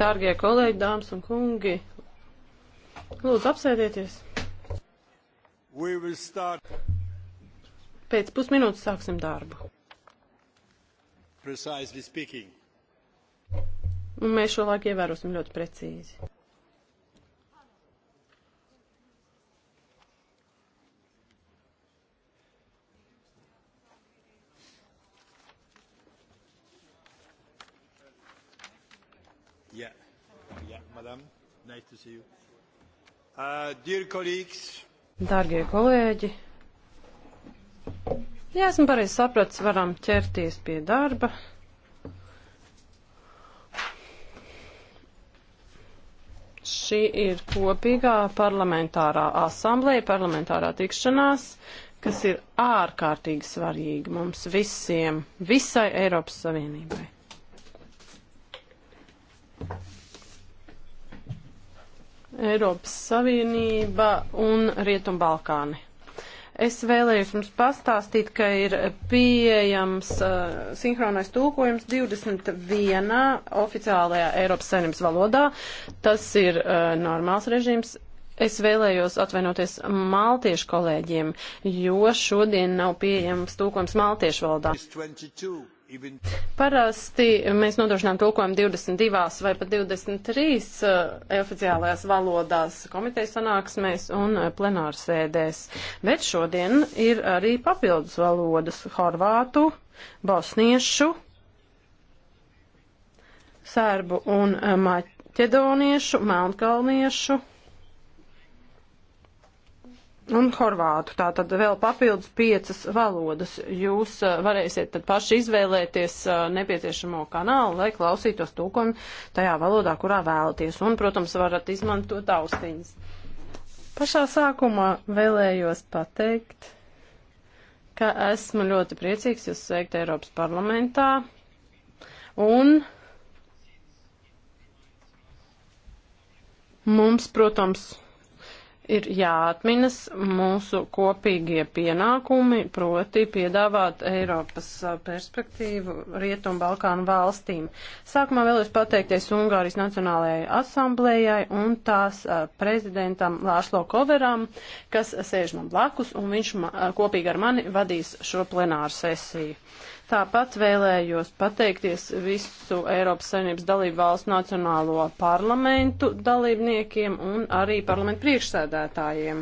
Dārgie kolēģi, dāmas un kungi, lūdzu apsēdieties. Pēc pusminūtes sāksim darbu. Un mēs šo laiku ievērosim ļoti precīzi. to see you. Uh, dear colleagues. Dārgie kolēģi. Jā, esmu pareizi sapratis, varam ķerties pie darba. Šī ir kopīgā parlamentārā asamblēja, parlamentārā tikšanās, kas ir ārkārtīgi svarīga mums visiem, visai Eiropas Savienībai. Eiropas Savienība un Rietumbalkāni. Es vēlējos jums pastāstīt, ka ir pieejams uh, sinhronais tulkojums 21 oficiālajā Eiropas Savienības valodā. Tas ir uh, normāls režīms. Es vēlējos atvainoties maltiešu kolēģiem, jo šodien nav pieejams tulkojums maltiešu valodā. 22. Parasti mēs nodrošinām tulkojumu 22 vai pat 23 eh, oficiālajās valodās komitejas sanāksmēs un eh, plenārsēdēs, bet šodien ir arī papildus valodas - horvātu, bosniešu, sērbu un eh, maķedoniešu, melnkalniešu un horvātu. Tātad vēl papildus piecas valodas. Jūs eh, varēsiet tad paši izvēlēties eh, nepieciešamo kanālu, lai klausītos tūkojumu tajā valodā, kurā vēlaties. Un, protams, varat izmantot austiņas. Pašā sākumā vēlējos pateikt, ka esmu ļoti priecīgs jūs sveikt Eiropas parlamentā. Un mums, protams, ir jāatminas mūsu kopīgie pienākumi, proti piedāvāt Eiropas perspektīvu Rietumu Balkānu valstīm. Sākumā vēlos pateikties Ungārijas Nacionālajai asamblējai un tās prezidentam Lāšlo Koveram, kas sēž man blakus un viņš kopīgi ar mani vadīs šo plenāru sesiju. Tāpat vēlējos pateikties visu Eiropas Savienības dalību valstu nacionālo parlamentu dalībniekiem un arī parlamentu priekšsēdētājiem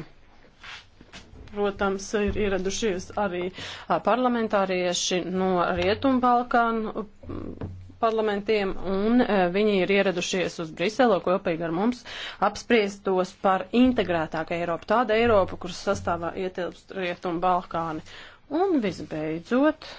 protams, ir ieradušies arī parlamentārieši no Rietumbalkānu parlamentiem, un viņi ir ieradušies uz Briselo kopīgi ar mums apspriestos par integrētāku Eiropu, tādu Eiropu, kuras sastāvā ietilpst Rietumbalkāni. Un visbeidzot,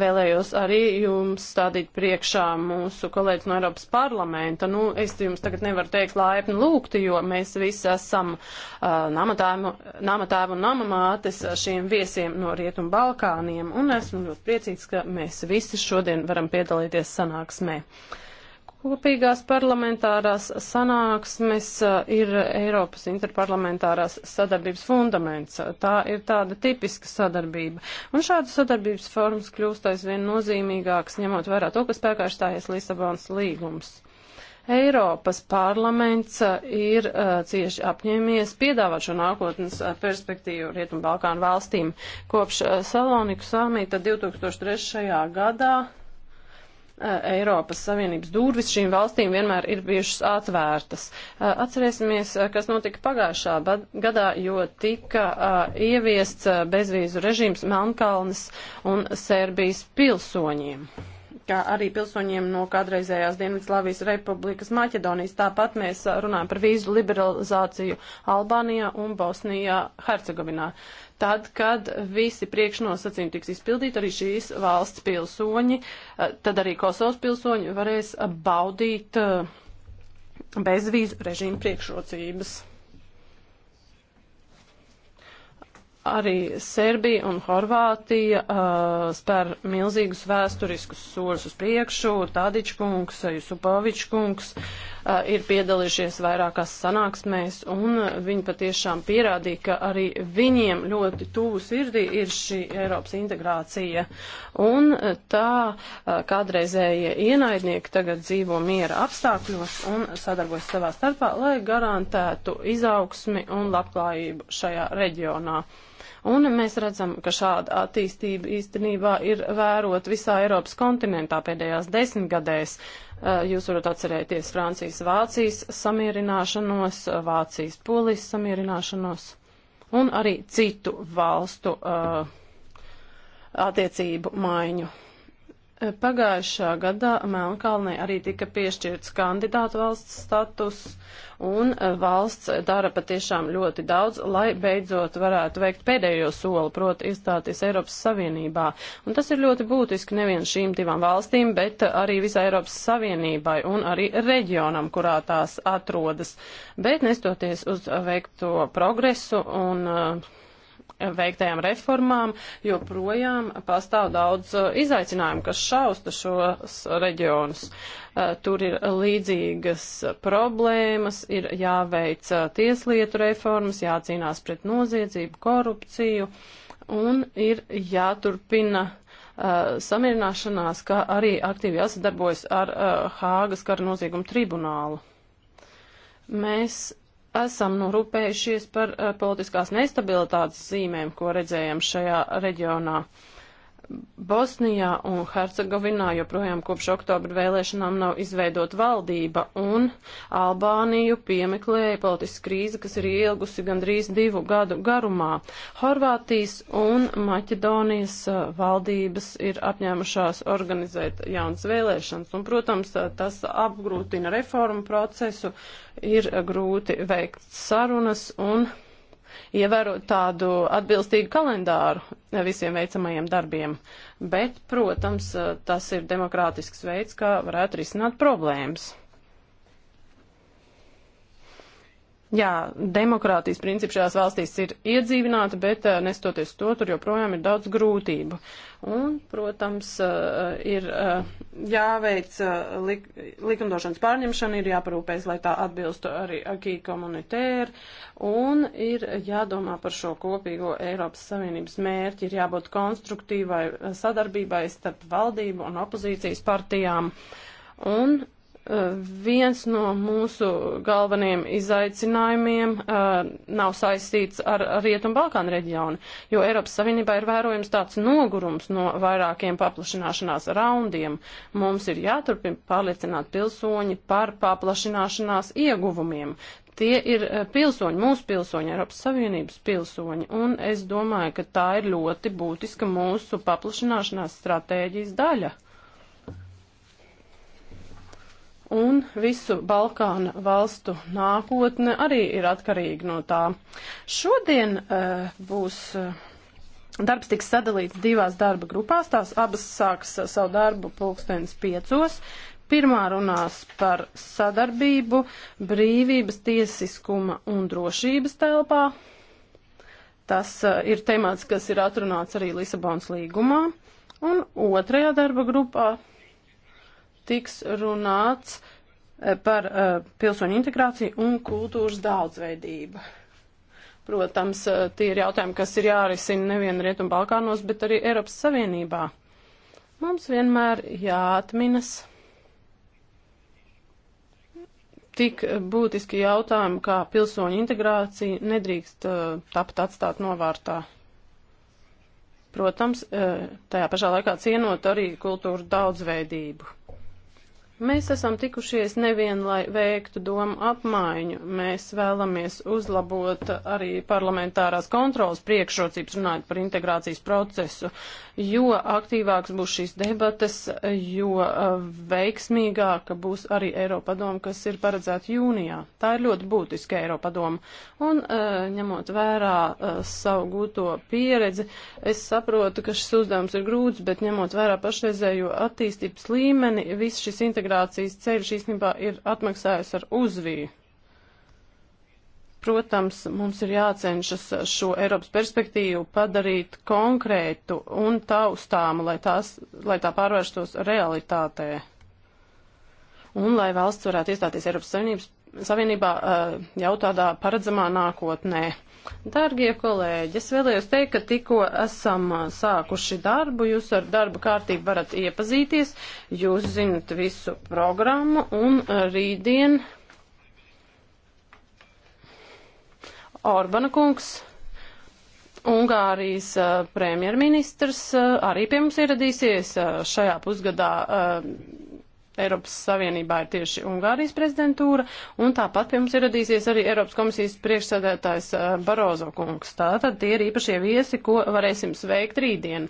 Vēlējos arī jums stādīt priekšā mūsu kolēģis no Eiropas parlamenta. Nu, es jums tagad nevaru teikt laipni lūgti, jo mēs visi esam uh, namatāvi un namamātes šiem viesiem no Rietumu Balkāniem. Un esmu ļoti priecīgs, ka mēs visi šodien varam piedalīties sanāksmē. Uh, Kopīgās parlamentārās sanāksmes eh, ir Eiropas interparlamentārās sadarbības fundaments. Tā ir tāda tipiska sadarbība. Un šādas sadarbības formas kļūst aizvien nozīmīgākas, ņemot vērā to, ka spēkā ir stājies Lisabonas līgums. Eiropas parlaments eh, ir uh, cieši apņēmies piedāvāt šo nākotnes perspektīvu Rietumbalkānu valstīm. Kopš Saloniku samīta 2003. gadā Eiropas Savienības durvis šīm valstīm vienmēr ir bijušas atvērtas. Atcerēsimies, kas notika pagājušā gadā, jo tika ieviests bezvīzu režīms Melnkalnes un Serbijas pilsoņiem kā arī pilsoņiem no kādreizējās Dienvidslāvijas republikas Maķedonijas. Tāpat mēs runājam par vīzu liberalizāciju Albānijā un Bosnijā, Hercegovinā tad, kad visi priekšnosacījumi tiks izpildīti, arī šīs valsts pilsoņi, eh, tad arī Kosovas pilsoņi varēs baudīt eh, bezvīzu režīmu priekšrocības. Arī Serbija un Horvātija uh, spēr milzīgus vēsturiskus soļus uz priekšu. Tadičkungs, Jusupovičkungs, uh, ir piedalījušies vairākās sanāksmēs, un viņi patiešām pierādīja, ka arī viņiem ļoti tuvu sirdī ir šī Eiropas integrācija. Un tā kādreizējie ienaidnieki tagad dzīvo miera apstākļos un sadarbojas savā starpā, lai garantētu izaugsmi un labklājību šajā reģionā. Un mēs redzam, ka šāda attīstība īstenībā ir vērot visā Eiropas kontinentā pēdējās desmitgadēs. Uh, Eh, jūs varat atcerēties Francijas-Vācijas samierināšanos, eh, Vācijas-Polijas samierināšanos un arī citu valstu uh, attiecību maiņu. Pagājušā gadā Melnkalnē arī tika piešķirts kandidātu valsts status, un e, valsts dara patiešām ļoti daudz, lai beidzot varētu veikt pēdējo soli, proti iestāties Eiropas Savienībā. Un tas ir ļoti būtiski nevien šīm divām valstīm, bet arī visai Eiropas Savienībai un arī reģionam, kurā tās atrodas. Bet nestoties uz veikto progresu un uh, veiktajām reformām, jo projām pastāv daudz uh, izaicinājumu, kas šausta šos reģionus. Uh, tur ir līdzīgas problēmas, ir jāveic uh, tieslietu reformas, jācīnās pret noziedzību, korupciju un ir jāturpina uh, samierināšanās, kā arī aktīvi jāsadarbojas ar uh, Hāgas kara noziegumu tribunālu. Mēs esam norūpējušies par eh, politiskās nestabilitātes zīmēm, ko redzējam šajā reģionā. Uh, Bosnijā un Hercegovinā joprojām kopš oktobra vēlēšanām nav izveidot valdība, un Albāniju piemeklēja politiska krīze, kas ir ielgusi gandrīz divu gadu garumā. Horvātijas un Maķedonijas uh, valdības ir apņēmušās organizēt jaunas vēlēšanas, un, protams, uh, tas apgrūtina reformu procesu, ir uh, grūti veikt sarunas un ievērot tādu atbilstīgu kalendāru visiem veicamajiem darbiem. Bet, protams, tas ir demokrātisks veids, kā varētu risināt problēmas. Jā, demokrātijas principi šajās valstīs ir iedzīvināti, bet eh, nestoties to, tur joprojām ir daudz grūtību. Un, protams, eh, ir eh, jāveic lik likumdošanas pārņemšana, ir jāparūpēs, lai tā atbilstu arī akī komunitēri, un ir jādomā par šo kopīgo Eiropas Savienības mērķi, ir jābūt konstruktīvai sadarbībai starp valdību un opozīcijas partijām. Un viens no mūsu galvenajiem izaicinājumiem uh, nav saistīts ar Rietumbalkānu reģionu, jo Eiropas Savienībā ir vērojams tāds nogurums no vairākiem paplašināšanās raundiem. Mums ir jāturpina pārliecināt pilsoņi par paplašināšanās ieguvumiem. Tie ir uh, pilsoņi, mūsu pilsoņi, Eiropas Savienības pilsoņi, un es domāju, ka tā ir ļoti būtiska mūsu paplašināšanās stratēģijas daļa. Uh, un visu Balkānu valstu nākotne arī ir atkarīga no tā. Šodien uh, būs. Uh, Darbs tiks sadalīts divās darba grupās, tās abas sāks uh, savu darbu pulkstenis piecos. Pirmā runās par sadarbību brīvības, tiesiskuma un drošības telpā. Tas uh, ir temats, kas ir atrunāts arī Lisabonas līgumā. Un otrajā darba grupā tiks runāts eh, par uh, pilsoņu integrāciju un kultūras daudzveidību. Protams, eh, tie ir jautājumi, kas ir jārisina nevien Rietumu Balkānos, bet arī Eiropas Savienībā. Mums vienmēr jāatminas tik būtiski jautājumi, kā pilsoņu integrācija nedrīkst uh, tapt atstāt novārtā. Protams, uh, tajā pašā laikā cienot arī kultūru daudzveidību. Mēs esam tikušies nevien, lai veiktu domu apmaiņu, mēs vēlamies uzlabot arī parlamentārās kontrolas priekšrocības runājot par integrācijas procesu, jo aktīvāks būs šīs debates, jo uh, veiksmīgāka būs arī Eiropadoma, kas ir paredzēta jūnijā. Tā ir ļoti būtiska Eiropadoma. Un uh, ņemot vērā uh, savu gūto pieredzi, es saprotu, ka šis uzdevums ir grūts, bet ņemot vērā pašreizējo attīstības līmeni, viss šis integrācijas integrācijas ceļš īstenībā ir atmaksājis ar uzviju. Protams, mums ir jācenšas šo Eiropas perspektīvu padarīt konkrētu un taustāmu, lai, tās, lai tā pārvērstos realitātē. Un lai valsts varētu iestāties Eiropas Savienības Savienībā eh, jau tādā paredzamā nākotnē. Dārgie kolēģi, es vēlējos teikt, ka tikko esam eh, sākuši darbu, jūs ar darba kārtību varat iepazīties, jūs zinat visu programmu un eh, rītdien Orbana kungs, Ungārijas premjerministrs, arī pie mums ieradīsies šajā pusgadā Eiropas Savienībā ir tieši Ungārijas prezidentūra, un tāpat pie mums ir radīsies arī Eiropas komisijas priekšsēdētājs eh, Barozo kungs. Tātad tie ir īpašie viesi, ko varēsim sveikt rītdien.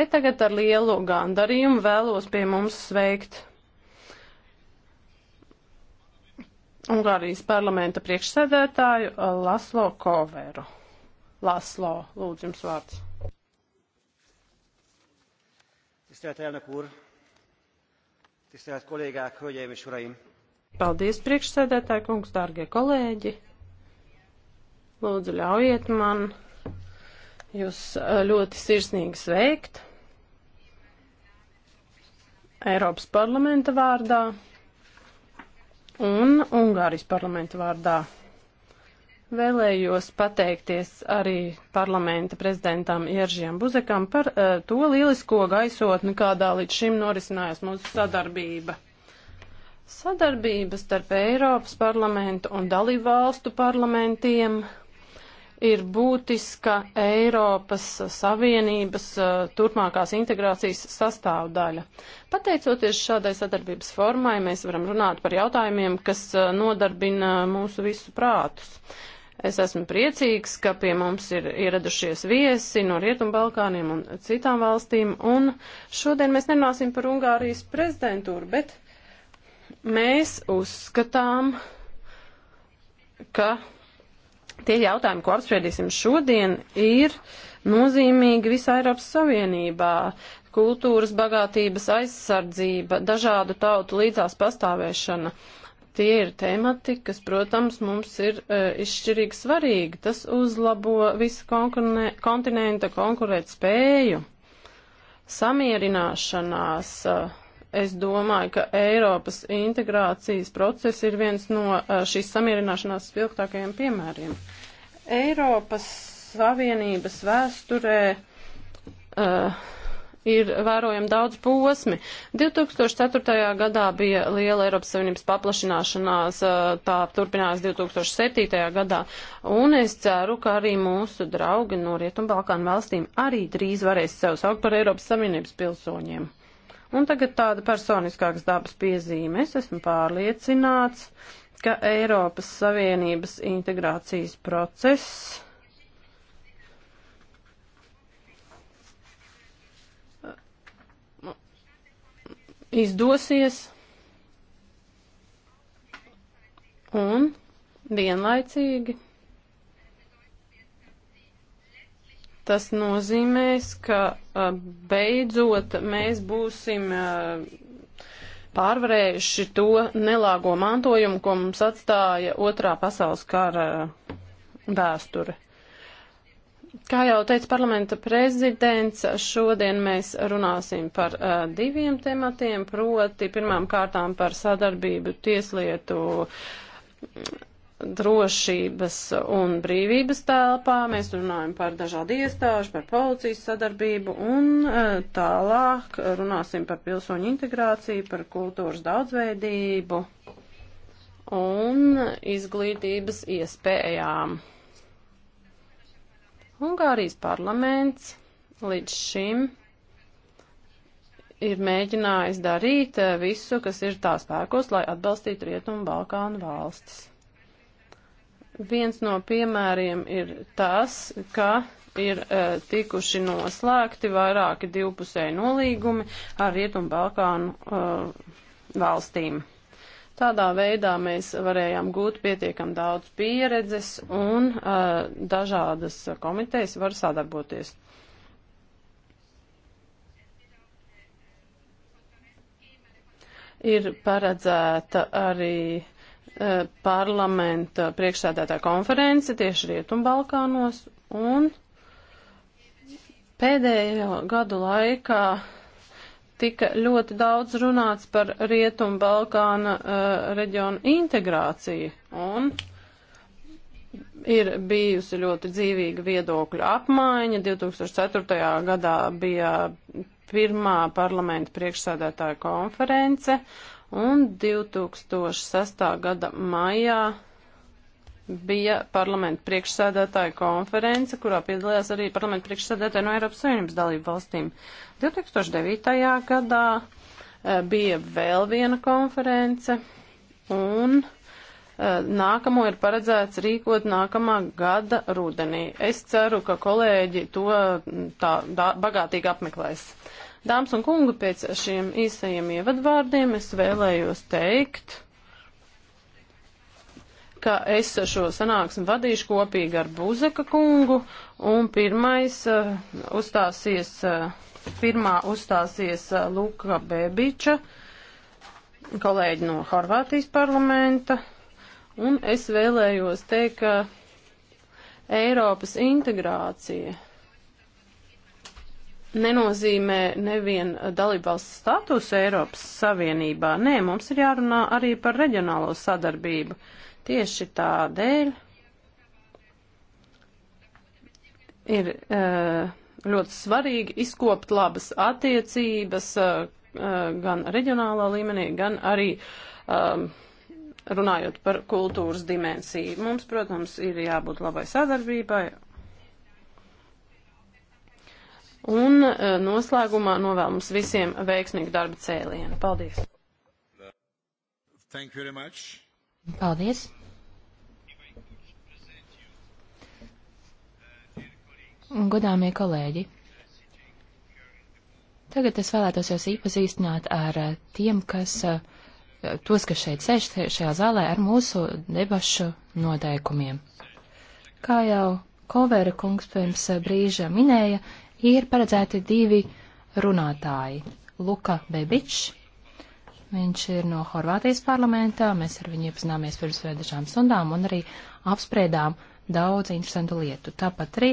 Bet tagad ar lielu gandarījumu vēlos pie mums sveikt Ungārijas parlamenta priekšsēdētāju eh, Laslo Koveru. Laslo, lūdzu jums vārds. Tisztelt elnök úr, Tisztelt kollégák, hölgyeim és uraim! Paldies, priekšsēdētāji kungs, dārgie kolēģi! Lūdzu, ļaujiet man jūs eh, ļoti sirsnīgi sveikt Eiropas parlamenta vārdā un Ungārijas parlamenta vārdā. Vēlējos pateikties arī parlamenta prezidentam Ieržiem Buzekam par uh, to lielisko gaisotni, kādā līdz šim norisinājās mūsu sadarbība. Sadarbība starp Eiropas parlamentu un dalību valstu parlamentiem ir būtiska Eiropas Savienības uh, turpmākās integrācijas sastāvdaļa. Pateicoties šādai sadarbības formai, mēs varam runāt par jautājumiem, kas uh, nodarbina mūsu visu prātus. Uh, Es esmu priecīgs, ka pie mums ir ieradušies viesi no Rietumbalkāniem un citām valstīm, un šodien mēs nerunāsim par Ungārijas prezidentūru, bet mēs uzskatām, ka tie jautājumi, ko apspriedīsim šodien, ir nozīmīgi visā Eiropas Savienībā. Kultūras bagātības aizsardzība, dažādu tautu līdzās pastāvēšana. Uh, Tie ir temati, kas, protams, mums ir uh, izšķirīgi svarīgi. Tas uzlabo visu kontinenta konkurēt spēju. Samierināšanās, uh, es domāju, ka Eiropas integrācijas process ir viens no uh, šīs samierināšanās spilgtākajiem piemēriem. Eiropas Savienības vēsturē uh, ir vērojami daudz posmi. 2004. gadā bija liela Eiropas Savienības paplašināšanās, tā turpinājās 2007. gadā, un es ceru, ka arī mūsu draugi no Rietumbalkānu valstīm arī drīz varēs sev saukt par Eiropas Savienības pilsoņiem. Un tagad tāda personiskāks dabas piezīme. Es esmu pārliecināts, ka Eiropas Savienības integrācijas process izdosies un vienlaicīgi tas nozīmēs, ka beidzot mēs būsim pārvarējuši to nelāgo mantojumu, ko mums atstāja otrā pasaules kara vēsture. Kā jau teica parlamenta prezidents, šodien mēs runāsim par uh, diviem tematiem, proti pirmām kārtām par sadarbību tieslietu drošības un brīvības telpā. Mēs runājam par dažādu iestāžu, par policijas sadarbību un uh, tālāk runāsim par pilsoņu integrāciju, par kultūras daudzveidību un izglītības iespējām. Ungārijas parlaments līdz šim ir mēģinājis darīt eh, visu, kas ir tā spēkos, lai atbalstītu Rietumu Balkānu valstis. Viens no piemēriem ir tas, ka ir uh, tikuši noslēgti vairāki divpusēji nolīgumi ar Rietumu Balkānu uh, valstīm. Tādā veidā mēs varējām gūt pietiekam daudz pieredzes un uh, dažādas komitejas var sadarboties. Ir paredzēta arī uh, parlamenta priekšsēdētāja konference tieši Rietumbalkānos un pēdējo gadu laikā uh, tika ļoti daudz runāts par Rietumu Balkāna uh, reģionu integrāciju un ir bijusi ļoti dzīvīga viedokļu apmaiņa. 2004. gadā bija pirmā parlamenta priekšsēdētāja konference un 2006. gada maijā bija parlamenta priekšsēdētāja konference, kurā piedalījās arī parlamenta priekšsēdētāja no Eiropas Savienības dalību valstīm. 2009. gadā eh, bija vēl viena konference, un eh, nākamo ir paredzēts rīkot nākamā gada rudenī. Es ceru, ka kolēģi to mm, tā, tā bagātīgi apmeklēs. Dāmas un kungi, pēc šiem īsajiem ievadvārdiem es vēlējos teikt, ka es šo sanāksmi vadīšu kopīgi ar Buzeka kungu, un pirmais uh, uzstāsies, uh, pirmā uzstāsies uh, Luka Bebiča, kolēģi no Horvātijas parlamenta, un es vēlējos teikt, ka Eiropas integrācija nenozīmē nevien dalībvalsts statusu Eiropas Savienībā. Nē, mums ir jārunā arī par reģionālo sadarbību. Uh, Tieši tādēļ ir eh, ļoti svarīgi izkopt labas attiecības eh, gan reģionālā līmenī, gan arī ehm, runājot par kultūras dimensiju. Mums, protams, ir jābūt labai sadarbībai Un eh, noslēgumā novēl mums visiem veiksmīgu darba cēlienu. Paldies! Paldies! Godāmie kolēģi, tagad es vēlētos jūs iepazīstināt ar eh, tiem, kas, eh, tos, kas šeit sēž šajā zālē, ar mūsu debašu noteikumiem. Kā jau Kovera kungs pirms eh, brīža minēja, ir paredzēti divi runātāji. Luka Bebičs, viņš ir no Horvātijas parlamentā, mēs ar viņu iepazināmies pirms dažām stundām un arī apspriedām uh, daudz interesantu lietu. Tāpat arī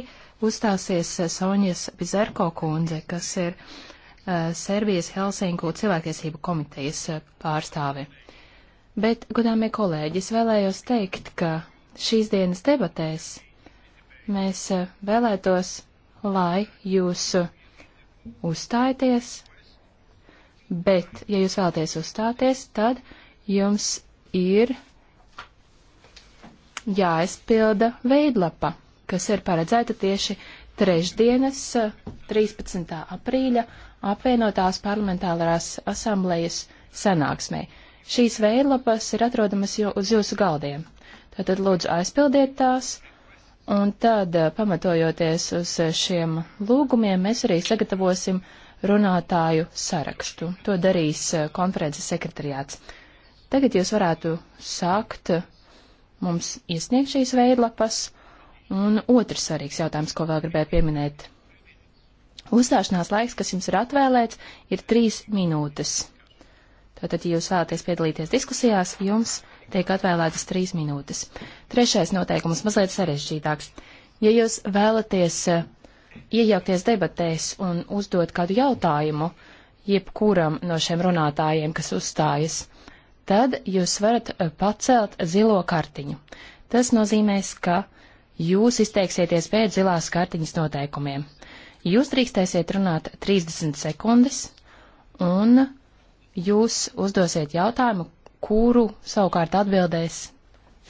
uzstāsies Soņas Bizerko kundze, kas ir uh, Serbijas Helsinku cilvēktiesību komitejas eh, pārstāve. Bet, godāmie kolēģi, es vēlējos teikt, ka šīs dienas debatēs mēs uh, vēlētos, lai jūs uzstājaties, bet, ja jūs vēlaties uzstāties, tad jums ir jāizpilda veidlapa, kas ir paredzēta tieši trešdienas, 13. aprīļa, apvienotās parlamentārās asamblējas sanāksmē. Šīs veidlapas ir atrodamas jau uz jūsu galdiem. Tātad lūdzu aizpildiet tās, un tad, eh, pamatojoties uz šiem lūgumiem, mēs arī sagatavosim runātāju sarakstu. To darīs eh, konferences sekretariāts. Tagad jūs varētu sākt mums iesniegt šīs veidlapas. Un otrs svarīgs jautājums, ko vēl gribēju pieminēt. Uzstāšanās laiks, kas jums ir atvēlēts, ir trīs minūtes. Tātad, ja jūs vēlaties piedalīties diskusijās, jums tiek atvēlētas trīs minūtes. Trešais noteikums mazliet sarežģītāks. Ja jūs vēlaties eh, iejaukties debatēs un uzdot kādu jautājumu jebkuram no šiem runātājiem, kas uzstājas, tad jūs varat eh, pacelt zilo kartiņu. Tas nozīmēs, ka jūs izteiksieties pēc zilās kartiņas noteikumiem. Jūs drīkstēsiet runāt 30 sekundes, un jūs uzdosiet jautājumu, kuru savukārt atbildēs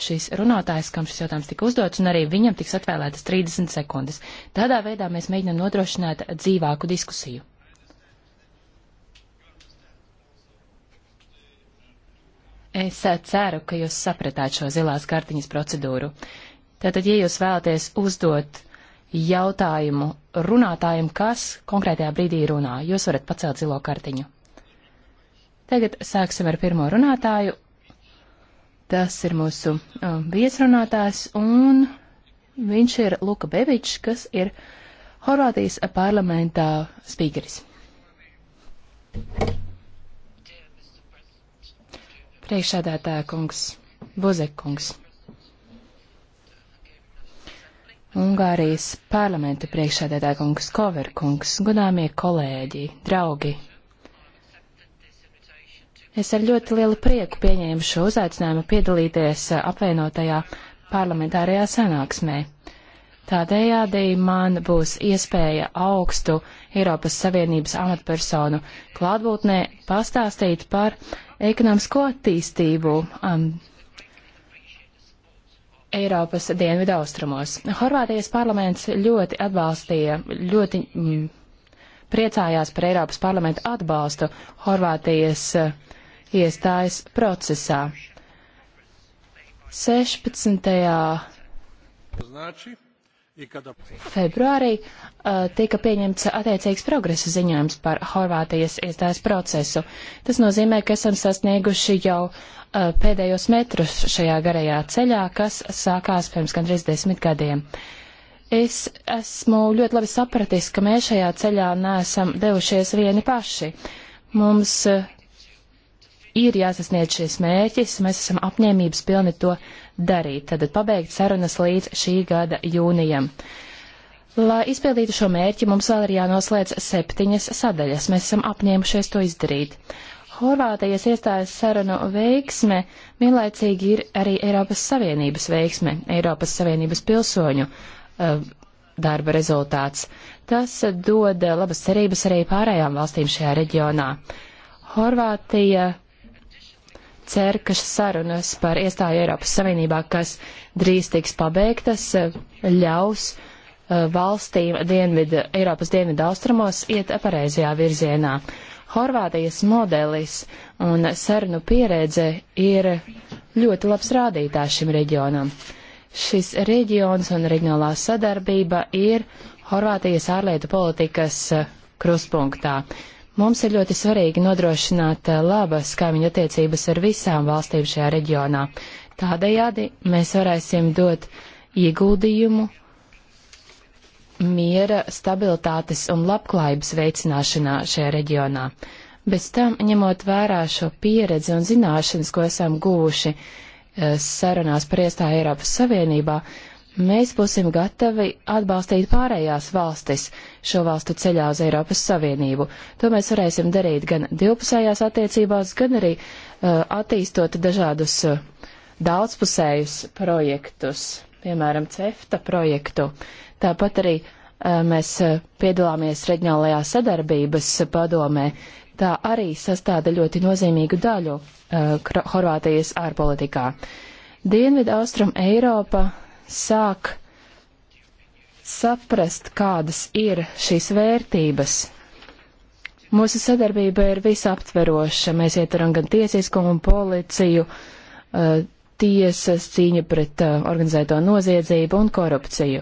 šis runātājs, kam šis jautājums tika uzdots, un arī viņam tiks atvēlētas 30 sekundes. Tādā veidā mēs mēģinam nodrošināt dzīvāku diskusiju. Es eh, ceru, ka jūs sapratāt šo zilās kartiņas procedūru. Tātad, ja jūs vēlaties uzdot jautājumu runātājiem, kas konkrētajā brīdī runā, jūs varat pacelt zilo kartiņu. Tagad sāksim ar pirmo runātāju. Tas ir mūsu uh, viesrunātājs, un viņš ir Luka Bevičs, kas ir Horvātijas parlamentā spīkeris. Thank you. Priekšādātāja kungs, Buzek kungs. Ungārijas parlamenta priekšādātāja kungs, Kover kungs, godāmie kolēģi, draugi. Es ar ļoti lielu prieku pieņēmu šo uzaicinājumu piedalīties apvienotajā parlamentārajā sanāksmē. Tādējādi man būs iespēja augstu Eiropas Savienības amatpersonu klātbūtnē pastāstīt par ekonomisko attīstību um, Eiropas dienvidu austrumos. Horvātijas parlaments ļoti atbalstīja, ļoti mm, priecājās par Eiropas parlamentu atbalstu Horvātijas uh, iestājas procesā. 16. Znači, Februārī uh, tika pieņemts attiecīgs progresa ziņojums par Horvātijas iestājas procesu. Tas nozīmē, ka esam sasnieguši jau uh, pēdējos metrus šajā garajā ceļā, kas sākās pirms gandrīz desmit gadiem. Es esmu ļoti labi sapratis, ka mēs šajā ceļā neesam devušies vieni paši. Mums uh, ir jāsasniedz šis mērķis, mēs esam apņēmības pilni to darīt, tad pabeigt sarunas līdz šī gada jūnijam. Lai izpildītu šo mērķi, mums vēl ir jānoslēdz septiņas sadaļas. Mēs esam apņēmušies to izdarīt. Horvātijas iestājas sarunu veiksme vienlaicīgi ir arī Eiropas Savienības veiksme, Eiropas Savienības pilsoņu uh, darba rezultāts. Tas dod labas cerības arī pārējām valstīm šajā reģionā. Horvātija cer, ka sarunas par iestāju Eiropas Savienībā, kas drīz tiks pabeigtas, ļaus eh, valstīm dienvidu, Eiropas dienvidu austrumos iet pareizajā virzienā. Horvātijas modelis un sarunu pieredze ir ļoti labs rādītājs šim reģionam. Šis reģions un reģionālā sadarbība ir Horvātijas ārlietu politikas eh, kruspunktā. Uh, Mums ir ļoti svarīgi nodrošināt eh, labas kaimiņu attiecības ar visām valstīm šajā reģionā. Tādējādi mēs varēsim dot ieguldījumu miera, stabilitātes un labklājības veicināšanā šajā reģionā. Bez tam, ņemot vērā šo pieredzi un zināšanas, ko esam guvuši eh, sarunās par iestāju Eiropas Savienībā, mēs būsim gatavi atbalstīt pārējās valstis šo valstu ceļā uz Eiropas Savienību. To mēs varēsim darīt gan divpusējās attiecībās, gan arī uh, attīstot dažādus uh, daudzpusējus projektus, piemēram, CEFTA projektu. Tāpat arī uh, mēs uh, piedalāmies reģionālajā sadarbības padomē. Tā arī sastāda ļoti nozīmīgu daļu uh, Horvātijas ārpolitikā. Dienvidu austrum Eiropa sāk saprast, kādas ir šīs vērtības. Mūsu sadarbība ir visaptveroša. Mēs ietveram gan tiesiskumu, policiju, eh, tiesas cīņu pret eh, organizēto noziedzību un korupciju.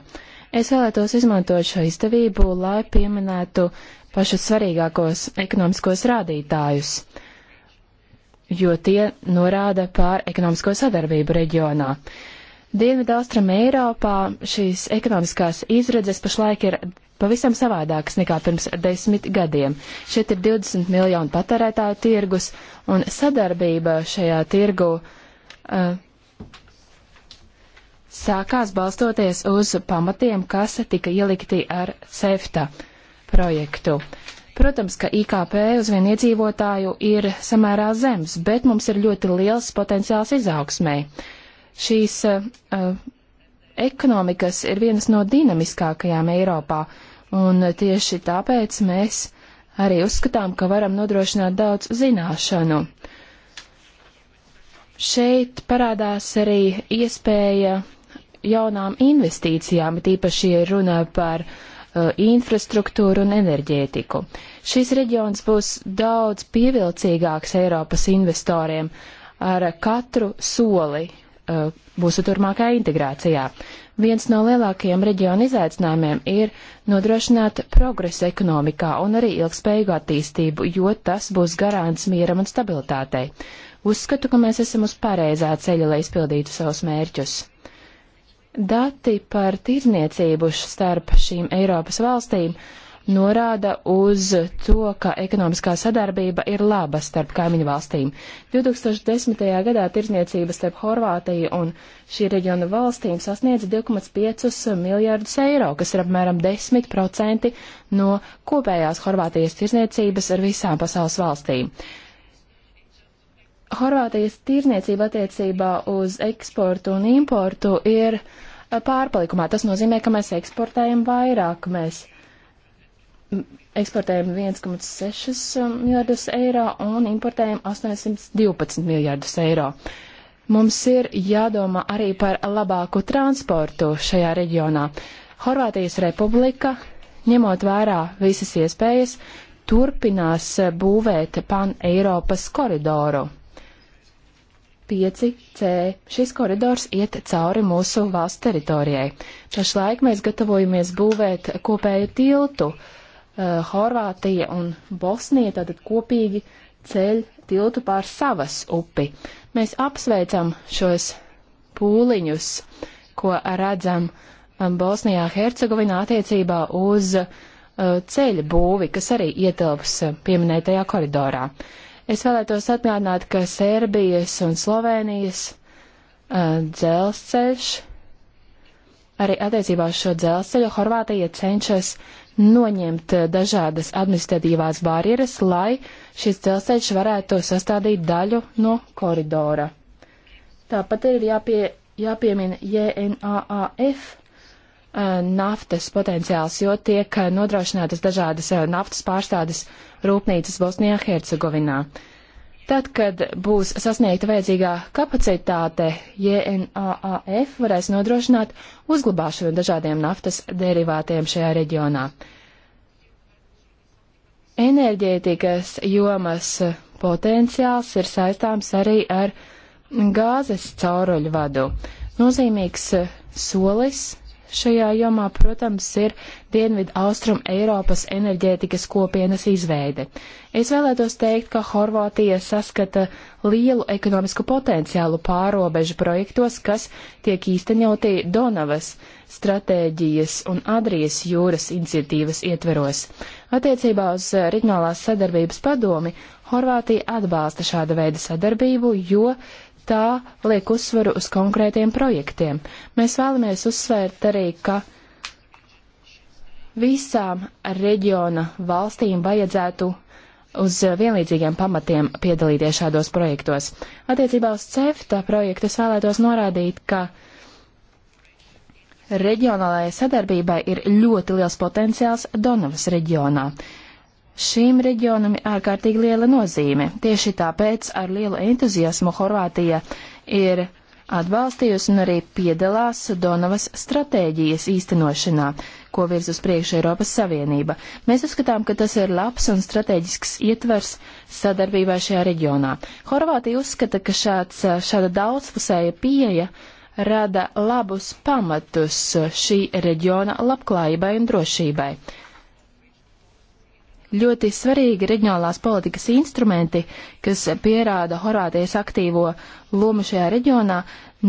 Es vēlētos izmantot šo izdevību, lai pieminētu pašus svarīgākos ekonomiskos rādītājus, jo tie norāda pār ekonomisko sadarbību reģionā. Dienvidaustram Eiropā šīs ekonomiskās izredzes pašlaik ir pavisam savādākas nekā pirms desmit gadiem. Šeit ir 20 miljonu patērētāju tirgus, un sadarbība šajā tirgu uh, sākās balstoties uz pamatiem, kas tika ielikti ar CEFTA projektu. Protams, ka IKP uz vienu iedzīvotāju ir samērā zems, bet mums ir ļoti liels potenciāls izaugsmēji. Šīs uh, ekonomikas ir vienas no dinamiskākajām Eiropā, un tieši tāpēc mēs arī uzskatām, ka varam nodrošināt daudz zināšanu. Šeit parādās arī iespēja jaunām investīcijām, tīpaši, ja runā par uh, infrastruktūru un enerģētiku. Šis reģions būs daudz pievilcīgāks Eiropas investoriem ar katru soli, mūsu eh, turmākajā integrācijā. Viens no lielākajiem reģiona izaicinājumiem ir nodrošināt progresu ekonomikā un arī ilgspējīgu attīstību, jo tas būs garants mieram un stabilitātei. Uzskatu, ka mēs esam uz pareizā ceļa, lai izpildītu savus mērķus. Dati par tirzniecību starp šīm Eiropas valstīm norāda uz to, ka ekonomiskā sadarbība ir laba starp kaimiņu valstīm. 2010. gadā tirzniecība starp Horvātiju un šī reģiona valstīm sasniedza 2,5 miljārdus eiro, kas ir apmēram 10% no kopējās Horvātijas tirzniecības ar visām pasaules valstīm. Horvātijas tirzniecība attiecībā uz eksportu un importu ir pārpalikumā. Tas nozīmē, ka mēs eksportējam vairāk, mēs eksportējam 1,6 um, miljardus eiro un importējam 812 miljardus eiro. Mums ir jādomā arī par labāku transportu šajā reģionā. Horvātijas republika, ņemot vērā visas iespējas, turpinās uh, būvēt pan-Eiropas koridoru. 5C. Šis koridors iet cauri mūsu valsts teritorijai. Pašlaik mēs gatavojamies būvēt kopēju tiltu uh, uh, Horvātija un Bosnija tātad kopīgi ceļ tiltu pār savas upi. Mēs apsveicam šos pūliņus, ko redzam eh, Bosnijā Hercegovinā attiecībā uz uh, ceļa būvi, kas arī ietilps pieminētajā koridorā. Es vēlētos atgādināt, ka Serbijas un Slovēnijas uh, dzelzceļš Arī attiecībā uz šo dzelzceļu Horvātija cenšas noņemt eh, dažādas administratīvās barjeras, lai šis dzelzceļš varētu sastādīt daļu no koridora. Tāpat ir jāpie, jāpiemina JNAAF eh, naftas potenciāls, jo tiek eh, nodrošinātas dažādas naftas pārstādes rūpnīcas Bosnijā-Hercegovinā. Uh, Tad, kad būs sasniegta vajadzīgā kapacitāte, JNAAF varēs nodrošināt uzglabāšanu dažādiem naftas derivātiem šajā reģionā. Enerģētikas jomas potenciāls ir saistāms arī ar gāzes cauruļu vadu. Nozīmīgs solis šajā jomā, protams, ir Dienvidu Austrum Eiropas enerģētikas kopienas izveide. Es vēlētos teikt, ka Horvātija saskata lielu ekonomisku potenciālu pārobežu projektos, kas tiek īstenoti Donavas stratēģijas un Adrijas jūras iniciatīvas ietveros. Attiecībā uz Reģionālās sadarbības padomi Horvātija atbalsta šāda veida sadarbību, jo uh, tā liek uzsvaru uz konkrētiem projektiem. Mēs vēlamies uzsvērt arī, ka visām reģiona valstīm vajadzētu uz vienlīdzīgiem pamatiem piedalīties šādos projektos. Attiecībā uz CEFTA projektu es vēlētos norādīt, ka reģionālajai sadarbībai ir ļoti liels potenciāls Donavas reģionā. Šīm reģionam ir ārkārtīgi liela nozīme. Tieši tāpēc ar lielu entuziasmu Horvātija ir atbalstījusi un arī piedalās Donovas stratēģijas īstenošanā, ko virz uz priekšu Eiropas Savienība. Mēs uzskatām, ka tas ir labs un strateģisks ietvers sadarbībai šajā reģionā. Horvātija uzskata, ka šāds, šāda daudzpusēja pieeja rada labus pamatus šī reģiona labklājībai un drošībai ļoti svarīgi reģionālās politikas instrumenti, kas pierāda Horvātijas aktīvo lomu šajā reģionā,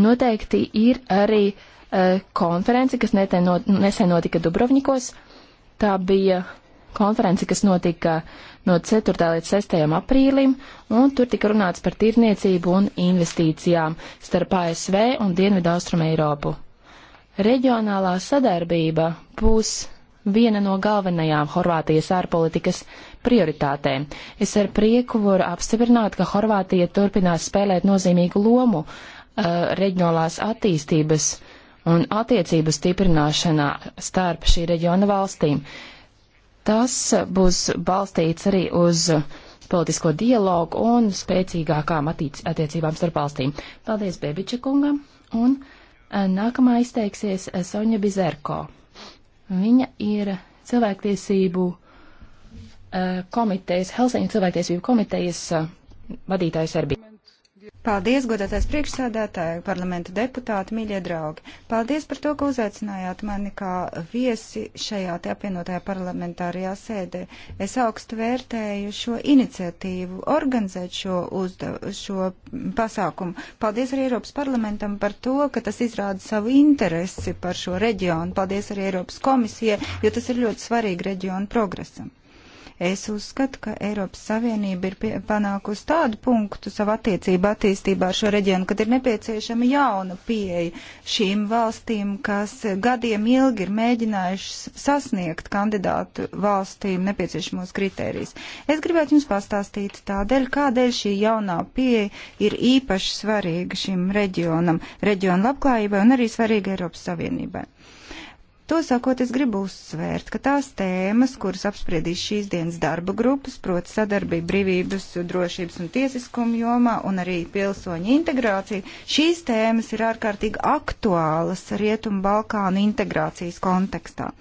noteikti ir arī uh, konference, kas nesen not, notika Dubrovnikos. Tā bija konference, kas notika no 4. līdz 6. aprīlim, un tur tika runāts par tirniecību un investīcijām starp ASV un Dienvidu Austrumu Eiropu. Reģionālā sadarbība būs viena no galvenajām Horvātijas ārpolitikas prioritātēm. Es ar prieku varu apstiprināt, ka Horvātija turpinās spēlēt nozīmīgu lomu uh, reģionālās attīstības un attiecību stiprināšanā starp šī reģiona valstīm. Tas būs balstīts arī uz politisko dialogu un spēcīgākām attiec attiecībām starp valstīm. Paldies Bebiča kungam, un uh, nākamā izteiksies Soņa Bizerko. Viņa ir cilvēktiesību eh, komitejas, Helsiņu cilvēktiesību komitejas eh, vadītājs Serbijā. Paldies, godātais priekšsādātāji, parlamenta deputāti, mīļie draugi. Paldies par to, ka uzaicinājāt mani kā viesi šajā te apvienotajā parlamentārajā sēdē. Es augstu vērtēju šo iniciatīvu organizēt šo, uzda, šo pasākumu. Paldies arī Eiropas parlamentam par to, ka tas izrāda savu interesi par šo reģionu. Paldies arī Eiropas komisijai, jo tas ir ļoti svarīgi reģionu progresam. Es uzskatu, ka Eiropas Savienība ir pie, panākusi tādu punktu savu attiecību attīstībā ar šo reģionu, kad ir nepieciešama jauna pieeja šīm valstīm, kas gadiem ilgi ir mēģinājušas sasniegt kandidātu valstīm nepieciešamos kritērijus. Es gribētu jums pastāstīt tādēļ, kādēļ šī jaunā pieeja ir īpaši svarīga šim reģionam, reģionu labklājībai un arī svarīga Eiropas Savienībai. To sakot, es gribu uzsvērt, ka tās tēmas, kuras apspriedīs šīs dienas darba grupas, proti sadarbība brīvības, drošības un tiesiskuma jomā un arī pilsoņu integrācija, šīs tēmas ir ārkārtīgi aktuālas Rietumu Balkānu integrācijas kontekstā.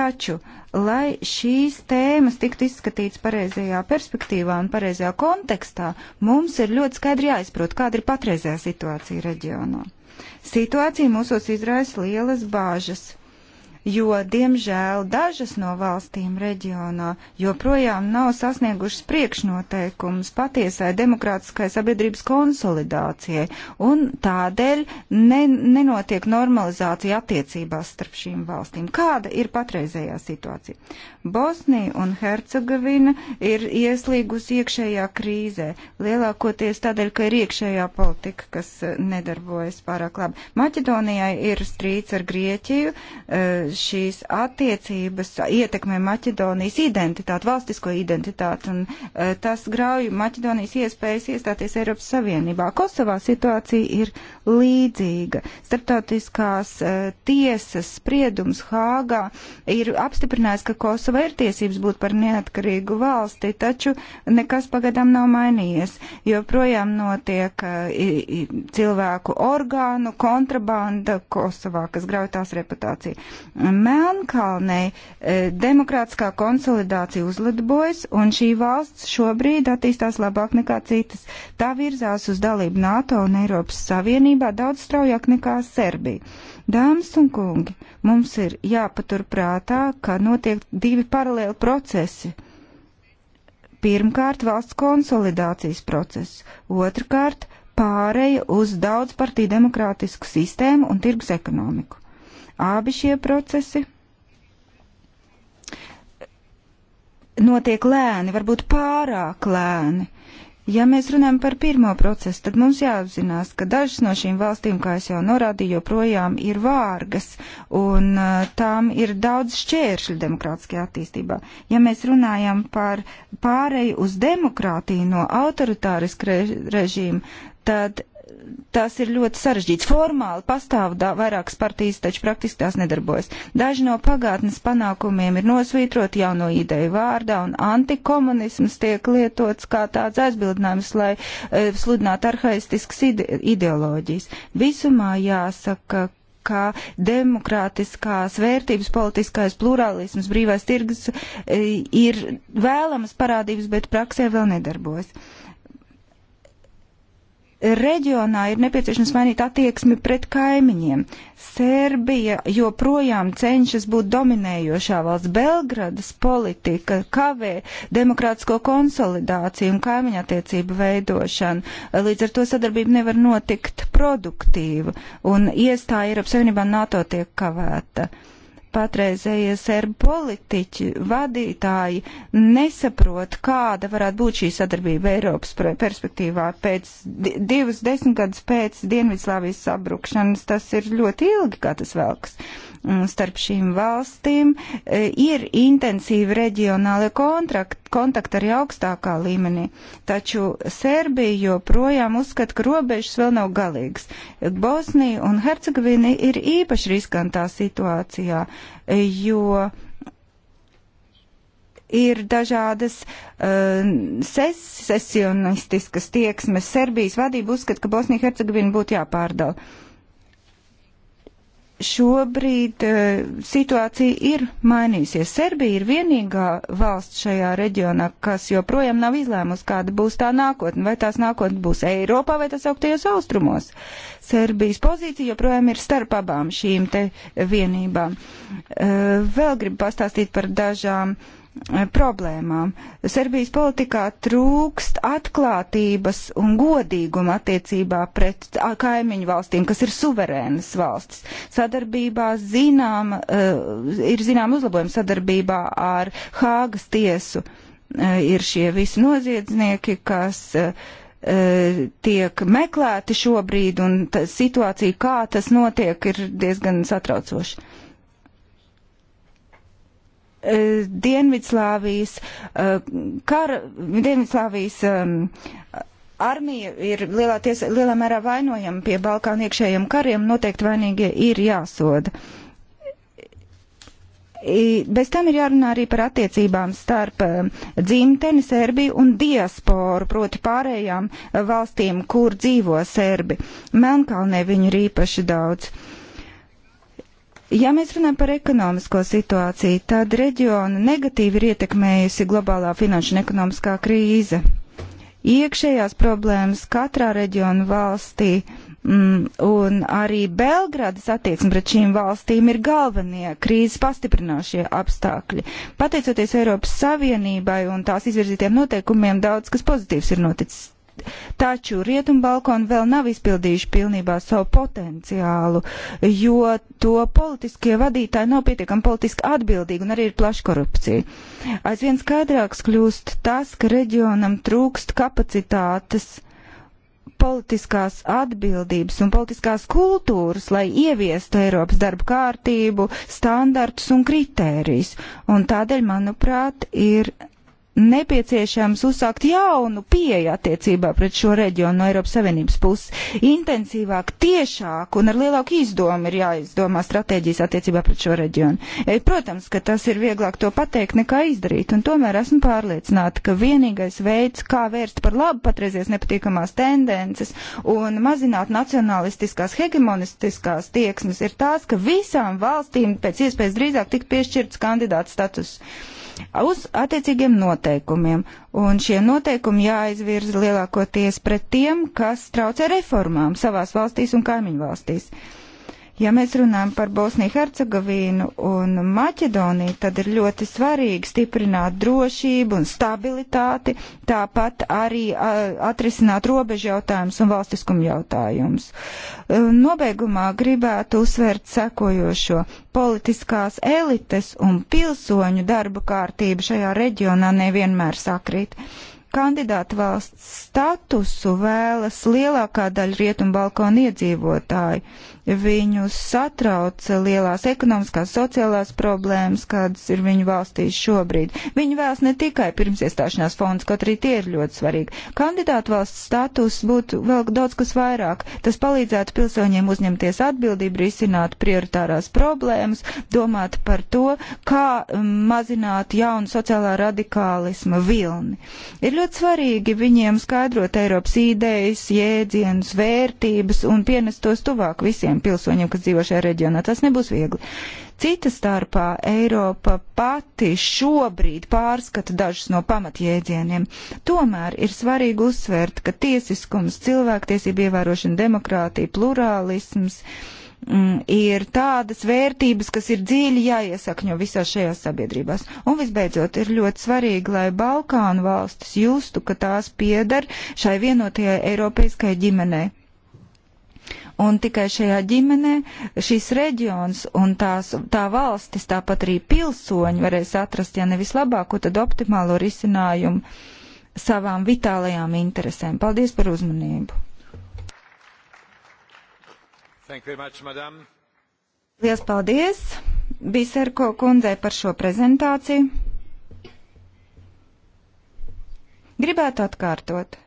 Taču, lai šīs tēmas tiktu izskatītas pareizajā perspektīvā un pareizajā kontekstā, mums ir ļoti skaidri jāizprot, kāda ir patreizējā situācija reģionā. Situācija mūsos izraisa lielas bāžas jo, diemžēl, dažas no valstīm reģionā joprojām nav sasniegušas priekšnoteikumus patiesai demokrātiskai sabiedrības konsolidācijai, un tādēļ ne, nenotiek normalizācija attiecībās starp šīm valstīm. Kāda ir patreizējā situācija? Bosnija un Hercegovina ir ieslīgusi iekšējā krīzē, lielākoties tādēļ, ka ir iekšējā politika, kas eh, nedarbojas pārāk labi. Maķedonijai ir strīds ar Grieķiju, eh, šīs attiecības ietekmē Maķedonijas identitāti, valstisko identitāti, un eh, tas grauj Maķedonijas iespējas iestāties Eiropas Savienībā. Kosovā situācija ir līdzīga. Starptautiskās tiesas spriedums Hāgā ir apstiprinājis, ka Kosova vērtiesības būt par neatkarīgu valsti, taču nekas pagadām nav mainījies. Joprojām notiek e, e, cilvēku orgānu kontrabanda Kosovā, kas grauj tās reputāciju. Melnkalnei e, demokrātiskā konsolidācija uzlidojas, un šī valsts šobrīd attīstās labāk nekā citas. Tā virzās uz dalību NATO un Eiropas Savienībā daudz straujāk nekā Serbija. Dāmas un kungi, mums ir jāpatur prātā, ka notiek divi paralēli procesi. Pirmkārt, valsts konsolidācijas process, otrkārt, pāreja uz daudzpartiju demokrātisku sistēmu un tirgus ekonomiku. Abi šie procesi notiek lēni, varbūt pārāk lēni Ja mēs runājam par pirmo procesu, tad mums jāapzinās, ka dažas no šīm valstīm, kā es jau norādīju, joprojām ir vārgas un eh, tām ir daudz šķēršļu demokrātiskajā attīstībā. Ja mēs runājam par pāreju uz demokrātiju no autoritāriska režīma, tad tas ir ļoti sarežģīts. Formāli pastāv da, vairākas partijas, taču praktiski tās nedarbojas. Daži no pagātnes panākumiem ir nosvītroti jauno ideju vārdā, un antikomunisms tiek lietots kā tāds aizbildinājums, lai e, sludinātu arhaistiskas ide ideoloģijas. Visumā jāsaka, kā demokrātiskās vērtības, politiskais plurālisms, brīvais tirgus e, ir vēlamas parādības, bet praksē vēl nedarbojas reģionā ir nepieciešams mainīt attieksmi pret kaimiņiem. Serbija joprojām cenšas būt dominējošā valsts. Belgradas politika kavē demokrātisko konsolidāciju un kaimiņa attiecību veidošanu. Līdz ar to sadarbība nevar notikt produktīva un iestāja Eiropas Savienībā NATO tiek kavēta. Uh, patreizējie serbu politiķi, vadītāji nesaprot, kāda varētu būt šī sadarbība Eiropas perspektīvā pēc divus desmitgadus pēc Dienvidslāvijas sabrukšanas. Tas ir ļoti ilgi, kā tas velks. Mm, starp šīm valstīm e, ir intensīvi reģionāli kontrakti, kontakti arī augstākā līmenī, taču Serbija joprojām uzskata, ka robežas vēl nav galīgas. Bosnija un Hercegovina ir īpaši riskantā situācijā jo ir dažādas uh, ses sesionistiskas tieksmes. Serbijas vadība uzskata, ka Bosnija-Hercegovina būtu jāpārdala. Uh, šobrīd uh, situācija ir mainījusies. Serbija ir vienīgā valsts šajā reģionā, kas joprojām nav izlēmusi, kāda būs tā nākotne, vai tās nākotne būs Eiropā vai tas augtajos austrumos. Serbijas pozīcija joprojām ir starp abām šīm te vienībām. Uh, vēl gribu pastāstīt par dažām uh, Eh, problēmām. Serbijas politikā trūkst atklātības un godīguma attiecībā pret kaimiņu valstīm, kas ir suverēnas valstis. Sadarbībā zinām, eh, ir zinām uzlabojumi sadarbībā ar Hāgas tiesu. Eh, ir šie visi noziedznieki, kas tiek meklēti šobrīd, un situācija, kā tas notiek, ir diezgan satraucoša. Eh, Dienvidslāvijas eh, kara, Dienvidslāvijas ehm, armija ir lielā, tiesa, lielā mērā vainojama pie Balkānu iekšējiem kariem, noteikti vainīgie ir jāsoda. Bez tam ir jārunā arī par attiecībām starp eh, dzimteni Serbiju un diasporu, proti pārējām valstīm, kur dzīvo Serbi. Melnkalnē viņu ir īpaši daudz. Uh, Ja mēs runājam par ekonomisko situāciju, tad reģionu negatīvi ir ietekmējusi globālā finanšu un ekonomiskā krīze. Iekšējās problēmas katrā reģionu valstī mm, un arī Belgrādas attieksme pret šīm valstīm ir galvenie krīzes pastiprinošie apstākļi. Pateicoties Eiropas Savienībai un tās izvirzītiem noteikumiem, daudz kas pozitīvs ir noticis Taču Rietumbalkoni vēl nav izpildījuši pilnībā savu potenciālu, jo to politiskie vadītāji nav pietiekami politiski atbildīgi un arī ir plaša korupcija. Aizvien skaidrāks kļūst tas, ka reģionam trūkst kapacitātes politiskās atbildības un politiskās kultūras, lai ieviestu Eiropas darba kārtību, standartus un kritērijus. Un tādēļ, manuprāt, ir nepieciešams uzsākt jaunu pieeju attiecībā pret šo reģionu no Eiropas Savienības puses. Intensīvāk, tiešāk un ar lielāku izdomu ir jāizdomā stratēģijas attiecībā pret šo reģionu. E, protams, ka tas ir vieglāk to pateikt nekā izdarīt, un tomēr esmu pārliecināta, ka vienīgais veids, kā vērst par labu patreizies nepatīkamās tendences un mazināt nacionalistiskās, hegemonistiskās tieksmes, ir tās, ka visām valstīm pēc iespējas drīzāk tikt piešķirts kandidāts status. Uh, uz attiecīgiem noteikumiem. Un šie noteikumi jāizvirza lielākoties pret tiem, kas traucē reformām savās valstīs un kaimiņu valstīs. Uh, Ja mēs runājam par Bosniju, Hercegovīnu un Maķedoniju, tad ir ļoti svarīgi stiprināt drošību un stabilitāti, tāpat arī atrisināt robežu jautājumus un valstiskumu jautājumus. E, nobeigumā gribētu uzsvērt sekojošo. Politiskās elites un pilsoņu darba kārtība šajā reģionā nevienmēr sakrīt kandidātu valsts statusu vēlas lielākā daļa Rietumbalkona iedzīvotāji. Viņus satrauc lielās ekonomiskās, sociālās problēmas, kādas ir viņu valstīs šobrīd. Viņi vēlas ne tikai pirmsiestāšanās fonds, kaut arī tie ir ļoti svarīgi. Kandidātu valsts status būtu vēl daudz kas vairāk. Tas palīdzētu pilsoņiem uzņemties atbildību, risināt prioritārās problēmas, domāt par to, kā mazināt jaunu sociālā radikālisma vilni. Ir ļoti svarīgi viņiem skaidrot Eiropas idejas, jēdzienus, vērtības un pienest tos tuvāk visiem pilsoņiem, kas dzīvo šajā reģionā. Tas nebūs viegli. Cita starpā Eiropa pati šobrīd pārskata dažus no pamatjēdzieniem. Tomēr ir svarīgi uzsvērt, ka tiesiskums, cilvēktiesība ievērošana, demokrātija, plurālisms, uh, mm, ir tādas vērtības, kas ir dziļi jāiesakņo visās šajās sabiedrībās. Un visbeidzot, ir ļoti svarīgi, lai Balkānu valstis justu, ka tās piedar šai vienotajai Eiropiskajai ģimenei. Un tikai šajā ģimenē šīs reģions un tās, tā valstis, tāpat arī pilsoņi varēs atrast, ja nevis labāko, tad optimālo risinājumu savām vitālajām interesēm. Paldies par uzmanību! Much, Lielas paldies Biserko kundzei par šo prezentāciju. Gribētu atkārtot.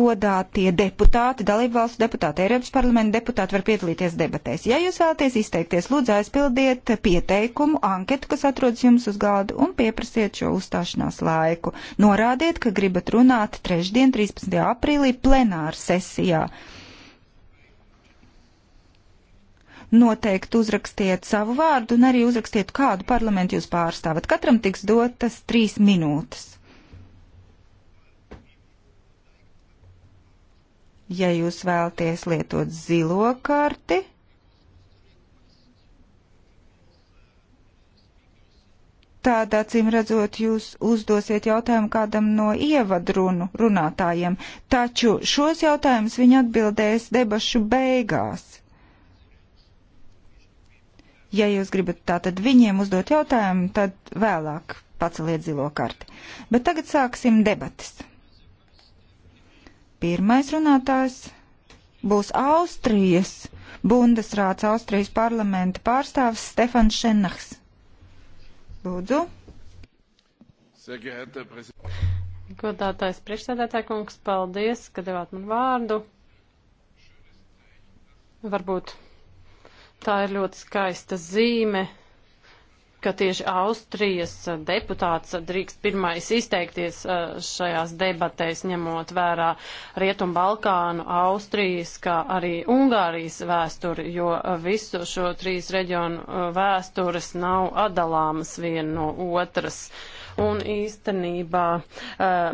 Godātie deputāti, dalībvalstu deputāti, Eiropas parlamenta deputāti var piedalīties debatēs. Ja jūs vēlaties izteikties, lūdzu aizpildiet pieteikumu, anketu, kas atrodas jums uz galda, un pieprasiet šo uzstāšanās laiku. Norādiet, ka gribat runāt trešdien, 13. aprīlī, plenāra sesijā. Uh, noteikti uzrakstiet savu vārdu un arī uzrakstiet, kādu parlamentu jūs pārstāvat. Katram tiks dotas trīs minūtes. Ja jūs vēlties lietot zilo karti, tad, acīm redzot, jūs uzdosiet jautājumu kādam no ievadrunu runātājiem, taču šos jautājumus viņi atbildēs debašu beigās. Ja jūs gribat tātad viņiem uzdot jautājumu, tad vēlāk paceliet zilo karti. Bet tagad sāksim debatas. Pirmais runātājs būs Austrijas Bundesrāts Austrijas parlamenta pārstāvis Stefans Šenachs. Lūdzu. Godātais priekšsēdētāj kungs, paldies, ka devāt man vārdu. Varbūt Tā ir ļoti skaista zīme, ka tieši Austrijas deputāts drīkst pirmais izteikties uh, šajās debatēs, ņemot vērā Rietumu Balkānu, Austrijas, kā arī Ungārijas vēsturi, jo uh, visu šo trīs reģionu uh, vēstures nav atdalāmas viena no otras. Un īstenībā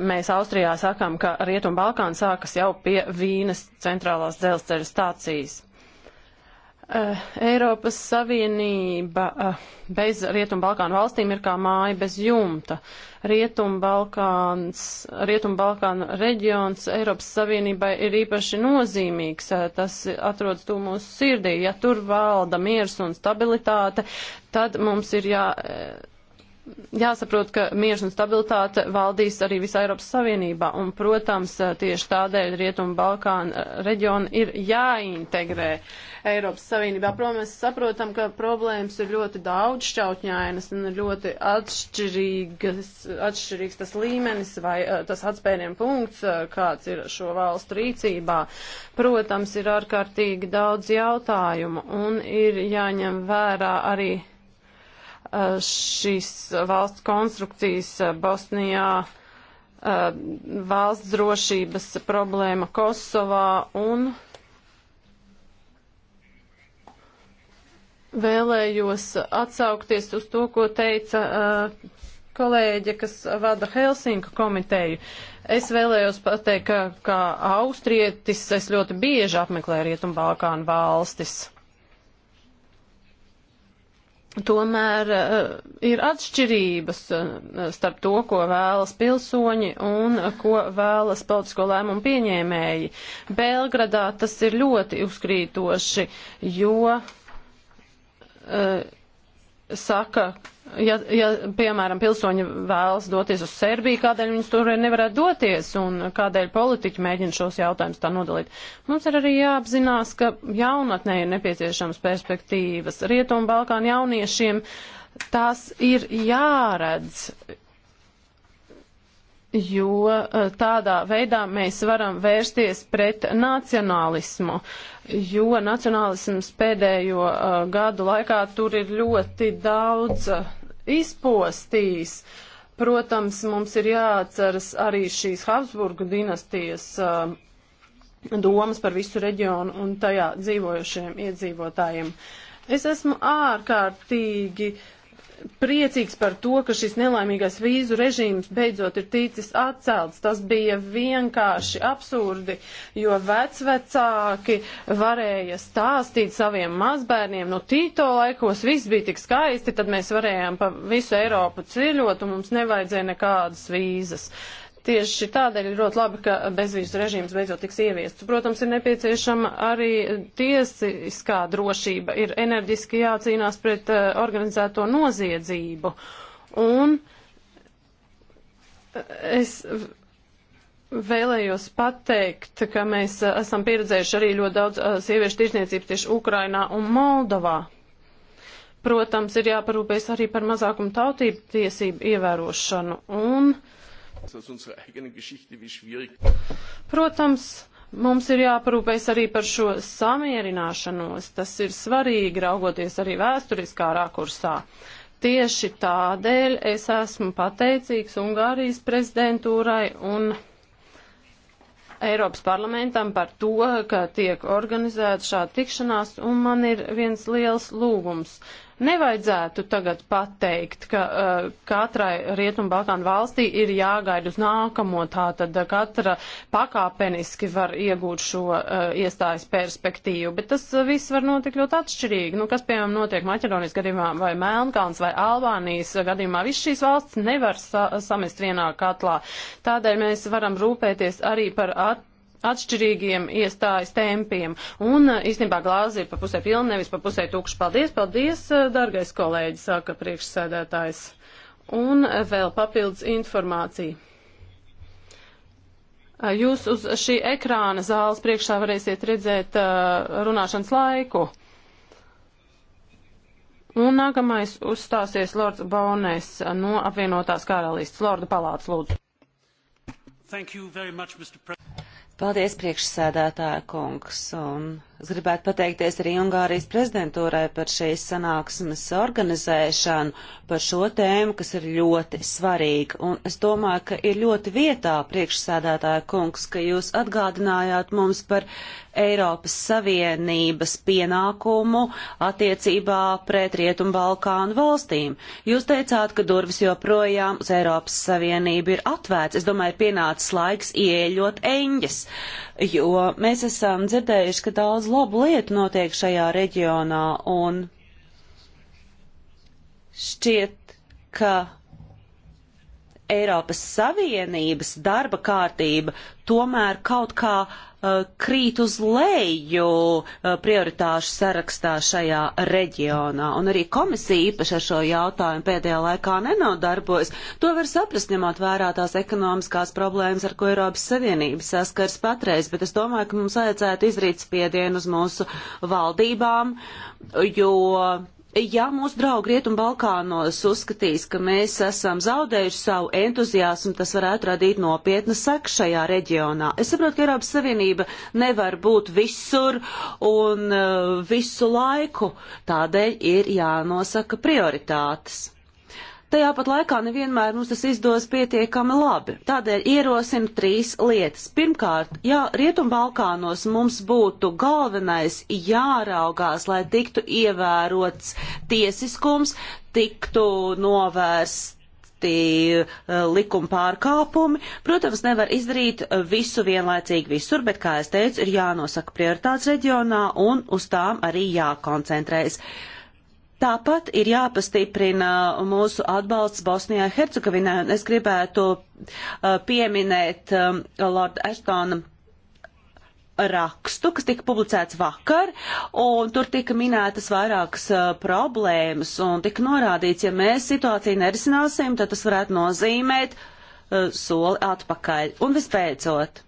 mēs Austrijā sakām, ka Rietumu Balkāna sākas jau pie Vīnes centrālās dzelzceļa stācijas. Uh, Eiropas Savienība uh, bez Rietumbalkānu valstīm ir kā māja bez jumta. Rietumbalkāns, Rietumbalkānu reģions Eiropas Savienībai ir īpaši nozīmīgs. Uh, tas atrodas tu mūsu sirdī. Ja tur valda miers un stabilitāte, tad mums ir jā jāsaprot, ka mieres un stabilitāte valdīs arī visā Eiropas Savienībā, un, protams, tieši tādēļ Rietumu Balkānu eh, reģionu ir jāintegrē Eiropas Savienībā. Protams, mēs saprotam, ka problēmas ir ļoti daudz šķautņainas un ļoti atšķirīgas, atšķirīgs tas līmenis vai eh, tas atspēriem punkts, eh, kāds ir šo valstu rīcībā. Protams, ir ārkārtīgi daudz jautājumu, un ir jāņem vērā arī Uh, šīs valsts konstrukcijas uh, Bosnijā, uh, valsts drošības problēma Kosovā un vēlējos atsaukties uz to, ko teica kolēģe, kas vada Helsinku komiteju. Es vēlējos pateikt, ka kā austrietis es ļoti bieži apmeklēju Rietumbalkānu valstis. Tomēr eh, ir atšķirības eh, starp to, ko vēlas pilsoņi un eh, ko vēlas politisko lēmumu pieņēmēji. Belgradā tas ir ļoti uzkrītoši, jo saka, ja, ja, piemēram, pilsoņi vēlas doties uz Serbiju, kādēļ viņus tur nevarētu doties un kādēļ politiķi mēģina šos jautājumus tā nodalīt. Mums ir arī jāapzinās, ka jaunatnē ir nepieciešams perspektīvas. Rietumu Balkānu jauniešiem tās ir jāredz, jo eh, tādā veidā mēs varam vērsties pret nacionālismu, jo nacionālisms pēdējo uh, gadu laikā tur ir ļoti daudz. Uh, izpostīs. Protams, mums ir jāatceras arī šīs Habsburgu dinastijas uh, domas par visu reģionu un tajā dzīvojošiem iedzīvotājiem. Es esmu ārkārtīgi uh, priecīgs par to, ka šis nelaimīgais vīzu režīms beidzot ir ticis atcelts. Tas bija vienkārši absurdi, jo vecvecāki varēja stāstīt saviem mazbērniem, no nu, Tīto laikos viss bija tik skaisti, tad mēs varējām pa visu Eiropu ceļot un mums nevajadzēja nekādas vīzas. Uh, Tieši tādēļ ir ļoti labi, ka bezvīzu režīms beidzot tiks ieviests. Protams, ir nepieciešama arī tiesiskā drošība, ir enerģiski jācīnās pret uh, organizēto noziedzību. Un eh, es vēlējos pateikt, ka mēs eh, esam pieredzējuši arī ļoti daudz sieviešu tirsniecības tieši Ukrainā un Moldovā. Protams, ir jāparūpēs arī par mazākumu tautību tiesību ievērošanu. Un, uh, Protams, mums ir jāparūpējas arī par šo samierināšanos. Tas ir svarīgi raugoties arī vēsturiskā rakursā. Tieši tādēļ es esmu pateicīgs Ungārijas prezidentūrai un Eiropas parlamentam par to, ka tiek organizēta šāda tikšanās, un man ir viens liels lūgums. Nevajadzētu tagad pateikt, ka uh, katrai Rietumbalkānu valstī ir jāgaida uz nākamo, tā tad eh, katra pakāpeniski var iegūt šo uh, iestājas perspektīvu, bet tas viss var notikt ļoti atšķirīgi. Nu, kas, piemēram, notiek Maķedonijas gadījumā vai Melnkalns vai Albānijas gadījumā, viss šīs valsts nevar sa samest vienā katlā. Tādēļ mēs varam rūpēties arī par attīstību atšķirīgiem iestājas tempiem. Un īstenībā glāze ir pa pusē pilna, nevis pa pusē tukša. Paldies, paldies, dargais kolēģi, saka priekšsēdētājs. Un vēl papildus informācija. Jūs uz šī ekrāna zāles priekšā varēsiet redzēt uh, runāšanas laiku. Un nākamais uzstāsies Lords Baunēs no apvienotās karalistas. Lorda palāts, lūdzu. Much, Paldies, priekšsēdētāja kungs, un Es gribētu pateikties arī Ungārijas prezidentūrai par šīs sanāksmes organizēšanu, par šo tēmu, kas ir ļoti svarīga. Un es domāju, ka ir ļoti vietā, priekšsēdētāja kungs, ka jūs atgādinājāt mums par Eiropas Savienības pienākumu attiecībā pret Rietumbalkānu valstīm. Jūs teicāt, ka durvis joprojām uz Eiropas Savienību ir atvērts. Es domāju, pienācis laiks ieļot eņģes. Uh, jo mēs esam dzirdējuši, ka daudz labu lietu notiek šajā reģionā un šķiet, ka Eiropas Savienības darba kārtība tomēr kaut kā uh, Uh, krīt uz leju uh, prioritāšu sarakstā šajā reģionā. Un arī komisija īpaši ar šo jautājumu pēdējā laikā nenodarbojas. To var saprast, ņemot vērā tās ekonomiskās problēmas, ar ko Eiropas Savienība saskars patreiz. Bet es domāju, ka mums vajadzētu izrīt spiedienu uz mūsu valdībām, jo Ja mūsu draugi Rietumbalkānos uzskatīs, ka mēs esam zaudējuši savu entuziasmu, tas varētu radīt nopietnu seku šajā reģionā. Es saprotu, ka Eiropas Savienība nevar būt visur un uh, visu laiku, tādēļ ir jānosaka prioritātes. Tajā pat laikā nevienmēr mums tas izdos pietiekami labi. Tādēļ ierosim trīs lietas. Pirmkārt, ja Rietumbalkānos mums būtu galvenais jāraugās, lai tiktu ievērots tiesiskums, tiktu novērst e, likuma pārkāpumi. Protams, nevar izdarīt visu vienlaicīgi visur, bet, kā es teicu, ir jānosaka prioritātes reģionā un uz tām arī jākoncentrējas. Tāpat ir jāpastiprina mūsu atbalsts Bosnijai Hercegovinai, un es gribētu uh, pieminēt um, Lorda Ashtona rakstu, kas tika publicēts vakar, un tur tika minētas vairākas uh, problēmas, un tika norādīts, ja mēs situāciju nerisināsim, tad tas varētu nozīmēt uh, soli atpakaļ. Un vispēcot.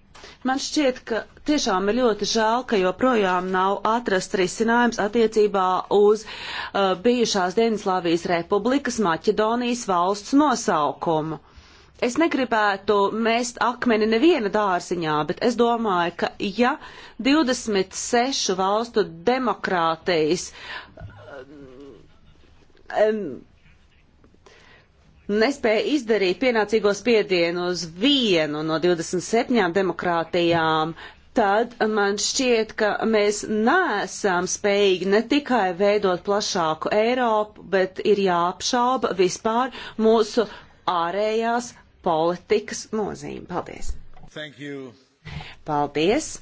Man šķiet, ka tiešām ir ļoti žēl, ka joprojām nav atrasts risinājums attiecībā uz uh, bijušās Dienaslāvijas republikas Maķedonijas valsts nosaukumu. Es negribētu mest akmeni neviena dārziņā, bet es domāju, ka ja 26 valstu demokrātijas um, um, nespēja izdarīt pienācīgo spiedienu uz vienu no 27 demokrātijām, tad man šķiet, ka mēs neesam spējīgi ne tikai veidot plašāku Eiropu, bet ir jāapšauba vispār mūsu ārējās politikas nozīme. Paldies! Paldies!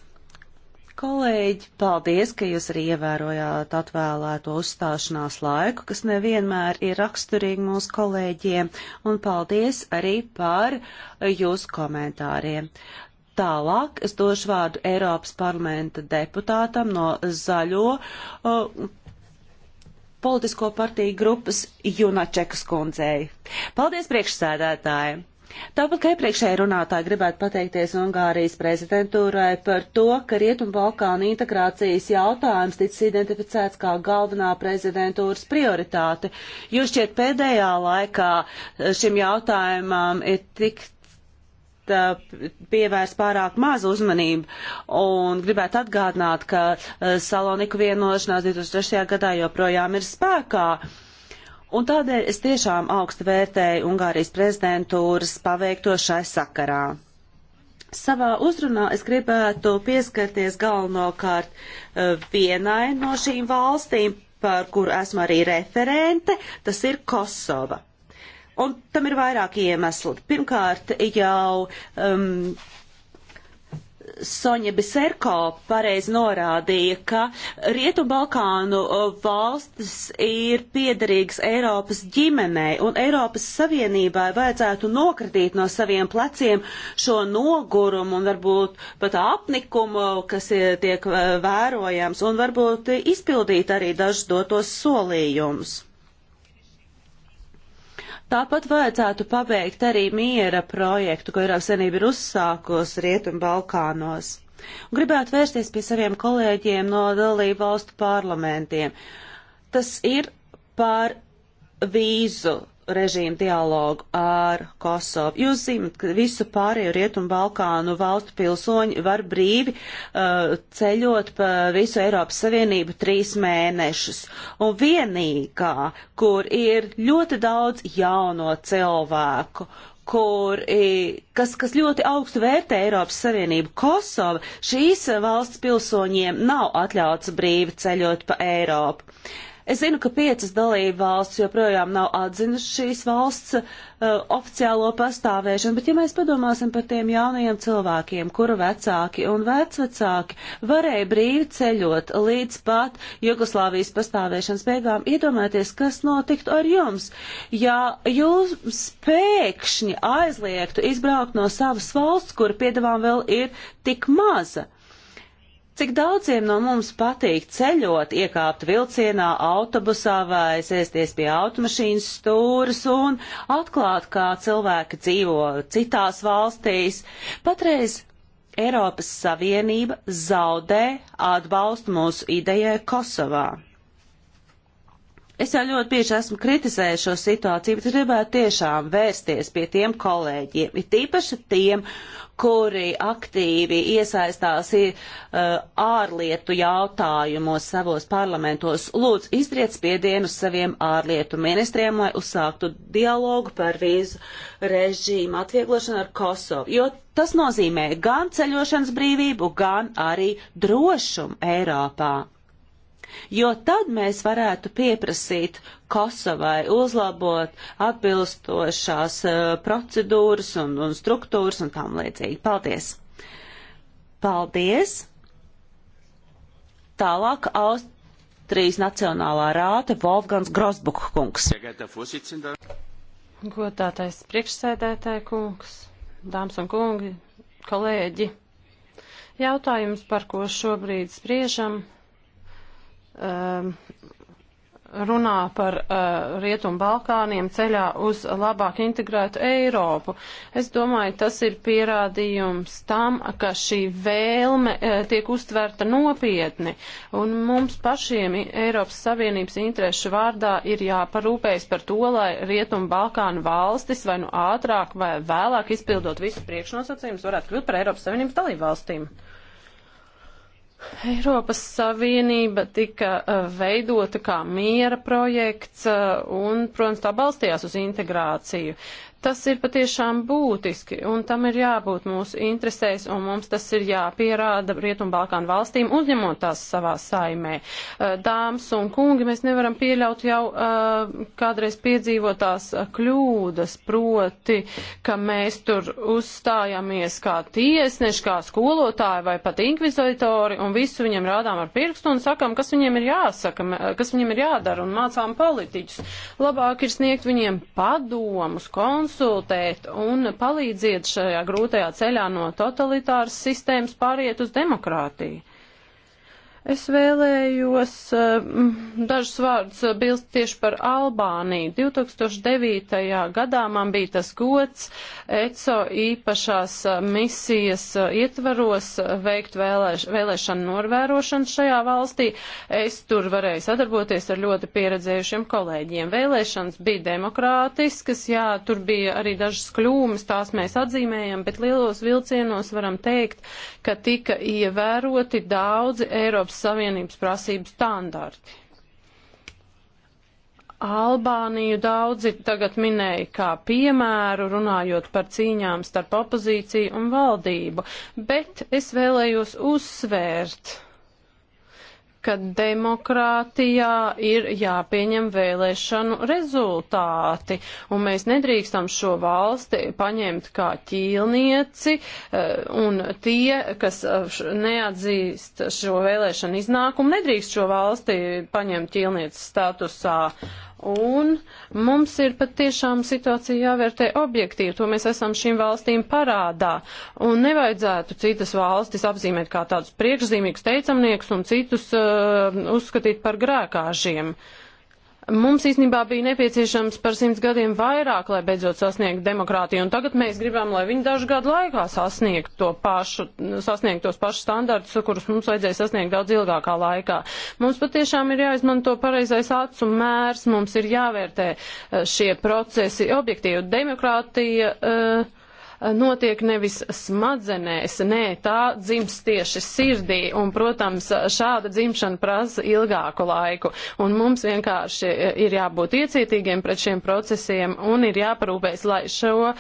Kolēģi, paldies, ka jūs arī ievērojāt atvēlēto uzstāšanās laiku, kas nevienmēr ir raksturīgi mūsu kolēģiem, un paldies arī par jūsu komentāriem. Tālāk es došu vārdu Eiropas parlamenta deputātam no zaļo uh, politisko partiju grupas Junačekas kundzei. Paldies priekšsēdētājiem! Tāpat kā iepriekšēji runātāji gribētu pateikties Ungārijas prezidentūrai par to, ka Rietumbalkāna integrācijas jautājums ticis identificēts kā galvenā prezidentūras prioritāte, jo šķiet pēdējā laikā eh, šim jautājumam ir tik pievērst pārāk maz uzmanību. Un gribētu atgādināt, ka eh, Saloniku vienošanās 2003. gadā joprojām ir spēkā. Uh, Un tādēļ es tiešām augstu vērtēju Ungārijas prezidentūras paveikto šai sakarā. Savā uzrunā es gribētu pieskarties galvenokārt eh, vienai no šīm valstīm, par kuru esmu arī referente, tas ir Kosova. Un tam ir vairāki iemesli. Pirmkārt, jau um, Soņa Biserko pareizi norādīja, ka Rietu-Balkānu valstis ir piederīgas Eiropas ģimenei, un Eiropas Savienībai vajadzētu nokritīt no saviem pleciem šo nogurumu un varbūt pat apnikumu, kas tiek vērojams, un varbūt izpildīt arī dažus dotos solījumus. Tāpat vajadzētu pabeigt arī miera projektu, ko Eiropas Savienība ir uzsākusi Rietumu Balkānos. Un gribētu vērsties pie saviem kolēģiem no dalību valstu parlamentiem. Tas ir par vīzu režīmu dialogu ar Kosovu. Jūs zinat, ka visu pārējo Rietumu Balkānu valstu pilsoņi var brīvi uh, ceļot pa visu Eiropas Savienību trīs mēnešus. Un vienīgā, kur ir ļoti daudz jauno cilvēku, kur, kas, kas ļoti augstu vērtē Eiropas Savienību. Kosova šīs valsts pilsoņiem nav atļauts brīvi ceļot pa Eiropu. Es zinu, ka piecas dalība valsts joprojām nav atzinušas šīs valsts uh, oficiālo pastāvēšanu, bet ja mēs padomāsim par tiem jaunajiem cilvēkiem, kuru vecāki un vecvecāki varēja brīvi ceļot līdz pat Jugoslāvijas pastāvēšanas beigām, iedomājieties, kas notiktu ar jums, ja jūs pēkšņi aizliegtu izbraukt no savas valsts, kura piedevām vēl ir tik maza. Cik daudziem no mums patīk ceļot, iekāpt vilcienā, autobusā vai sēsties pie automašīnas stūras un atklāt, kā cilvēki dzīvo citās valstīs. Patreiz Eiropas Savienība zaudē atbalstu mūsu idejai Kosovā. Es jau ļoti bieži esmu kritizējis šo situāciju, bet gribētu tiešām vērsties pie tiem kolēģiem, it īpaši tiem, kuri aktīvi iesaistās uh, ārlietu jautājumos savos parlamentos. Lūdzu, iztriec spiedienu saviem ārlietu ministriem, lai uzsāktu dialogu par vīzu režīmu atvieglošanu ar Kosovu, jo tas nozīmē gan ceļošanas brīvību, gan arī drošumu Eiropā jo tad mēs varētu pieprasīt Kosovai uzlabot atbilstošās uh, procedūras un, un struktūras un tam līdzīgi. Paldies! Paldies! Tālāk Austrijas Nacionālā rāte Wolfgangs Grosbuka kungs. Godātais priekšsēdētāja kungs, dāmas un kungi, kolēģi. Jautājums, par ko šobrīd spriežam, um, runā par uh, Rietumu Balkāniem ceļā uz labāk integrētu Eiropu. Es domāju, tas ir pierādījums tam, ka šī vēlme uh, tiek uztverta nopietni, un mums pašiem Eiropas Savienības interešu vārdā ir jāparūpējas par to, lai Rietumu Balkānu valstis vai nu ātrāk vai vēlāk izpildot visus priekšnosacījumus varētu kļūt par Eiropas Savienības dalību valstīm. Uh, Eiropas Savienība tika uh, veidota kā miera projekts uh, un, protams, tā balstījās uz integrāciju. Tas ir patiešām būtiski, un tam ir jābūt mūsu interesēs, un mums tas ir jāpierāda Rietumbalkānu valstīm, uzņemot tās savā saimē. Dāmas un kungi, mēs nevaram pieļaut jau kādreiz piedzīvotās kļūdas, proti, ka mēs tur uzstājamies kā tiesneši, kā skolotāji vai pat inkvizitori, un visu viņam rādām ar pirkstu un sakam, kas viņiem ir jāsaka, kas viņiem ir jādara, un mācām politiķus. Labāk ir sniegt viņiem padomus, konsultācijas, konsultēt un palīdziet šajā grūtajā ceļā no totalitāras sistēmas pāriet uz demokrātiju. Es vēlējos eh, dažus vārdus eh, bilst tieši par Albāniju. 2009. gadā man bija tas gods ECO īpašās eh, misijas ietvaros veikt vēlēš, vēlēšanu novērošanu šajā valstī. Es tur varēju sadarboties ar ļoti pieredzējušiem kolēģiem. Vēlēšanas bija demokrātiskas, jā, tur bija arī dažas kļūmes, tās mēs atzīmējam, bet lielos vilcienos varam teikt, ka tika ievēroti daudzi Eiropas Eiropas Savienības prasību standarti. Albāniju daudzi tagad minēja kā piemēru, runājot par cīņām starp opozīciju un valdību, bet es vēlējos uzsvērt, ka demokrātijā ir jāpieņem vēlēšanu rezultāti, un mēs nedrīkstam šo valsti paņemt kā ķīlnieci, eh, un tie, kas eh, neatzīst šo vēlēšanu iznākumu, nedrīkst šo valsti paņemt ķīlnieces statusā. Un mums ir patiešām situācija jāvērtē objektīvi, to mēs esam šīm valstīm parādā. Un nevajadzētu citas valstis apzīmēt kā tādus priekšzīmīgus teicamniekus un citus uh, uzskatīt par grēkāžiem. Uh, Mums īstenībā bija nepieciešams par simts gadiem vairāk, lai beidzot sasniegtu demokrātiju, un tagad mēs gribam, lai viņi dažu gadu laikā sasniegtu to pašu, sasniegtu tos pašus standartus, kurus mums vajadzēja sasniegt daudz ilgākā laikā. Mums patiešām ir jāizmanto pareizais acu mērs, mums ir jāvērtē eh, šie procesi objektīvi. Demokrātija. Uh, notiek nevis smadzenēs, nē, tā dzimst tieši sirdī, un, protams, šāda dzimšana prasa ilgāku laiku, un mums vienkārši ir jābūt iecietīgiem pret šiem procesiem, un ir jāparūpēs, lai šo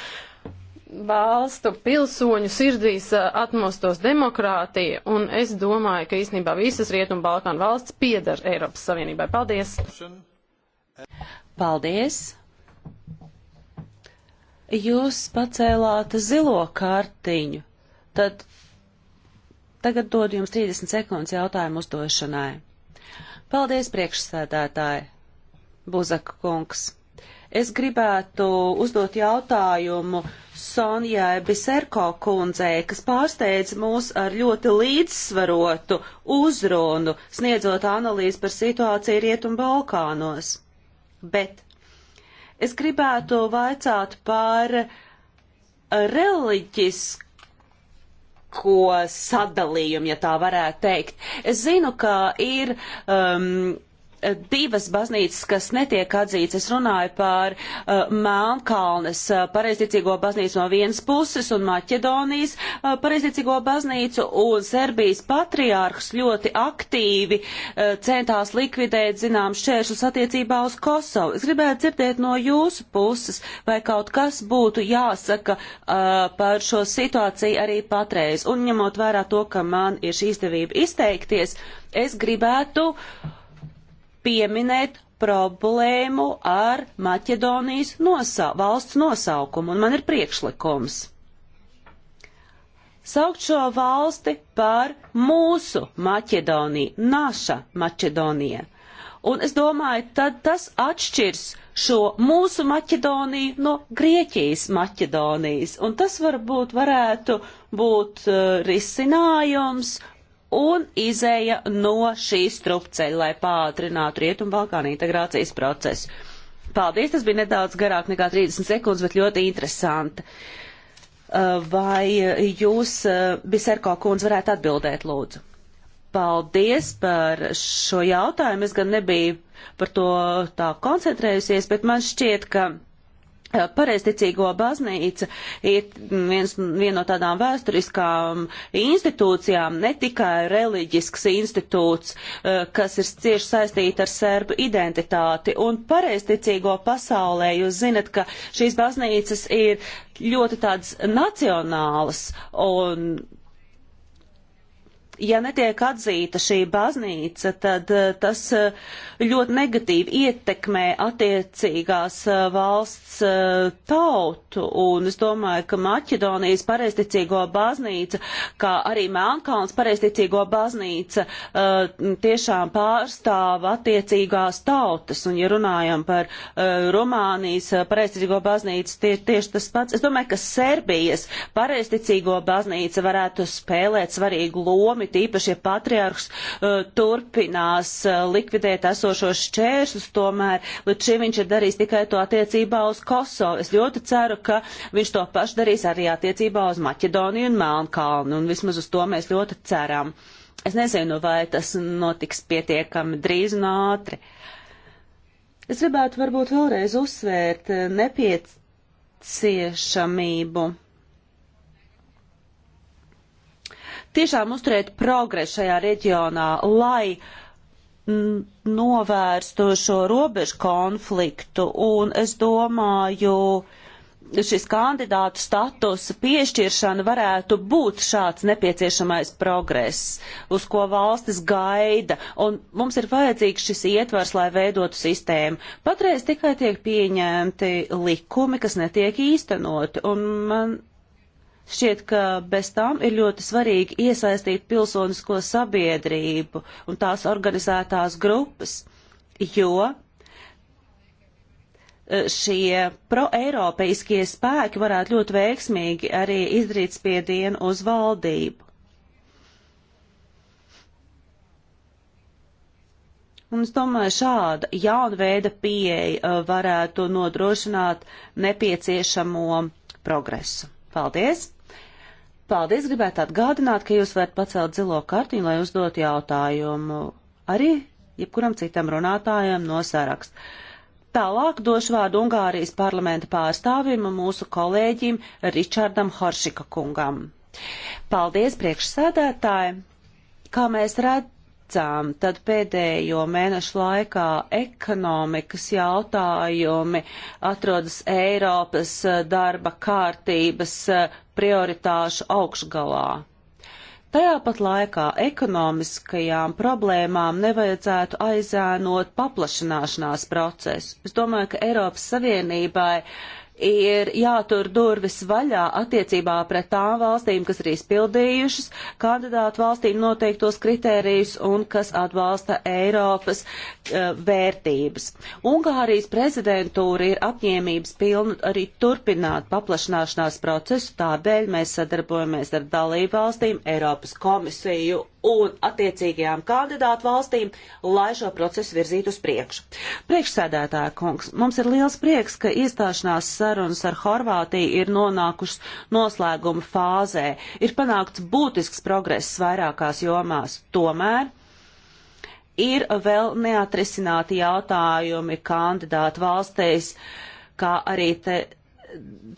valstu pilsoņu sirdīs atmostos demokrātija, un es domāju, ka īstenībā visas Rietumu Balkānu valsts piedara Eiropas Savienībai. Paldies! Paldies! jūs pacēlāt zilo kartiņu, tad tagad dod jums 30 sekundes jautājumu uzdošanai. Paldies, priekšsēdētāji, Buzaka kungs. Es gribētu uzdot jautājumu Sonjai Biserko kundzei, kas pārsteidz mūs ar ļoti līdzsvarotu uzrunu, sniedzot analīzi par situāciju Rietumbalkānos. Bet Es gribētu vaicāt par reliģisku ko sadalījumu, ja tā varētu teikt. Es zinu, ka ir um, Eh, divas baznīcas, kas netiek atzīts. Es runāju par uh, Melnkalnes uh, pareizticīgo baznīcu no vienas puses un Maķedonijas uh, pareizticīgo baznīcu un Serbijas patriārhs ļoti aktīvi uh, centās likvidēt, zinām, šķēršus attiecībā uz Kosovu. Es gribētu dzirdēt no jūsu puses, vai kaut kas būtu jāsaka uh, par šo situāciju arī patreiz. Un ņemot vērā to, ka man ir šī izdevība izteikties, es gribētu uh, pieminēt problēmu ar Maķedonijas nosau valsts nosaukumu, un man ir priekšlikums. Saukt šo valsti par mūsu Maķedoniju, naša Maķedonija. Un es domāju, tad tas atšķirs šo mūsu Maķedoniju no Grieķijas Maķedonijas, un tas varbūt varētu būt uh, risinājums, un izēja no šīs strupceļa, lai pātrinātu Rietumbalkānu integrācijas procesu. Paldies, tas bija nedaudz garāk nekā 30 sekundes, bet ļoti interesanti. Uh, vai jūs, uh, Biserko kundze, varētu atbildēt, lūdzu? Paldies par šo jautājumu. Es gan nebiju par to tā koncentrējusies, bet man šķiet, ka Eh, pareizticīgo baznīca ir viens, viena no tādām vēsturiskām institūcijām, ne tikai reliģisks institūts, eh, kas ir cieši saistīta ar serbu identitāti. Un pareizticīgo pasaulē jūs zinat, ka šīs baznīcas ir ļoti tādas nacionālas un ja netiek atzīta šī baznīca, tad eh, tas eh, ļoti negatīvi ietekmē attiecīgās eh, valsts tautu. Un es domāju, ka Maķedonijas pareizticīgo baznīca, kā arī Melnkalns pareizticīgo baznīca, tiešām pārstāv attiecīgās tautas. Un, ja runājam par Romānijas pareizticīgo baznīcu, tie ir tieši tas pats. Es domāju, ka Serbijas pareizticīgo baznīca varētu spēlēt svarīgu lomu it īpaši, ja patriārhs uh, turpinās uh, likvidēt esošos šķēršus, tomēr līdz šim viņš ir darījis tikai to attiecībā uz Kosovu. Es ļoti ceru, ka viņš to pašu darīs arī attiecībā uz Maķedoniju un Melnkalnu, un vismaz uz to mēs ļoti ceram. Es nezinu, vai tas notiks pietiekami drīz un ātri. Es gribētu varbūt vēlreiz uzsvērt nepieciešamību tiešām uzturēt progresu šajā reģionā, lai mm, novērstu šo robežu konfliktu. Un es domāju, šis kandidātu status piešķiršana varētu būt šāds nepieciešamais progress, uz ko valstis gaida, un mums ir vajadzīgs šis ietvars, lai veidotu sistēmu. Patreiz tikai tiek pieņemti likumi, kas netiek īstenoti, un man Šķiet, ka bez tām ir ļoti svarīgi iesaistīt pilsonisko sabiedrību un tās organizētās grupas, jo e, šie proeiropeiskie spēki varētu ļoti veiksmīgi arī izdarīt spiedienu uz valdību. Un es domāju, šāda jauna veida pieeja e, varētu nodrošināt nepieciešamo progresu. Paldies! Paldies, gribētu atgādināt, ka jūs varat pacelt zilo kartiņu, lai uzdot jautājumu arī jebkuram citam runātājam no saraksta. Tālāk došu vārdu Ungārijas parlamenta pārstāvim mūsu kolēģim Ričardam Horšika kungam. Paldies, priekšsēdētāji! Kā mēs redzam, plecām, tad pēdējo mēnešu laikā ekonomikas jautājumi atrodas Eiropas eh, darba kārtības eh, prioritāšu augšgalā. Tajā pat laikā ekonomiskajām problēmām nevajadzētu aizēnot paplašanāšanās procesu. Es domāju, ka Eiropas Savienībai uh, ir jātur durvis vaļā attiecībā pret tām valstīm, kas ir izpildījušas kandidātu valstīm noteiktos kritērijus un kas atbalsta Eiropas uh, vērtības. Ungārijas prezidentūra ir apņēmības pilna arī turpināt paplašināšanās procesu, tādēļ mēs sadarbojamies ar dalību valstīm, Eiropas komisiju un attiecīgajām kandidātu valstīm, lai šo procesu virzītu uz priekšu. Priekšsēdētāja kungs, mums ir liels prieks, ka iestāšanās sarunas ar Horvātiju ir nonākušas noslēguma fāzē. Ir panākts būtisks progress vairākās jomās. Tomēr ir vēl neatrisināti jautājumi kandidātu valstīs, kā arī te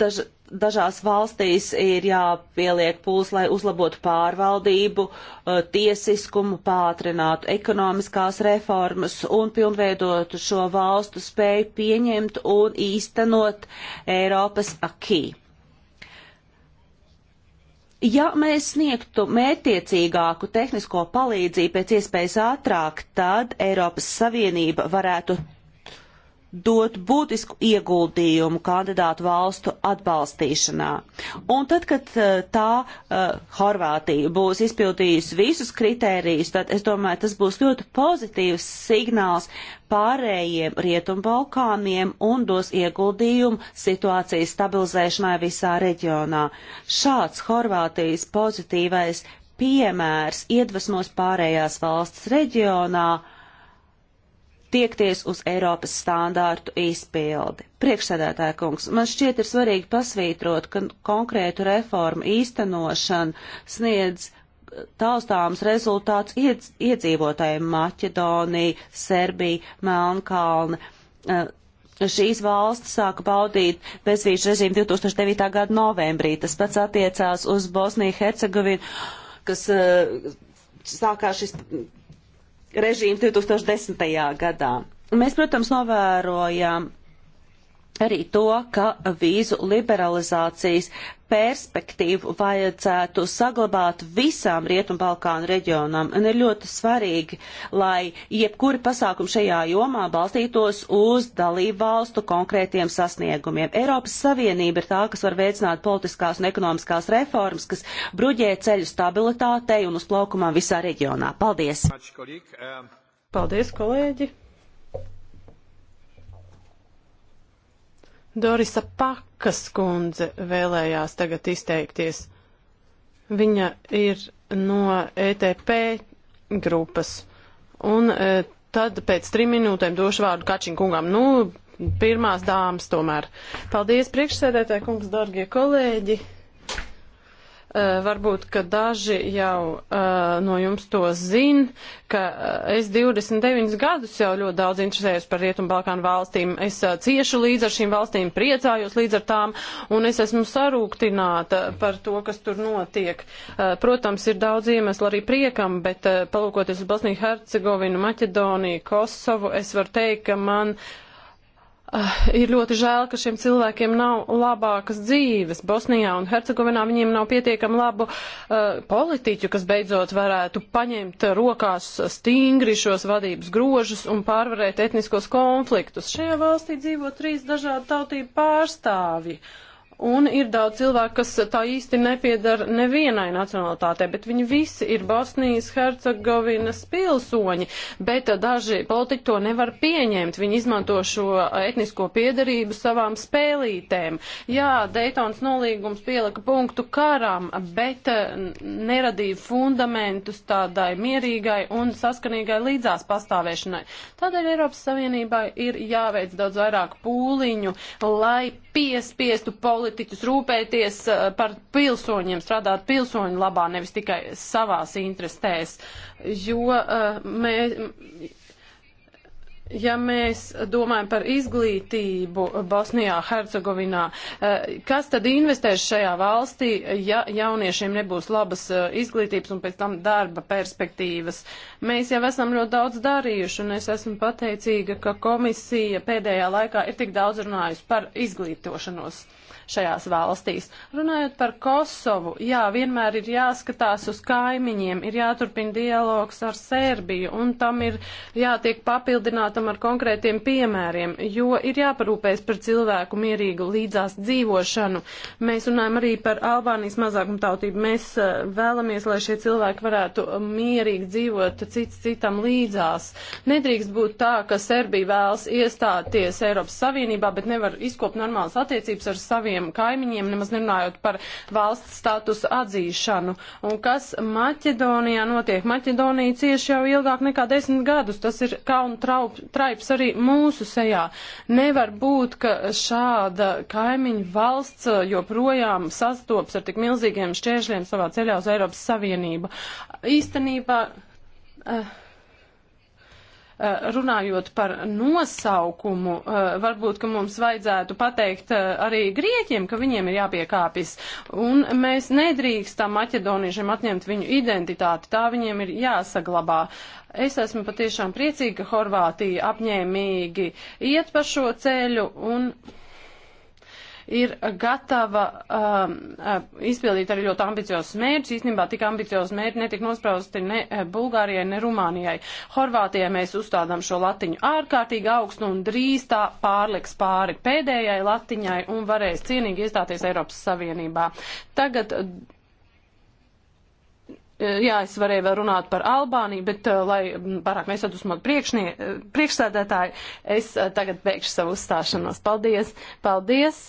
daži dažās valstīs ir jāpieliek pūls, lai uzlabotu pārvaldību, eh, tiesiskumu, pātrinātu ekonomiskās reformas un pilnveidotu šo valstu spēju pieņemt un īstenot Eiropas akī. Ja mēs sniegtu mērtiecīgāku tehnisko palīdzību pēc iespējas ātrāk, tad Eiropas Savienība varētu dot būtisku ieguldījumu kandidātu valstu atbalstīšanā. Un tad, kad eh, tā uh, Horvātija būs izpildījusi visus kritērijus, tad es domāju, tas būs ļoti pozitīvs signāls pārējiem Rietumbalkāniem un dos ieguldījumu situācijas stabilizēšanai visā reģionā. Šāds Horvātijas pozitīvais piemērs iedvesmos pārējās valsts reģionā tiekties uz Eiropas standārtu izpildi. Priekšsēdētāja kungs, man šķiet ir svarīgi pasvītrot, ka konkrētu reformu īstenošana sniedz eh, taustāms rezultāts iedz, iedzīvotājiem Maķedonija, Serbija, Melnkalne. Eh, šīs valsts sāka baudīt bezvīžu režīmu 2009. gada novembrī. Tas pats attiecās uz Bosniju Hercegovinu, kas eh, sākās šis režīms 2010. gadā. Mēs, protams, novērojam arī to, ka vīzu liberalizācijas perspektīvu vajadzētu saglabāt visām Rietumbalkānu reģionam. Un ir ļoti svarīgi, lai jebkuri pasākumi šajā jomā balstītos uz dalību valstu konkrētiem sasniegumiem. Eiropas Savienība ir tā, kas var veicināt politiskās un ekonomiskās reformas, kas bruģē ceļu stabilitātei un uz plaukumā visā reģionā. Paldies! Paldies, kolēģi! Dorisa Pakas kundze vēlējās tagad izteikties. Viņa ir no ETP grupas. Un e, tad pēc trim minūtēm došu vārdu Kačinkungam. Nu, pirmās dāmas tomēr. Paldies priekšsēdētāji kungs, dargie kolēģi! Eh, varbūt, ka daži jau uh, no jums to zin, ka eh, es 29 gadus jau ļoti daudz interesējos par Rietumbalkānu valstīm. Es uh, ciešu līdz ar šīm valstīm, priecājos līdz ar tām, un es esmu sarūktināta par to, kas tur notiek. Uh, protams, ir daudz iemeslu arī priekam, bet palūkoties uz Bosniju, Hercegovinu, Maķedoniju, Kosovu, es varu teikt, ka man Ah, ir ļoti žēl, ka šiem cilvēkiem nav labākas dzīves. Bosnijā un Hercegovinā viņiem nav pietiekami labu uh, politiķu, kas beidzot varētu paņemt rokās stingri šos vadības grožus un pārvarēt etniskos konfliktus. Šajā valstī dzīvo trīs dažādu tautību pārstāvji. Uh, Un ir daudz cilvēku, kas tā īsti nepiedara nevienai nacionalitātei, bet viņi visi ir Bosnijas Hercegovinas pilsoņi, bet daži politiķi to nevar pieņemt. Viņi izmanto šo etnisko piedarību savām spēlītēm. Jā, Daytons nolīgums pielika punktu karam, bet neradīja fundamentus tādai mierīgai un saskanīgai līdzās pastāvēšanai. Tādēļ Eiropas Savienībai ir jāveic daudz vairāk pūliņu, lai piespiestu politiķus rūpēties eh, par pilsoņiem, strādāt pilsoņu labā, nevis tikai savās interesēs, jo eh, mē, ja mēs domājam par izglītību Bosnijā, Hercegovinā, eh, kas tad investēs šajā valstī, ja jauniešiem nebūs labas eh, izglītības un pēc tam darba perspektīvas? Mēs jau esam ļoti daudz darījuši, un es esmu pateicīga, ka komisija pēdējā laikā ir tik daudz runājusi par izglītošanos šajās valstīs. Runājot par Kosovu, jā, vienmēr ir jāskatās uz kaimiņiem, ir jāturpina dialogs ar Sērbiju, un tam ir jātiek papildinātam ar konkrētiem piemēriem, jo ir jāparūpēs par cilvēku mierīgu līdzās dzīvošanu. Mēs runājam arī par Albānijas mazākumtautību. Mēs eh, vēlamies, lai šie cilvēki varētu eh, mierīgi dzīvot cits citam līdzās. Nedrīkst būt tā, ka Serbija vēlas iestāties Eiropas Savienībā, bet nevar izkopt normālas attiecības ar Sērbiju saviem kaimiņiem, nemaz nerunājot par valsts statusu atzīšanu. Un kas Maķedonijā notiek? Maķedonija cieši jau ilgāk nekā desmit gadus. Tas ir kauna traup, traips arī mūsu sejā. Nevar būt, ka šāda kaimiņu valsts joprojām sastops ar tik milzīgiem šķēršļiem savā ceļā uz Eiropas Savienību. Īstenībā. Uh, Eh, runājot par nosaukumu, eh, varbūt, ka mums vajadzētu pateikt eh, arī grieķiem, ka viņiem ir jāpiekāpjas, un mēs nedrīkstam maķedoniešiem atņemt viņu identitāti, tā viņiem ir jāsaglabā. Es esmu patiešām priecīga, ka Horvātija apņēmīgi iet pa šo ceļu un ir gatava um, uh, izpildīt arī ļoti ambiciozus mērķus. Īstenībā tik ambiciozi mērķi netika nosprausti ne uh, Bulgārijai, ne Rumānijai. Horvātijai mēs uzstādām šo latiņu ārkārtīgi augstu un drīz tā pārliks pāri pēdējai latiņai un varēs cienīgi iestāties Eiropas Savienībā. Tagad uh, jā, es varēju vēl runāt par Albāniju, bet, lai mm, pārāk mēs atdusmot priekšsēdētāju, es tagad beigšu savu uzstāšanos. Paldies! Paldies!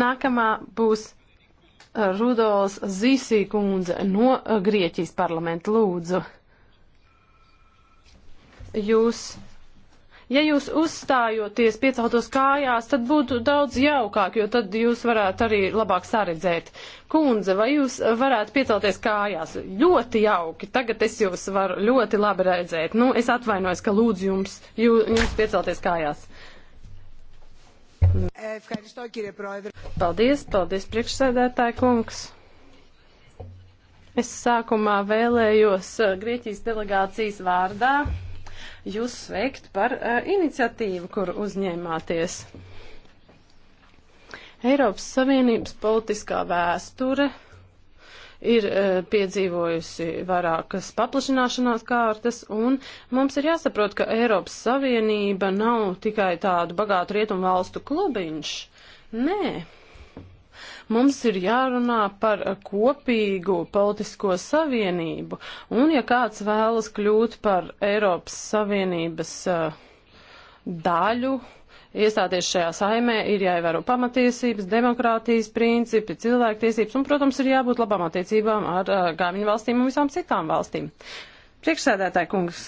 Nākamā būs uh, Rudols Zīsī kundze no uh, Grieķijas parlamenta lūdzu. Jūs ja jūs uzstājoties, pieceltos kājās, tad būtu daudz jaukāk, jo tad jūs varētu arī labāk saredzēt. Kundze, vai jūs varētu piecelties kājās? Ļoti jauki, tagad es jūs varu ļoti labi redzēt. Nu, es atvainojos, ka lūdzu jums, jū, jums piecelties kājās. Paldies, paldies, priekšsēdētāji kungs. Es sākumā vēlējos eh, Grieķijas delegācijas vārdā jūs sveikt par uh, iniciatīvu, kur uzņēmāties. Eiropas Savienības politiskā vēsture ir uh, piedzīvojusi vairākas paplašināšanās kārtas, un mums ir jāsaprot, ka Eiropas Savienība nav tikai tādu bagātu rietumu valstu klubiņš. Nē. Mums ir jārunā par kopīgu politisko savienību, un ja kāds vēlas kļūt par Eiropas Savienības uh, daļu, iestāties šajā saimē, ir jāievēro pamatiesības, demokrātijas principi, cilvēktiesības un, protams, ir jābūt labām attiecībām ar kaimiņu valstīm un visām citām valstīm. Priekšsēdētāji kungs,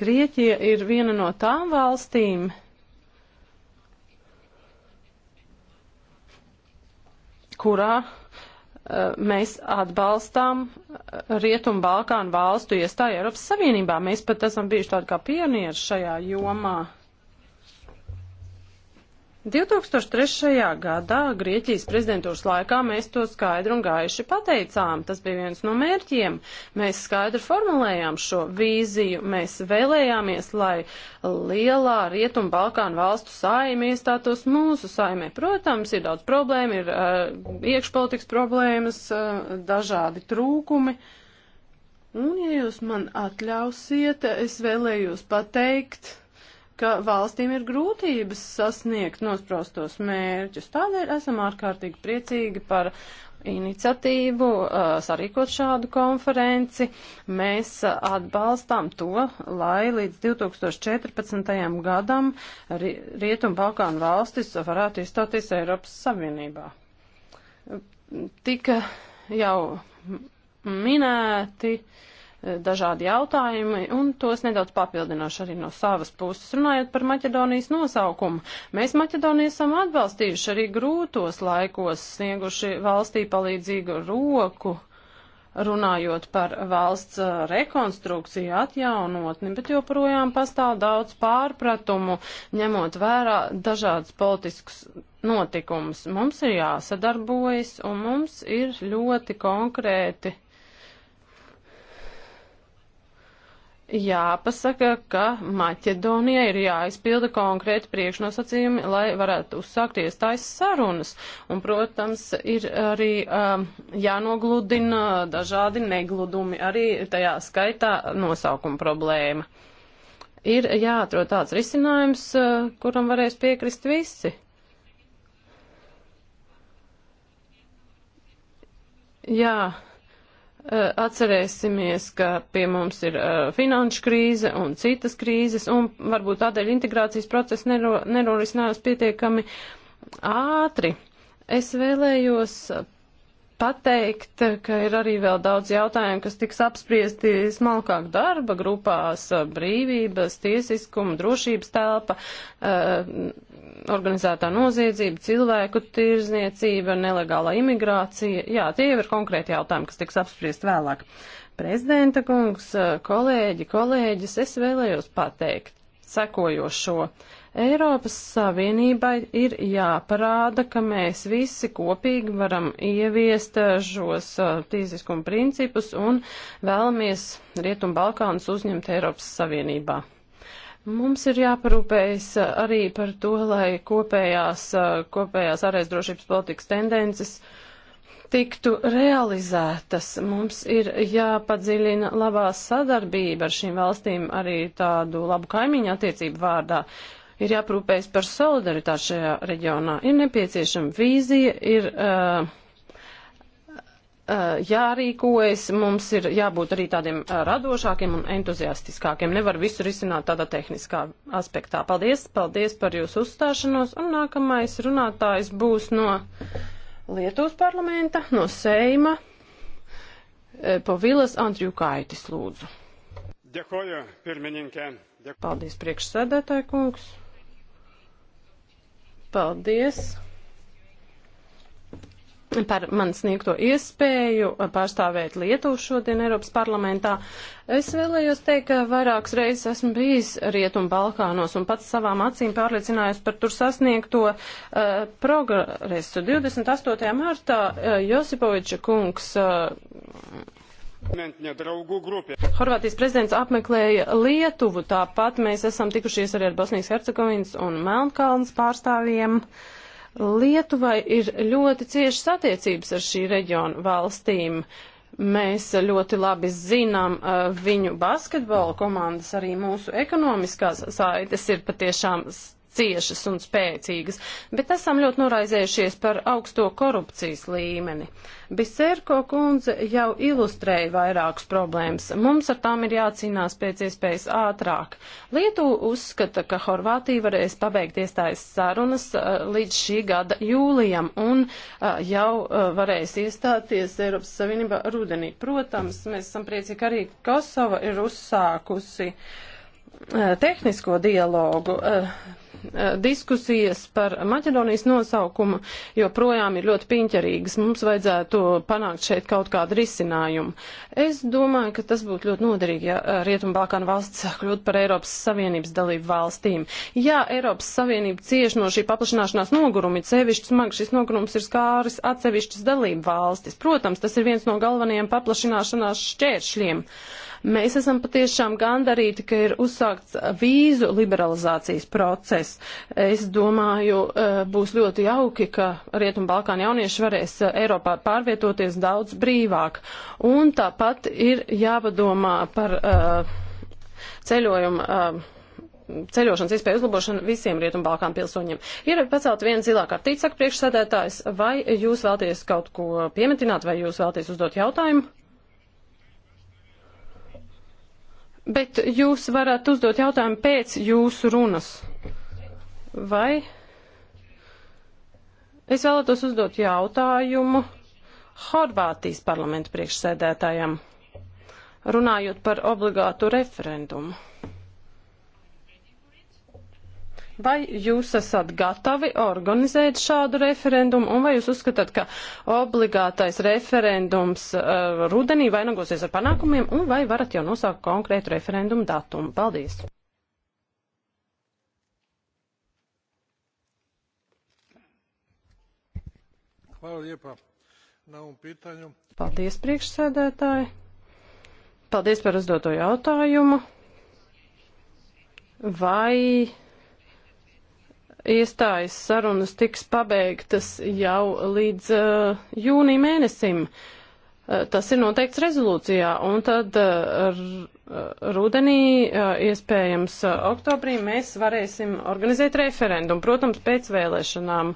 Grieķija ir viena no tām valstīm, kurā mēs atbalstām Rietumu Balkānu valstu iestāju Eiropas Savienībā. Mēs pat esam bijuši tādi kā pionieri šajā jomā. 2003. gadā Grieķijas prezidentūras laikā mēs to skaidru un gaiši pateicām. Tas bija viens no mērķiem. Mēs skaidri formulējām šo vīziju. Mēs vēlējāmies, lai lielā Rietumu Balkānu valstu saime iestātos mūsu saimē. Protams, ir daudz problēmu, ir uh, iekšpolitikas problēmas, uh, dažādi trūkumi. Un, ja jūs man atļausiet, es vēlējos pateikt ka valstīm ir grūtības sasniegt nosprostos mērķus. Tādēļ esam ārkārtīgi priecīgi par iniciatīvu sarīkot šādu konferenci. Mēs atbalstām to, lai līdz 2014. gadam Rietumu Balkānu valstis varētu iestāties Eiropas Savienībā. Tika jau minēti uh, dažādi jautājumi, un tos nedaudz papildināšu arī no savas puses. Runājot par Maķedonijas nosaukumu, mēs Maķedoniju esam atbalstījuši arī grūtos laikos, snieguši valstī palīdzīgu roku, runājot par valsts uh, rekonstrukciju, atjaunotni, bet joprojām pastāv daudz pārpratumu, ņemot vērā dažādas politiskas notikumus. Mums ir jāsadarbojas, un mums ir ļoti konkrēti jāpasaka, ka Maķedonija ir jāizpilda konkrēti priekšnosacījumi, lai varētu uzsākt iestājas sarunas. Un, protams, ir arī um, jānogludina dažādi negludumi, arī tajā skaitā nosaukuma problēma. Ir jāatrod tāds risinājums, uh, kuram varēs piekrist visi. Jā. Yeah. Atcerēsimies, ka pie mums ir finanšu krīze un citas krīzes, un varbūt tādēļ integrācijas process nero, nerorisinājās pietiekami ātri. Es vēlējos pateikt, ka ir arī vēl daudz jautājumu, kas tiks apspriesti smalkāk darba grupās eh, - brīvības, tiesiskuma, drošības telpa, eh, organizētā noziedzība, cilvēku tirzniecība, nelegālā imigrācija. Jā, tie jau ir konkrēti jautājumi, kas tiks apspriesti vēlāk. Prezidenta kungs, eh, kolēģi, kolēģis, es vēlējos pateikt sekojošo. Eiropas Savienībai ir jāparāda, ka mēs visi kopīgi varam ieviest šos tīziskuma principus un vēlamies Rietumbalkānus uzņemt Eiropas Savienībā. Mums ir jāparūpējas arī par to, lai kopējās, kopējās ārējas drošības politikas tendences tiktu realizētas. Mums ir jāpadziļina labā sadarbība ar šīm valstīm arī tādu labu kaimiņu attiecību vārdā ir jāprūpējas par solidaritāti šajā reģionā. Ir nepieciešama vīzija, ir uh, uh, jārīkojas, mums ir jābūt arī tādiem uh, radošākiem un entuziastiskākiem. Nevar visu risināt tādā tehniskā aspektā. Paldies, paldies par jūsu uzstāšanos, un nākamais runātājs būs no Lietuvas parlamenta, no Seima, eh, Pavilas Andriju Kaitis, lūdzu. Dēkoju, pirmininkē. Paldies, priekšsēdētāji kungs. Paldies par man sniegto iespēju pārstāvēt Lietuvu šodien Eiropas parlamentā. Es vēlējos teikt, ka vairākas reizes esmu bijis Rietumu Balkānos un pats savām acīm pārliecinājos par tur sasniegto uh, progresu. 28. martā uh, Josipoviča kungs. Uh, Horvātijas prezidents apmeklēja Lietuvu, tāpat mēs esam tikušies arī ar Bosnijas Hercegovinas un Melnkalnas pārstāvjiem. Lietuvai ir ļoti ciešas attiecības ar šī reģiona valstīm. Mēs ļoti labi zinām uh, viņu basketbola komandas, arī mūsu ekonomiskās saites ir patiešām ciešas un spēcīgas, bet esam ļoti noraizējušies par augsto korupcijas līmeni. Biserko kundze jau ilustrēja vairākas problēmas. Mums ar tām ir jācīnās pēc iespējas ātrāk. Lietu uzskata, ka Horvātija varēs pabeigt iestājas sarunas uh, līdz šī gada jūlijam un uh, jau uh, varēs iestāties Eiropas Savienībā rudenī. Protams, mēs esam priecīgi arī Kosova ir uzsākusi tehnisko dialogu. Eh, diskusijas par Maķedonijas nosaukumu joprojām ir ļoti piņķerīgas. Mums vajadzētu panākt šeit kaut kādu risinājumu. Es domāju, ka tas būtu ļoti noderīgi, ja eh, Rietumbalkānu valsts kļūtu par Eiropas Savienības dalību valstīm. Jā, Eiropas Savienība cieši no šī paplašanāšanās noguruma, ir sevišķi smagi šis nogurums ir skāris atsevišķas dalību valstis. Protams, tas ir viens no galvenajiem paplašanāšanās šķēršļiem. Uh, Mēs esam patiešām gandarīti, ka ir uzsākts vīzu liberalizācijas process. Es domāju, eh, būs ļoti jauki, ka Rietumbalkāna jaunieši varēs eh, Eiropā pārvietoties daudz brīvāk. Un tāpat ir jāpadomā par eh, ceļojumu ceļošanas iespēju uzlabošanu visiem Rietumbalkānu pilsoņiem. Ir pacelt viena zilā kartīte, saka priekšsēdētājs, vai jūs vēlties kaut ko piemetināt, vai jūs vēlties uzdot jautājumu? Bet jūs varat uzdot jautājumu pēc jūsu runas. Vai? Es vēlētos uzdot jautājumu Horvātijas parlamenta priekšsēdētājam, runājot par obligātu referendumu. Vai jūs esat gatavi organizēt šādu referendumu, un vai jūs uzskatāt, ka obligātais referendums uh, rudenī vainagosies ar panākumiem, un vai varat jau nosaukt konkrētu referendumu datumu? Paldies! Hvala lijepa na ovom pitanju. Paldies, priekšsēdētāji. Paldies par uzdoto jautājumu. Vai iestājas sarunas tiks pabeigtas jau līdz uh, jūnija mēnesim. Uh, tas ir noteikts rezolūcijā, un tad uh, rudenī, uh, iespējams, uh, oktobrī mēs varēsim organizēt referendumu, protams, pēc vēlēšanām.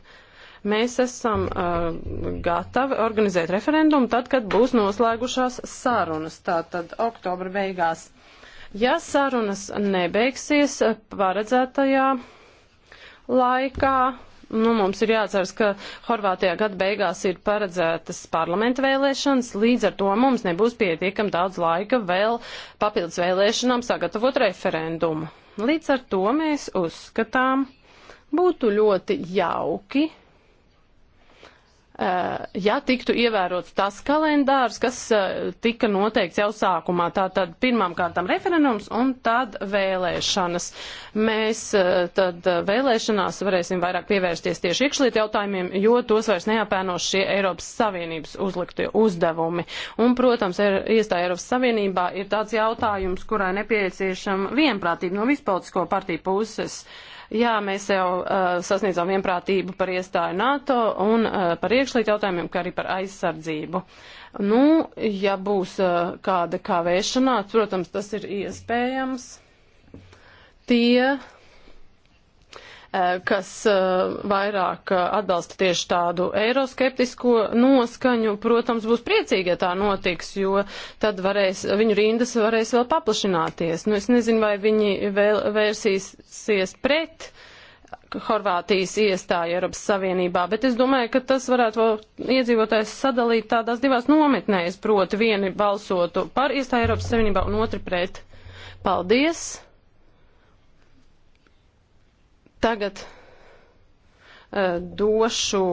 Mēs esam uh, gatavi organizēt referendumu tad, kad būs noslēgušās sarunas, tātad oktobra beigās. Ja sarunas nebeigsies paredzētajā laikā. Nu, mums ir jāatceras, ka Horvātijā gada beigās ir paredzētas parlamenta vēlēšanas, līdz ar to mums nebūs pietiekam daudz laika vēl papildus vēlēšanām sagatavot referendumu. Līdz ar to mēs uzskatām, būtu ļoti jauki, Eh, ja tiktu ievērots tas kalendārs, kas eh, tika noteikts jau sākumā, tātad pirmām kārtām referendums un tad vēlēšanas. Mēs eh, tad vēlēšanās varēsim vairāk pievērsties tieši iekšliet jautājumiem, jo tos vairs neapēnos šie Eiropas Savienības uzliktie uzdevumi. Un, protams, iestāja Eiropas Savienībā ir tāds jautājums, kurai nepieciešama vienprātība no vispolitisko partiju puses. Uh, Jā, mēs jau uh, sasniedzām vienprātību par iestāju NATO un uh, par iekšlietu jautājumiem, kā arī par aizsardzību. Nu, ja būs uh, kāda kavēšanās, protams, tas ir iespējams. Tie, Eh, kas eh, vairāk eh, atbalsta tieši tādu eiroskeptisko noskaņu, protams, būs priecīgi, ja tā notiks, jo tad varēs, viņu rindas varēs vēl paplašināties. Nu, es nezinu, vai viņi vēl vērsīsies pret. Horvātijas iestāja Eiropas Savienībā, bet es domāju, ka tas varētu iedzīvotājs sadalīt tādās divās nometnēs, proti vieni balsotu par iestāju Eiropas Savienībā un otri pret. Paldies! Tagad uh, došu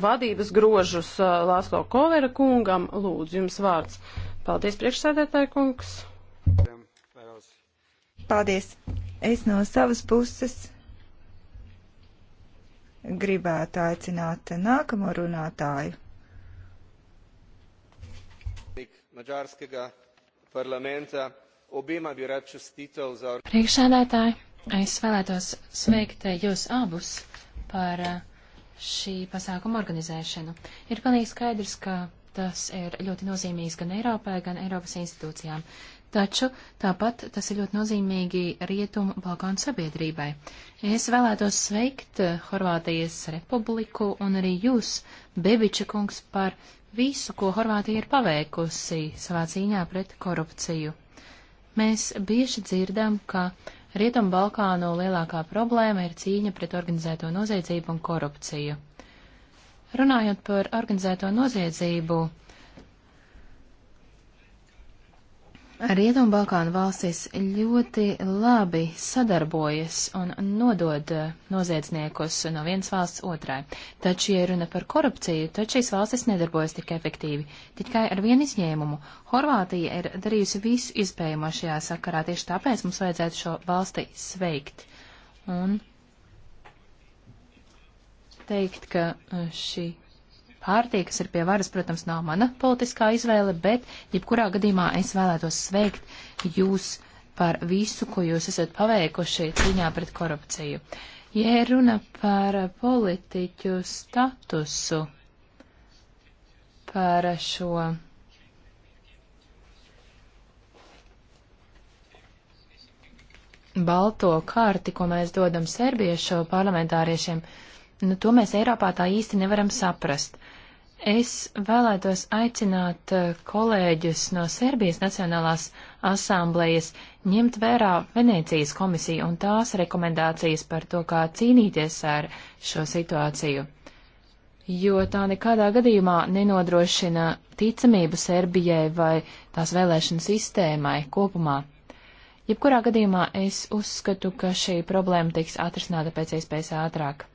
vadības grožus uh, Lāslo Kovera kungam. Lūdzu, jums vārds. Paldies, priekšsēdētāji kungs. Paldies. Es no savas puses gribētu aicināt nākamo runātāju. Priekšsēdētāji, Es vēlētos sveikt jūs abus par uh, šī pasākuma organizēšanu. Ir pilnīgi skaidrs, ka tas ir ļoti nozīmīgs gan Eiropai, gan Eiropas institūcijām. Taču tāpat tas ir ļoti nozīmīgi Rietumu Balkānu sabiedrībai. Es vēlētos sveikt uh, Horvātijas republiku un arī jūs, Bebiča kungs, par visu, ko Horvātija ir paveikusi savā cīņā pret korupciju. Mēs bieži dzirdam, ka Rietumbalkānu lielākā problēma ir cīņa pret organizēto noziedzību un korupciju. Runājot par organizēto noziedzību, Rietumbalkānu valstis ļoti labi sadarbojas un nodod eh, noziedzniekus no vienas valsts otrai. Taču, ja runa par korupciju, tad šīs valstis nedarbojas tik efektīvi. Tikai ar vienu izņēmumu. Horvātija ir darījusi visu iespējamo šajā sakarā, tieši tāpēc mums vajadzētu šo valsti sveikt. Un teikt, ka eh, šī Pārtī, kas ir pie varas, protams, nav mana politiskā izvēle, bet jebkurā gadījumā es vēlētos sveikt jūs par visu, ko jūs esat paveikuši cīņā pret korupciju. Ja runa par politiķu statusu, par šo balto kārti, ko mēs dodam serbiešu parlamentāriešiem, nu, to mēs Eiropā tā īsti nevaram saprast. Es vēlētos aicināt eh, kolēģus no Serbijas Nacionālās asamblējas ņemt vērā Venēcijas komisiju un tās rekomendācijas par to, kā cīnīties ar šo situāciju, jo tā nekādā gadījumā nenodrošina ticamību Serbijai vai tās vēlēšanu sistēmai kopumā. Jebkurā gadījumā es uzskatu, ka šī problēma tiks atrisināta pēc iespējas ātrāk.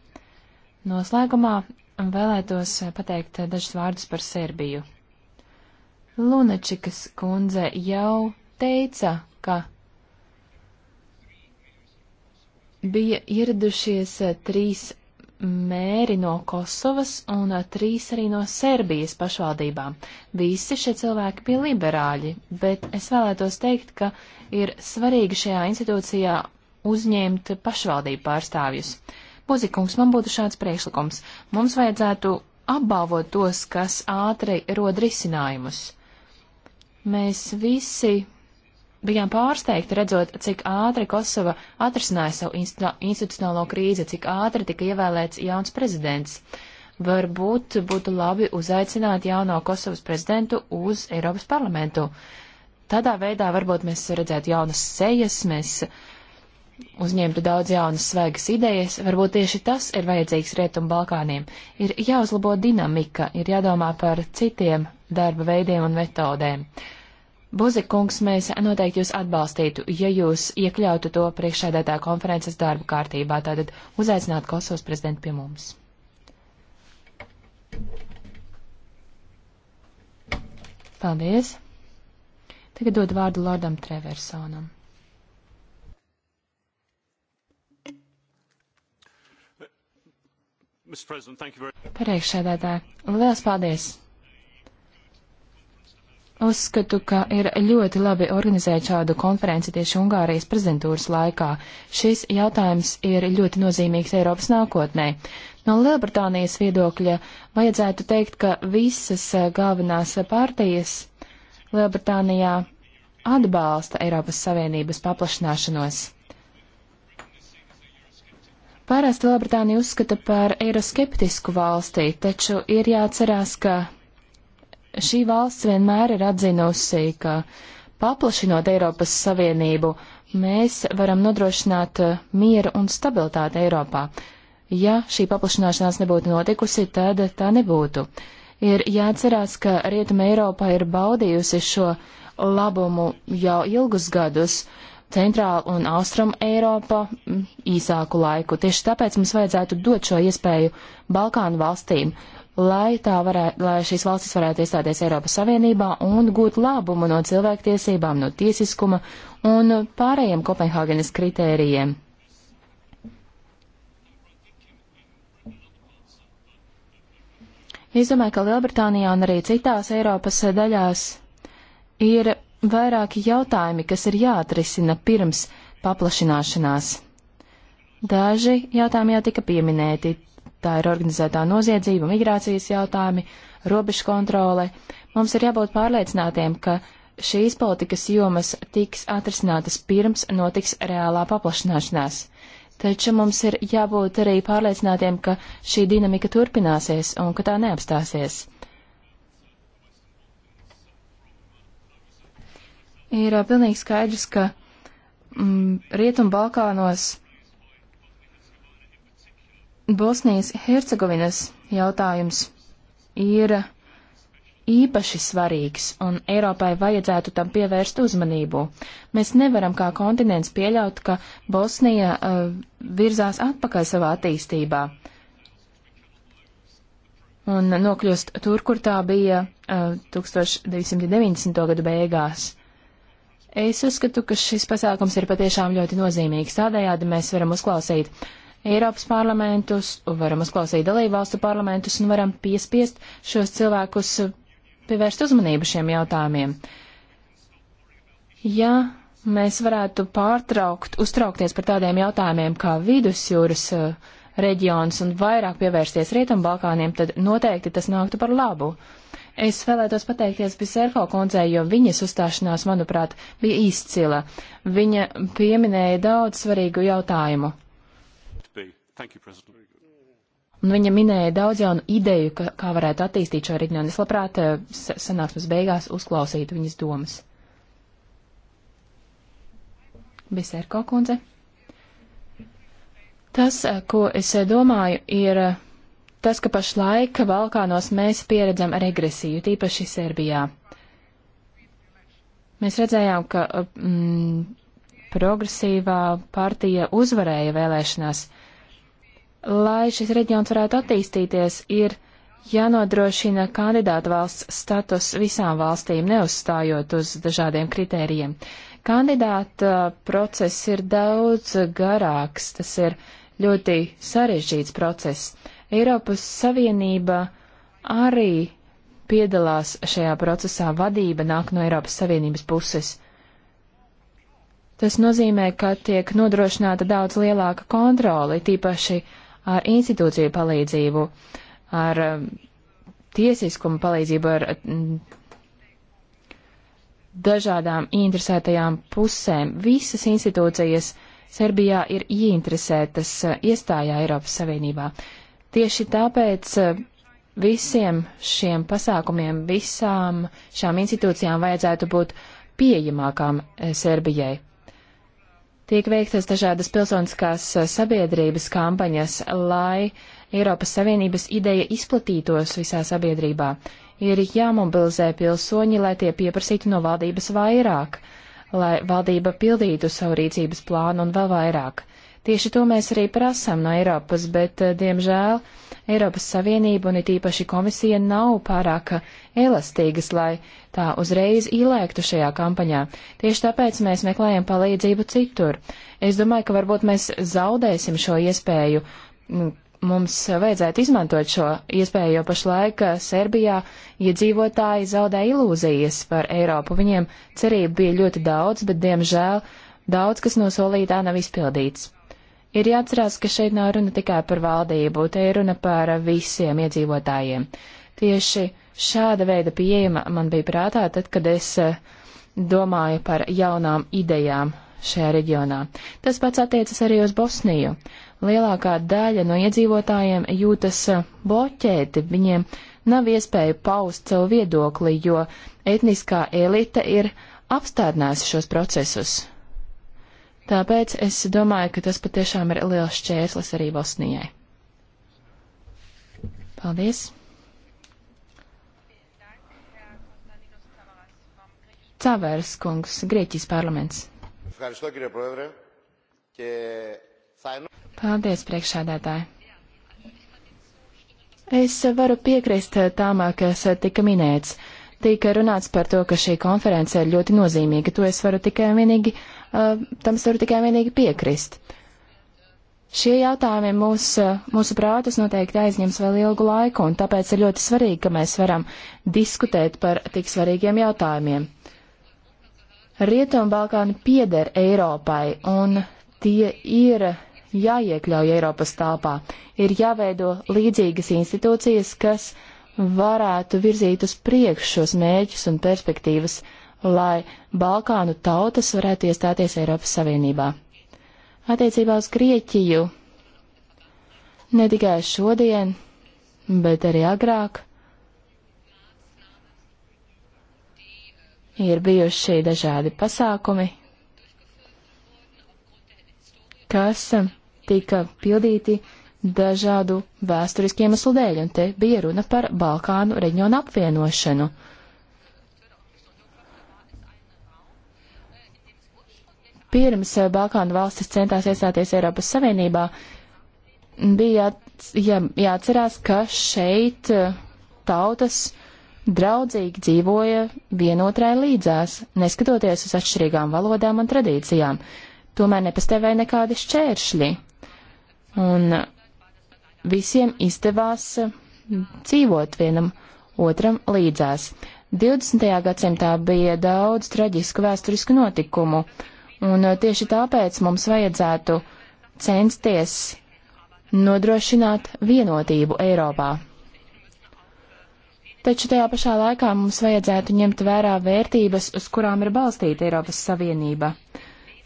Noslēgumā vēlētos pateikt dažus vārdus par Serbiju. Lunačikas kundze jau teica, ka bija ieradušies trīs mēri no Kosovas un trīs arī no Serbijas pašvaldībām. Visi šie cilvēki bija liberāļi, bet es vēlētos teikt, ka ir svarīgi šajā institūcijā uzņemt pašvaldību pārstāvjus. Uh, Buzikungs, man būtu šāds priekšlikums. Mums vajadzētu apbalvot tos, kas ātri rod risinājumus. Mēs visi bijām pārsteigti redzot, cik ātri Kosova atrisināja savu institucionālo krīzi, cik ātri tika ievēlēts jauns prezidents. Varbūt būtu labi uzaicināt jauno Kosovas prezidentu uz Eiropas parlamentu. Tādā veidā varbūt mēs redzētu jaunas sejas, mēs uh, uzņemtu daudz jaunas svaigas idejas, varbūt tieši tas ir vajadzīgs Rietumbalkāniem. Ir jāuzlabo dinamika, ir jādomā par citiem darba veidiem un metodēm. Buzikungs, mēs noteikti jūs atbalstītu, ja jūs iekļautu to priekšsēdētā konferences darba kārtībā, tātad uzaicināt Kosovas prezidentu pie mums. Paldies! Tagad dod vārdu Lordam Treversonam. Priekšsēdētāji, liels paldies! Uzskatu, ka ir ļoti labi organizēt šādu konferenci tieši Ungārijas prezidentūras laikā. Šis jautājums ir ļoti nozīmīgs Eiropas nākotnē. No Lielbritānijas viedokļa vajadzētu teikt, ka visas galvenās partijas Lielbritānijā atbalsta Eiropas Savienības paplašināšanos. Parasti Lielbritānija uzskata par eiroskeptisku valstī, taču ir jāatcerās, ka šī valsts vienmēr ir atzinusi, ka paplašinot Eiropas Savienību, mēs varam nodrošināt uh, mieru un stabilitāti Eiropā. Ja šī paplašināšanās nebūtu notikusi, tad tā nebūtu. Ir jāatcerās, ka Rietuma Eiropā ir baudījusi šo labumu jau ilgus gadus, Centrāla un Austrum Eiropa mm, īsāku laiku. Tieši tāpēc mums vajadzētu dot šo iespēju Balkānu valstīm, lai, varē, lai šīs valstis varētu iestāties Eiropas Savienībā un gūt labumu no cilvēktiesībām, no tiesiskuma un pārējiem Kopenhāgenes kritērijiem. Es domāju, ka Lielbritānijā un arī citās Eiropas daļās ir vairāki jautājumi, kas ir jāatrisina pirms paplašināšanās. Daži jautājumi jau tika pieminēti. Tā ir organizētā noziedzība, migrācijas jautājumi, robežu kontrole. Mums ir jābūt pārliecinātiem, ka šīs politikas jomas tiks atrisinātas pirms notiks reālā paplašināšanās. Taču mums ir jābūt arī pārliecinātiem, ka šī dinamika turpināsies un ka tā neapstāsies. ir pilnīgi skaidrs, ka mm, Rietumbalkānos Bosnijas Hercegovinas jautājums ir īpaši svarīgs, un Eiropai vajadzētu tam pievērst uzmanību. Mēs nevaram kā kontinents pieļaut, ka Bosnija uh, virzās atpakaļ savā attīstībā un nokļūst tur, kur tā bija uh, 1990. gadu beigās. Es uzskatu, ka šis pasākums ir patiešām ļoti nozīmīgs. Tādējādi mēs varam uzklausīt Eiropas parlamentus, varam uzklausīt dalībvalstu parlamentus un varam piespiest šos cilvēkus pievērst uzmanību šiem jautājumiem. Ja mēs varētu pārtraukt, uztraukties par tādiem jautājumiem kā vidusjūras eh, reģions un vairāk pievērsties Rietumbalkāniem, tad noteikti tas nāktu par labu. Es vēlētos pateikties Biserko kundzei, jo viņas uzstāšanās, manuprāt, bija izcila. Viņa pieminēja daudz svarīgu jautājumu. Un viņa minēja daudz jaunu ideju, ka, kā varētu attīstīt šo reģionu. Es labprāt eh, sanāksmes beigās uzklausītu viņas domas. Biserko kundze. Tas, eh, ko es eh, domāju, ir tas, ka pašlaik Balkānos mēs pieredzam regresiju, tīpaši Serbijā. Mēs redzējām, ka mm, progresīvā partija uzvarēja vēlēšanās. Lai šis reģions varētu attīstīties, ir jānodrošina kandidāta valsts status visām valstīm, neuzstājot uz dažādiem kritērijiem. Kandidāta process ir daudz garāks, tas ir ļoti sarežģīts process. Eiropas Savienība arī piedalās šajā procesā, vadība nāk no Eiropas Savienības puses. Tas nozīmē, ka tiek nodrošināta daudz lielāka kontrole, tīpaši ar institūciju palīdzību, ar um, tiesiskumu palīdzību, ar mm, dažādām interesētajām pusēm. Visas institūcijas Serbijā ir ieinteresētas uh, iestājā Eiropas Savienībā. Tieši tāpēc eh, visiem šiem pasākumiem, visām šām institūcijām vajadzētu būt pieejamākām eh, Serbijai. Tiek veiktas dažādas pilsoniskās eh, sabiedrības kampaņas, lai Eiropas Savienības ideja izplatītos visā sabiedrībā. Ir jāmobilizē pilsoņi, lai tie pieprasītu no valdības vairāk, lai valdība pildītu savu rīcības plānu un vēl vairāk. Tieši to mēs arī prasām no Eiropas, bet, eh, diemžēl, Eiropas Savienība un it īpaši komisija nav pārāk eh, elastīgas, lai tā uzreiz ielēktu šajā kampaņā. Tieši tāpēc mēs meklējam palīdzību citur. Es domāju, ka varbūt mēs zaudēsim šo iespēju mums vajadzētu izmantot šo iespēju, jo pašlaik eh, Serbijā iedzīvotāji zaudē ilūzijas par Eiropu. Viņiem cerība bija ļoti daudz, bet diemžēl daudz, kas no solītā nav izpildīts. Ir jāatcerās, ka šeit nav runa tikai par valdību, te ir runa par visiem iedzīvotājiem. Tieši šāda veida pieejama man bija prātā tad, kad es eh, domāju par jaunām idejām šajā reģionā. Tas pats attiecas arī uz Bosniju. Lielākā daļa no iedzīvotājiem jūtas eh, bloķēti, viņiem nav iespēja paust savu viedokli, jo etniskā elite ir apstādinājusi šos procesus. Tāpēc es domāju, ka tas patiešām ir liels šķērslis arī Bosnijai. Paldies! Cavērs kungs, Grieķijas parlaments. Paldies, priekšādētāji. Es varu piekrist tām, kas tika minēts. Tika runāts par to, ka šī konference ir ļoti nozīmīga. To es varu tikai un vienīgi Uh, tam es varu tikai vienīgi piekrist. Šie jautājumi mūs, uh, mūsu prātus noteikti aizņems vēl ilgu laiku, un tāpēc ir ļoti svarīgi, ka mēs varam diskutēt par tik svarīgiem jautājumiem. Rietumbalkāni pieder Eiropai, un tie ir jāiekļauj Eiropas tālpā. Ir jāveido līdzīgas institūcijas, kas varētu virzīt uz priekšu šos mēģus un perspektīvas lai Balkānu tautas varētu iestāties Eiropas Savienībā. Attiecībā uz Grieķiju ne tikai šodien, bet arī agrāk ir bijuši dažādi pasākumi, kas tika pildīti dažādu vēsturisku iemeslu dēļ, un te bija runa par Balkānu reģionu apvienošanu. Uh, pirms eh, Balkānu valstis centās iestāties Eiropas Savienībā, bija jā, jāatcerās, ka šeit eh, tautas draudzīgi dzīvoja vienotrai līdzās, neskatoties uz atšķirīgām valodām un tradīcijām. Tomēr nepastāvēja nekādi šķēršļi. Un visiem izdevās eh, dzīvot vienam otram līdzās. 20. gadsimtā bija daudz traģisku vēsturisku notikumu, Un tieši tāpēc mums vajadzētu censties nodrošināt vienotību Eiropā. Taču tajā pašā laikā mums vajadzētu ņemt vērā vērtības, uz kurām ir balstīta Eiropas Savienība.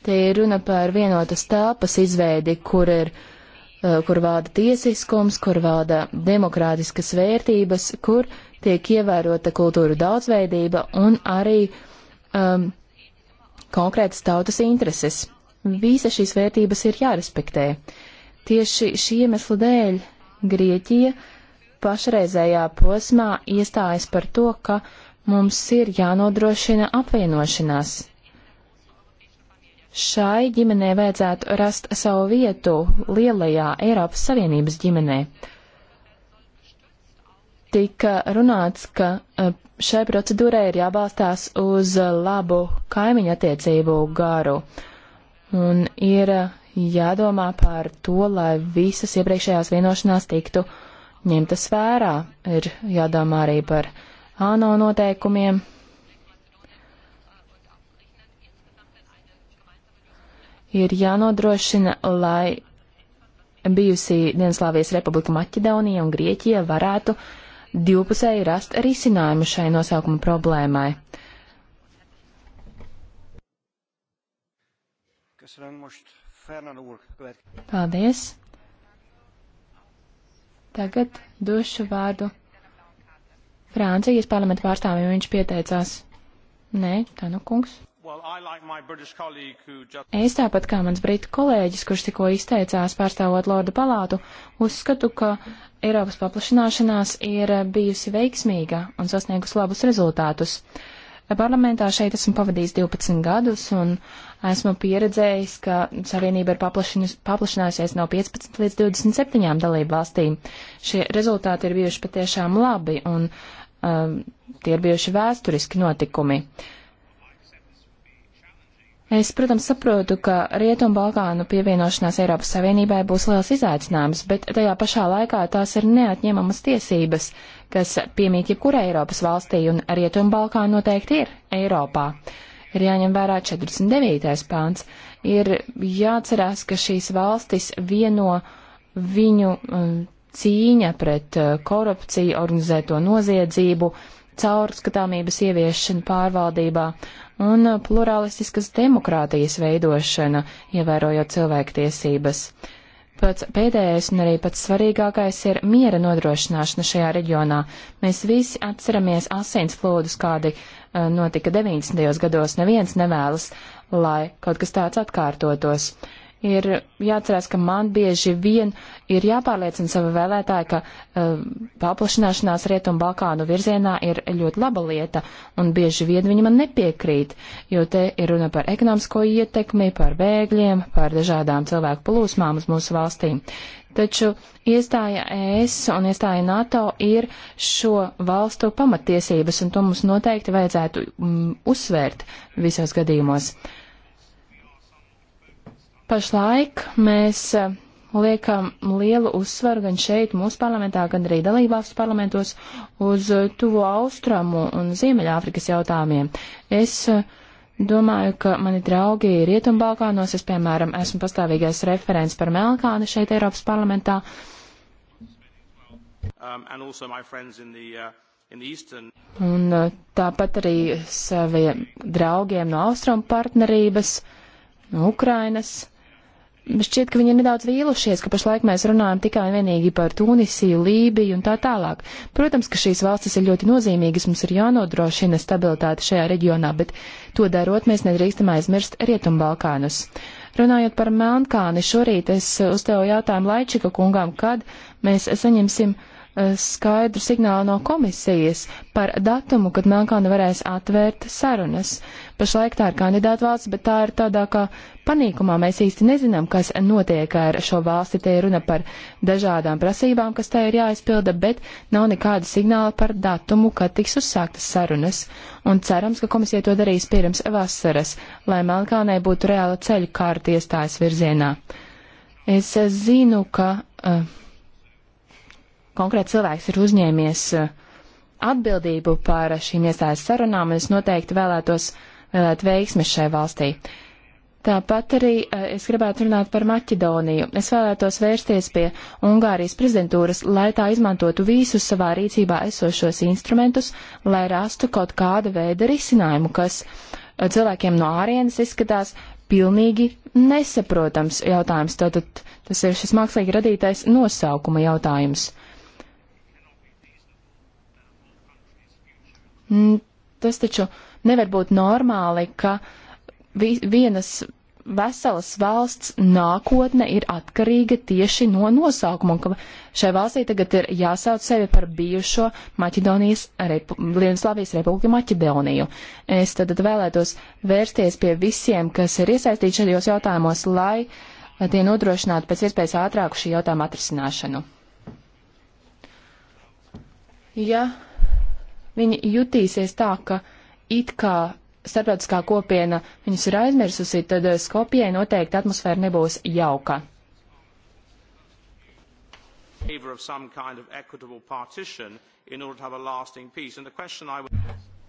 Te ir runa par vienotas telpas izveidi, kur ir kur valda tiesiskums, kur valda demokrātiskas vērtības, kur tiek ievērota kultūra daudzveidība un arī um, konkrētas tautas intereses. Visa šīs vērtības ir jārespektē. Tieši šī iemesla dēļ Grieķija pašreizējā posmā iestājas par to, ka mums ir jānodrošina apvienošanās. Šai ģimenei vajadzētu rast savu vietu lielajā Eiropas Savienības ģimenē. Tika runāts, ka šai procedūrai ir jābalstās uz labu kaimiņu attiecību garu. Un ir jādomā par to, lai visas iepriekšējās vienošanās tiktu ņemtas vērā. Ir jādomā arī par ANO noteikumiem. Ir jānodrošina, lai bijusī Dienaslāvijas republika Maķedonija un Grieķija varētu uh, divpusēji rast risinājumu šai nosaukuma problēmai. Paldies! Tagad došu vārdu Francijas parlamentu pārstāvim, viņš pieteicās. Nē, tā nu kungs. Es tāpat kā mans britu kolēģis, kurš tikko izteicās pārstāvot Lordu palātu, uzskatu, ka Eiropas paplašināšanās ir bijusi veiksmīga un sasniegusi labus rezultātus. Parlamentā šeit esmu pavadījis 12 gadus un esmu pieredzējis, ka Savienība ir paplašinājusies no 15 līdz 27 dalību valstīm. Šie rezultāti ir bijuši patiešām labi un um, tie ir bijuši vēsturiski notikumi. Uh, Es, protams, saprotu, ka Rietumu Balkānu pievienošanās Eiropas Savienībai būs liels izaicinājums, bet tajā pašā laikā tās ir neatņemamas tiesības, kas piemīt jebkurai Eiropas valstī, un Rietumu Balkānu noteikti ir Eiropā. Ir jāņem vērā 49. pāns. Ir jāatcerās, ka šīs valstis vieno viņu um, cīņa pret uh, korupciju, organizēto noziedzību, uh, caurskatāmības ieviešana pārvaldībā un pluralistiskas demokrātijas veidošana, ievērojot cilvēktiesības. Pats pēdējais un arī pats svarīgākais ir miera nodrošināšana šajā reģionā. Mēs visi atceramies asins plūdus, kādi uh, notika 90. gados. Neviens nevēlas, lai kaut kas tāds atkārtotos. Uh, ir jāatcerās, ka man bieži vien ir jāpārliecina sava vēlētāja, ka uh, paplašināšanās Rietumu Balkānu virzienā ir ļoti laba lieta, un bieži vien viņi man nepiekrīt, jo te ir runa par ekonomisko ietekmi, par bēgļiem, par dažādām cilvēku plūsmām uz mūsu valstīm. Taču iestāja ES un iestāja NATO ir šo valstu pamatiesības, un to mums noteikti vajadzētu mm, uzsvērt visos gadījumos. Uh, Pašlaik mēs eh, liekam lielu uzsvaru gan šeit, mūsu parlamentā, gan arī dalībvalstu parlamentos uz eh, tuvo austrumu un Ziemeļāfrikas jautājumiem. Es eh, domāju, ka mani draugi ir Rietumbalkānos, es, piemēram, esmu pastāvīgais referents par Melkāni šeit Eiropas parlamentā. Um, uh, Un tāpat arī saviem draugiem no austrumu partnerības, no Ukrainas šķiet, ka viņi ir nedaudz vīlušies, ka pašlaik mēs runājam tikai un vienīgi par Tunisiju, Lībiju un tā tālāk. Protams, ka šīs valstis ir ļoti nozīmīgas, mums ir jānodrošina stabilitāte šajā reģionā, bet to darot mēs nedrīkstam aizmirst Rietumbalkānus. Runājot par Melnkāni, šorīt es uzdevu jautājumu Laičika kungām, kad mēs saņemsim uh, Eh, skaidru signālu no komisijas par datumu, kad Melkona varēs atvērt sarunas. Pašlaik tā ir kandidāta valsts, bet tā ir tādā kā panīkumā. Mēs īsti nezinām, kas notiek ar šo valsti. Te ir runa par dažādām prasībām, kas tai ir jāizpilda, bet nav nekāda signāla par datumu, kad tiks uzsāktas sarunas. Un cerams, ka komisija to darīs pirms vasaras, lai Melkonai būtu reāla ceļu kārta iestājas virzienā. Es zinu, ka. Uh, konkrēts cilvēks ir uzņēmies eh, atbildību par šīm iestājas sarunām, un es noteikti vēlētos eh, vēlēt veiksmes šai valstī. Tāpat arī eh, es gribētu runāt par Maķedoniju. Es vēlētos vērsties pie Ungārijas prezidentūras, lai tā izmantotu visus savā rīcībā esošos instrumentus, lai rastu kaut kāda veida risinājumu, kas cilvēkiem no ārienes izskatās pilnīgi nesaprotams jautājums. Tātad tas ir šis mākslīgi radītais nosaukuma jautājums. Uh, Tas taču nevar būt normāli, ka vi vienas veselas valsts nākotne ir atkarīga tieši no nosaukuma, ka šai valstī tagad ir jāsauc sevi par bijušo Maķedonijas, repu, Lienaslavijas republiku Maķedoniju. Es tad vēlētos vērsties pie visiem, kas ir iesaistīti šajos jautājumos, lai tie nodrošinātu pēc iespējas ātrāku šī jautājuma atrisināšanu. Ja Viņi jutīsies tā, ka it kā starptautiskā kopiena viņus ir aizmirsusi, tad eh, Skopijai noteikti atmosfēra nebūs jauka.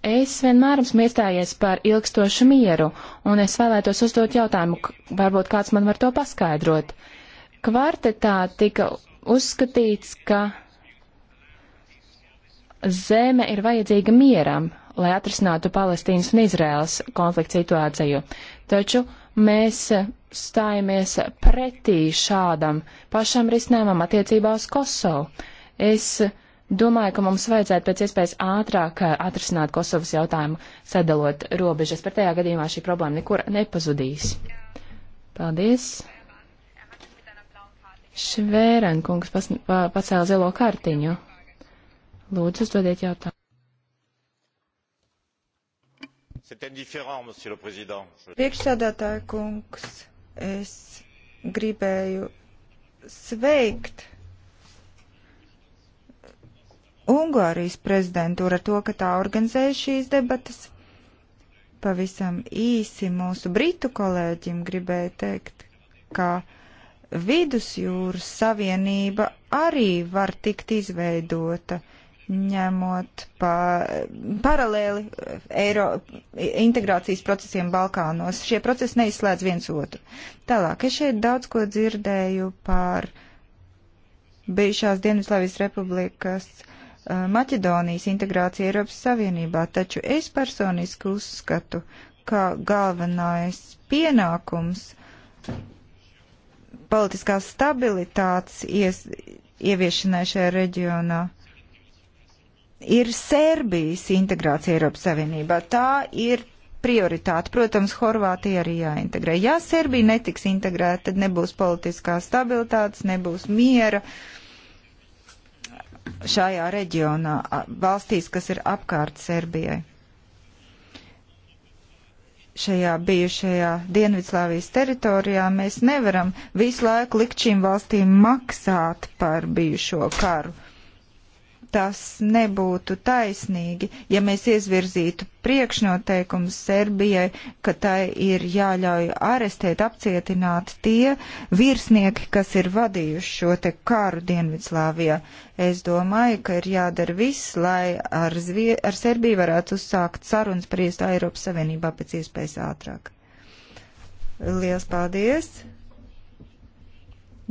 Es vienmēr esmu iestājies par ilgstošu mieru, un es vēlētos uzdot jautājumu, varbūt kāds man var to paskaidrot. Kvartetā tika uzskatīts, ka Zeme ir vajadzīga mieram, lai atrisinātu Palestīnas un Izraēlas konflikta situāciju, taču mēs stājamies pretī šādam pašam risinājumam attiecībā uz Kosovu. Es domāju, ka mums vajadzētu pēc iespējas ātrāk atrisināt Kosovas jautājumu, sadalot robežas, bet tajā gadījumā šī problēma nekur nepazudīs. Paldies! Švērenkungs pacēla zilo kartiņu. Lūdzu, uzdodiet jautājumu. Priekšsēdētāja kungs, es gribēju sveikt Ungārijas prezidentūru ar to, ka tā organizēja šīs debatas. Pavisam īsi mūsu britu kolēģim gribēju teikt, ka Vidusjūras savienība arī var tikt izveidota. Uh, ņemot pa, paralēli Eiro integrācijas procesiem Balkānos. Šie procesi neizslēdz viens otru. Tālāk, es šeit daudz ko dzirdēju par bijušās Dienvidslāvijas republikas uh, Maķedonijas integrāciju Eiropas Savienībā, taču es personiski uzskatu, ka galvenais pienākums politiskās stabilitātes ies, ieviešanai šajā reģionā uh, ir Serbijas integrācija Eiropas Savienībā. Tā ir prioritāte. Protams, Horvātija arī jāintegrē. Ja Serbija netiks integrēta, tad nebūs politiskā stabilitātes, nebūs miera šajā reģionā, valstīs, kas ir apkārt Serbijai. Šajā bijušajā Dienvidslāvijas teritorijā mēs nevaram visu laiku likt šīm valstīm maksāt par bijušo karu tas nebūtu taisnīgi, ja mēs izvirzītu priekšnoteikumus Serbijai, ka tai ir jāļauj arestēt, apcietināt tie virsnieki, kas ir vadījuši šo te kāru Dienvidslāvijā. Es domāju, ka ir jādara viss, lai ar, Zvie ar Serbiju varētu uzsākt sarunas par iestāju Eiropas Savienībā pēc iespējas ātrāk. Lielas paldies!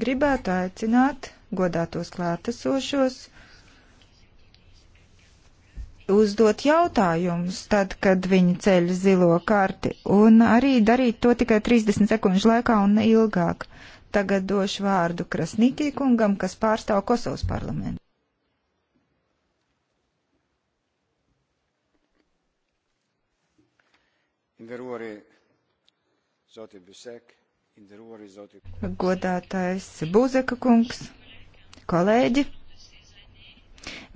Gribētu aicināt godātos klātesošos uzdot jautājumus tad, kad viņi ceļ zilo karti, un arī darīt to tikai 30 sekundžu laikā un ne ilgāk. Tagad došu vārdu Krasnīkī kungam, kas pārstāv Kosovas parlamentu. Godātais Buzeka kungs, kolēģi,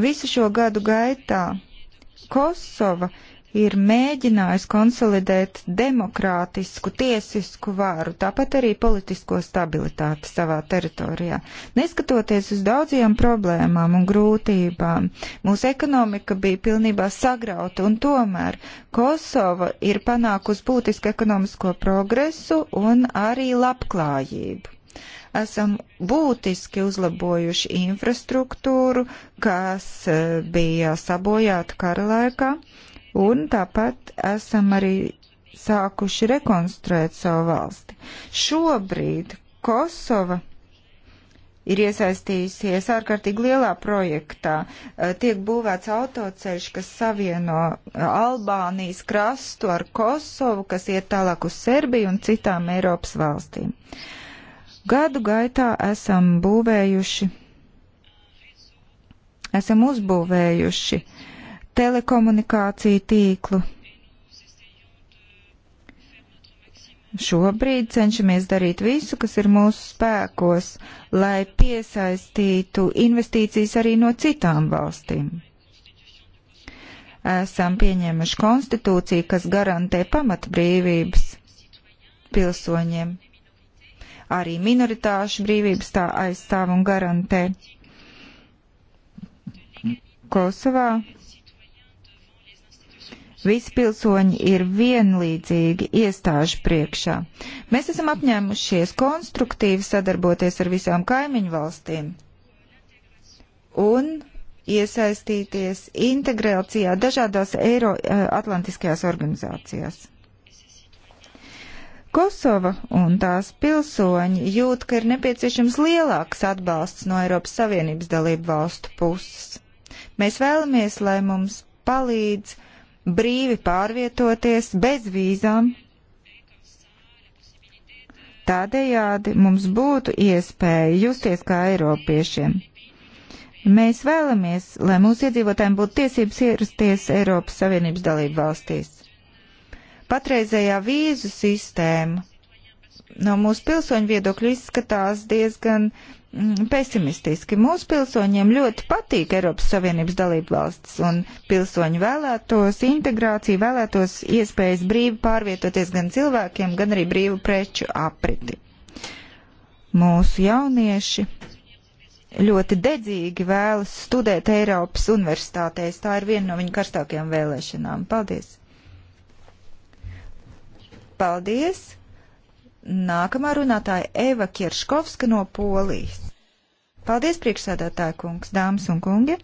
visu šo gadu gaitā Kosova ir mēģinājusi konsolidēt demokrātisku, tiesisku vāru, tāpat arī politisko stabilitāti savā teritorijā. Neskatoties uz daudzajām problēmām un grūtībām, mūsu ekonomika bija pilnībā sagrauta, un tomēr Kosova ir panākusi būtisku ekonomisko progresu un arī labklājību esam būtiski uzlabojuši infrastruktūru, kas eh, bija sabojāta kara laikā, un tāpat esam arī sākuši rekonstruēt savu valsti. Šobrīd Kosova ir iesaistījusies ārkārtīgi lielā projektā. Eh, tiek būvēts autoceļš, kas savieno eh, Albānijas krastu ar Kosovu, kas iet tālāk uz Serbiju un citām Eiropas valstīm. Uh, Gadu gaitā esam būvējuši, esam uzbūvējuši telekomunikāciju tīklu. Šobrīd cenšamies darīt visu, kas ir mūsu spēkos, lai piesaistītu investīcijas arī no citām valstīm. Esam pieņēmuši konstitūciju, kas garantē pamatbrīvības pilsoņiem arī minoritāšu brīvības tā aizstāv un garantē. Kosovā visi pilsoņi ir vienlīdzīgi iestāžu priekšā. Mēs esam apņēmušies konstruktīvi sadarboties ar visām kaimiņu valstīm un iesaistīties integrācijā dažādās Eiroatlantiskajās eh, organizācijās. Kosova un tās pilsoņi jūt, ka ir nepieciešams lielāks atbalsts no Eiropas Savienības dalību valstu puses. Mēs vēlamies, lai mums palīdz brīvi pārvietoties bez vīzām. Tādējādi mums būtu iespēja justies kā Eiropiešiem. Mēs vēlamies, lai mūsu iedzīvotājiem būtu tiesības ierasties Eiropas Savienības dalību valstīs. Patreizējā vīzu sistēma no mūsu pilsoņu viedokļa izskatās diezgan mm, pesimistiski. Mūsu pilsoņiem ļoti patīk Eiropas Savienības dalību valsts, un pilsoņi vēlētos integrāciju, vēlētos iespējas brīvi pārvietoties gan cilvēkiem, gan arī brīvu preču apriti. Mūsu jaunieši ļoti dedzīgi vēlas studēt Eiropas universitātēs. Tā ir viena no viņu karstākajām vēlēšanām. Paldies! Paldies! Nākamā runātāja Eva Kirškovska no Polijas. Paldies, priekšsēdētāja kungs, dāmas un kungi!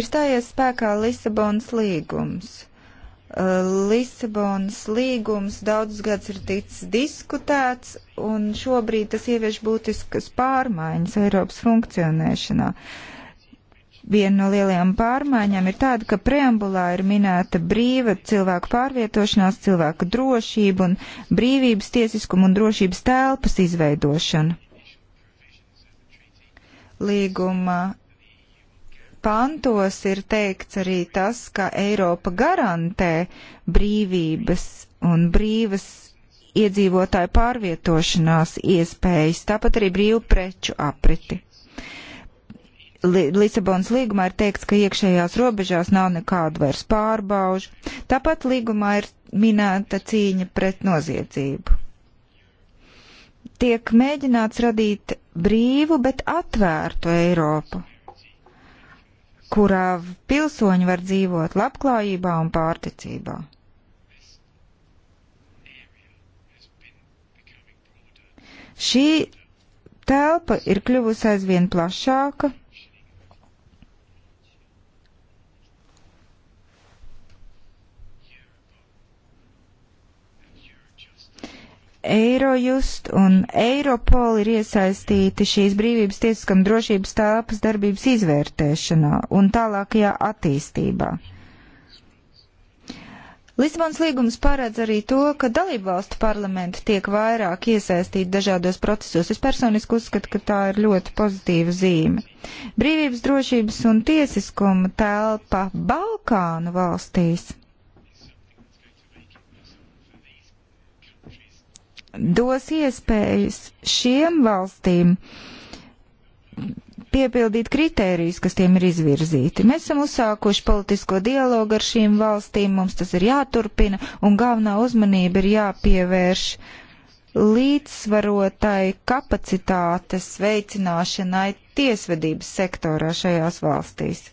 Ir stājies spēkā Lisabonas līgums. Lisabonas līgums daudzus gadus ir ticis diskutēts, un šobrīd tas ievieš būtiskas pārmaiņas Eiropas funkcionēšanā. Viena no lielajām pārmaiņām ir tāda, ka preambulā ir minēta brīva cilvēku pārvietošanās, cilvēku drošība un brīvības tiesiskuma un drošības telpas izveidošana. Līguma pantos ir teikts arī tas, ka Eiropa garantē brīvības un brīvas iedzīvotāju pārvietošanās iespējas, tāpat arī brīvu preču apriti. Lisabonas līgumā ir teikts, ka iekšējās robežās nav nekādu vairs pārbaužu, tāpat līgumā ir minēta cīņa pret noziedzību. Tiek mēģināts radīt brīvu, bet atvērtu Eiropu kurā pilsoņi var dzīvot labklājībā un pārticībā. Šī telpa ir kļuvusi aizvien plašāka, Eirojust un Eiropol ir iesaistīti šīs brīvības tiesiskam drošības tāpas darbības izvērtēšanā un tālākajā attīstībā. Lisabons līgums paredz arī to, ka dalību valstu parlamenti tiek vairāk iesaistīti dažādos procesos. Es personiski uzskatu, ka tā ir ļoti pozitīva zīme. Brīvības drošības un tiesiskuma telpa Balkānu valstīs dos iespējas šiem valstīm piepildīt kritērijus, kas tiem ir izvirzīti. Mēs esam uzsākuši politisko dialogu ar šīm valstīm, mums tas ir jāturpina, un galvenā uzmanība ir jāpievērš līdzsvarotai kapacitātes veicināšanai tiesvedības sektorā šajās valstīs.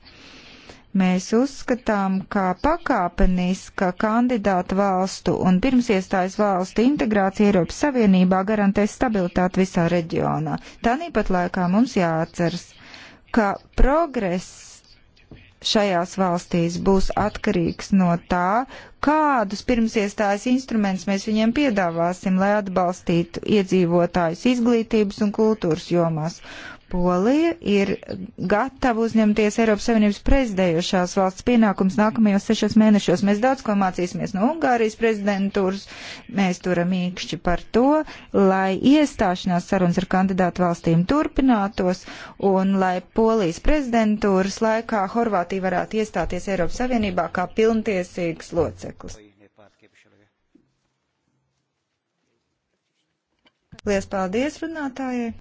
Mēs uzskatām, ka pakāpeniska kandidāta valstu un pirms iestājas valstu integrācija Eiropas Savienībā garantēs stabilitāti visā reģionā. Tāpat laikā mums jāatceras, ka progress šajās valstīs būs atkarīgs no tā, kādus pirmsiestājas instrumentus mēs viņiem piedāvāsim, lai atbalstītu iedzīvotājus izglītības un kultūras jomās. Polija ir gatava uzņemties Eiropas Savienības prezidējošās valsts pienākums nākamajos sešos mēnešos. Mēs daudz ko mācīsimies no Ungārijas prezidentūras. Mēs turam īkšķi par to, lai iestāšanās sarunas ar kandidātu valstīm turpinātos un lai Polijas prezidentūras laikā Horvātija varētu iestāties Eiropas Savienībā kā pilntiesīgs loceklis. Lielas paldies runātājai!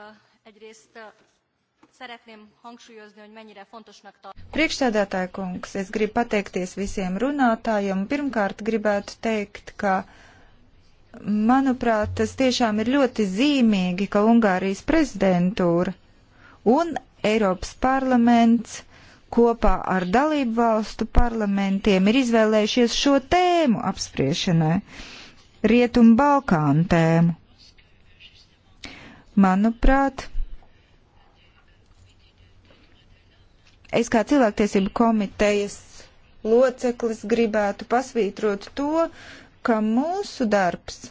Uh. Egyrészt szeretném hangsúlyozni, hogy mennyire fontosnak tartom. Priekšsēdētāja kungs, es gribu pateikties visiem runātājiem. Pirmkārt, gribētu teikt, ka, manuprāt, tas tiešām ir ļoti zīmīgi, ka Ungārijas prezidentūra un Eiropas parlaments kopā ar dalību valstu parlamentiem ir izvēlējušies šo tēmu apspriešanai - Rietumu Balkānu tēmu. Manuprāt, Es kā cilvēktiesību komitejas loceklis gribētu pasvītrot to, ka mūsu darbs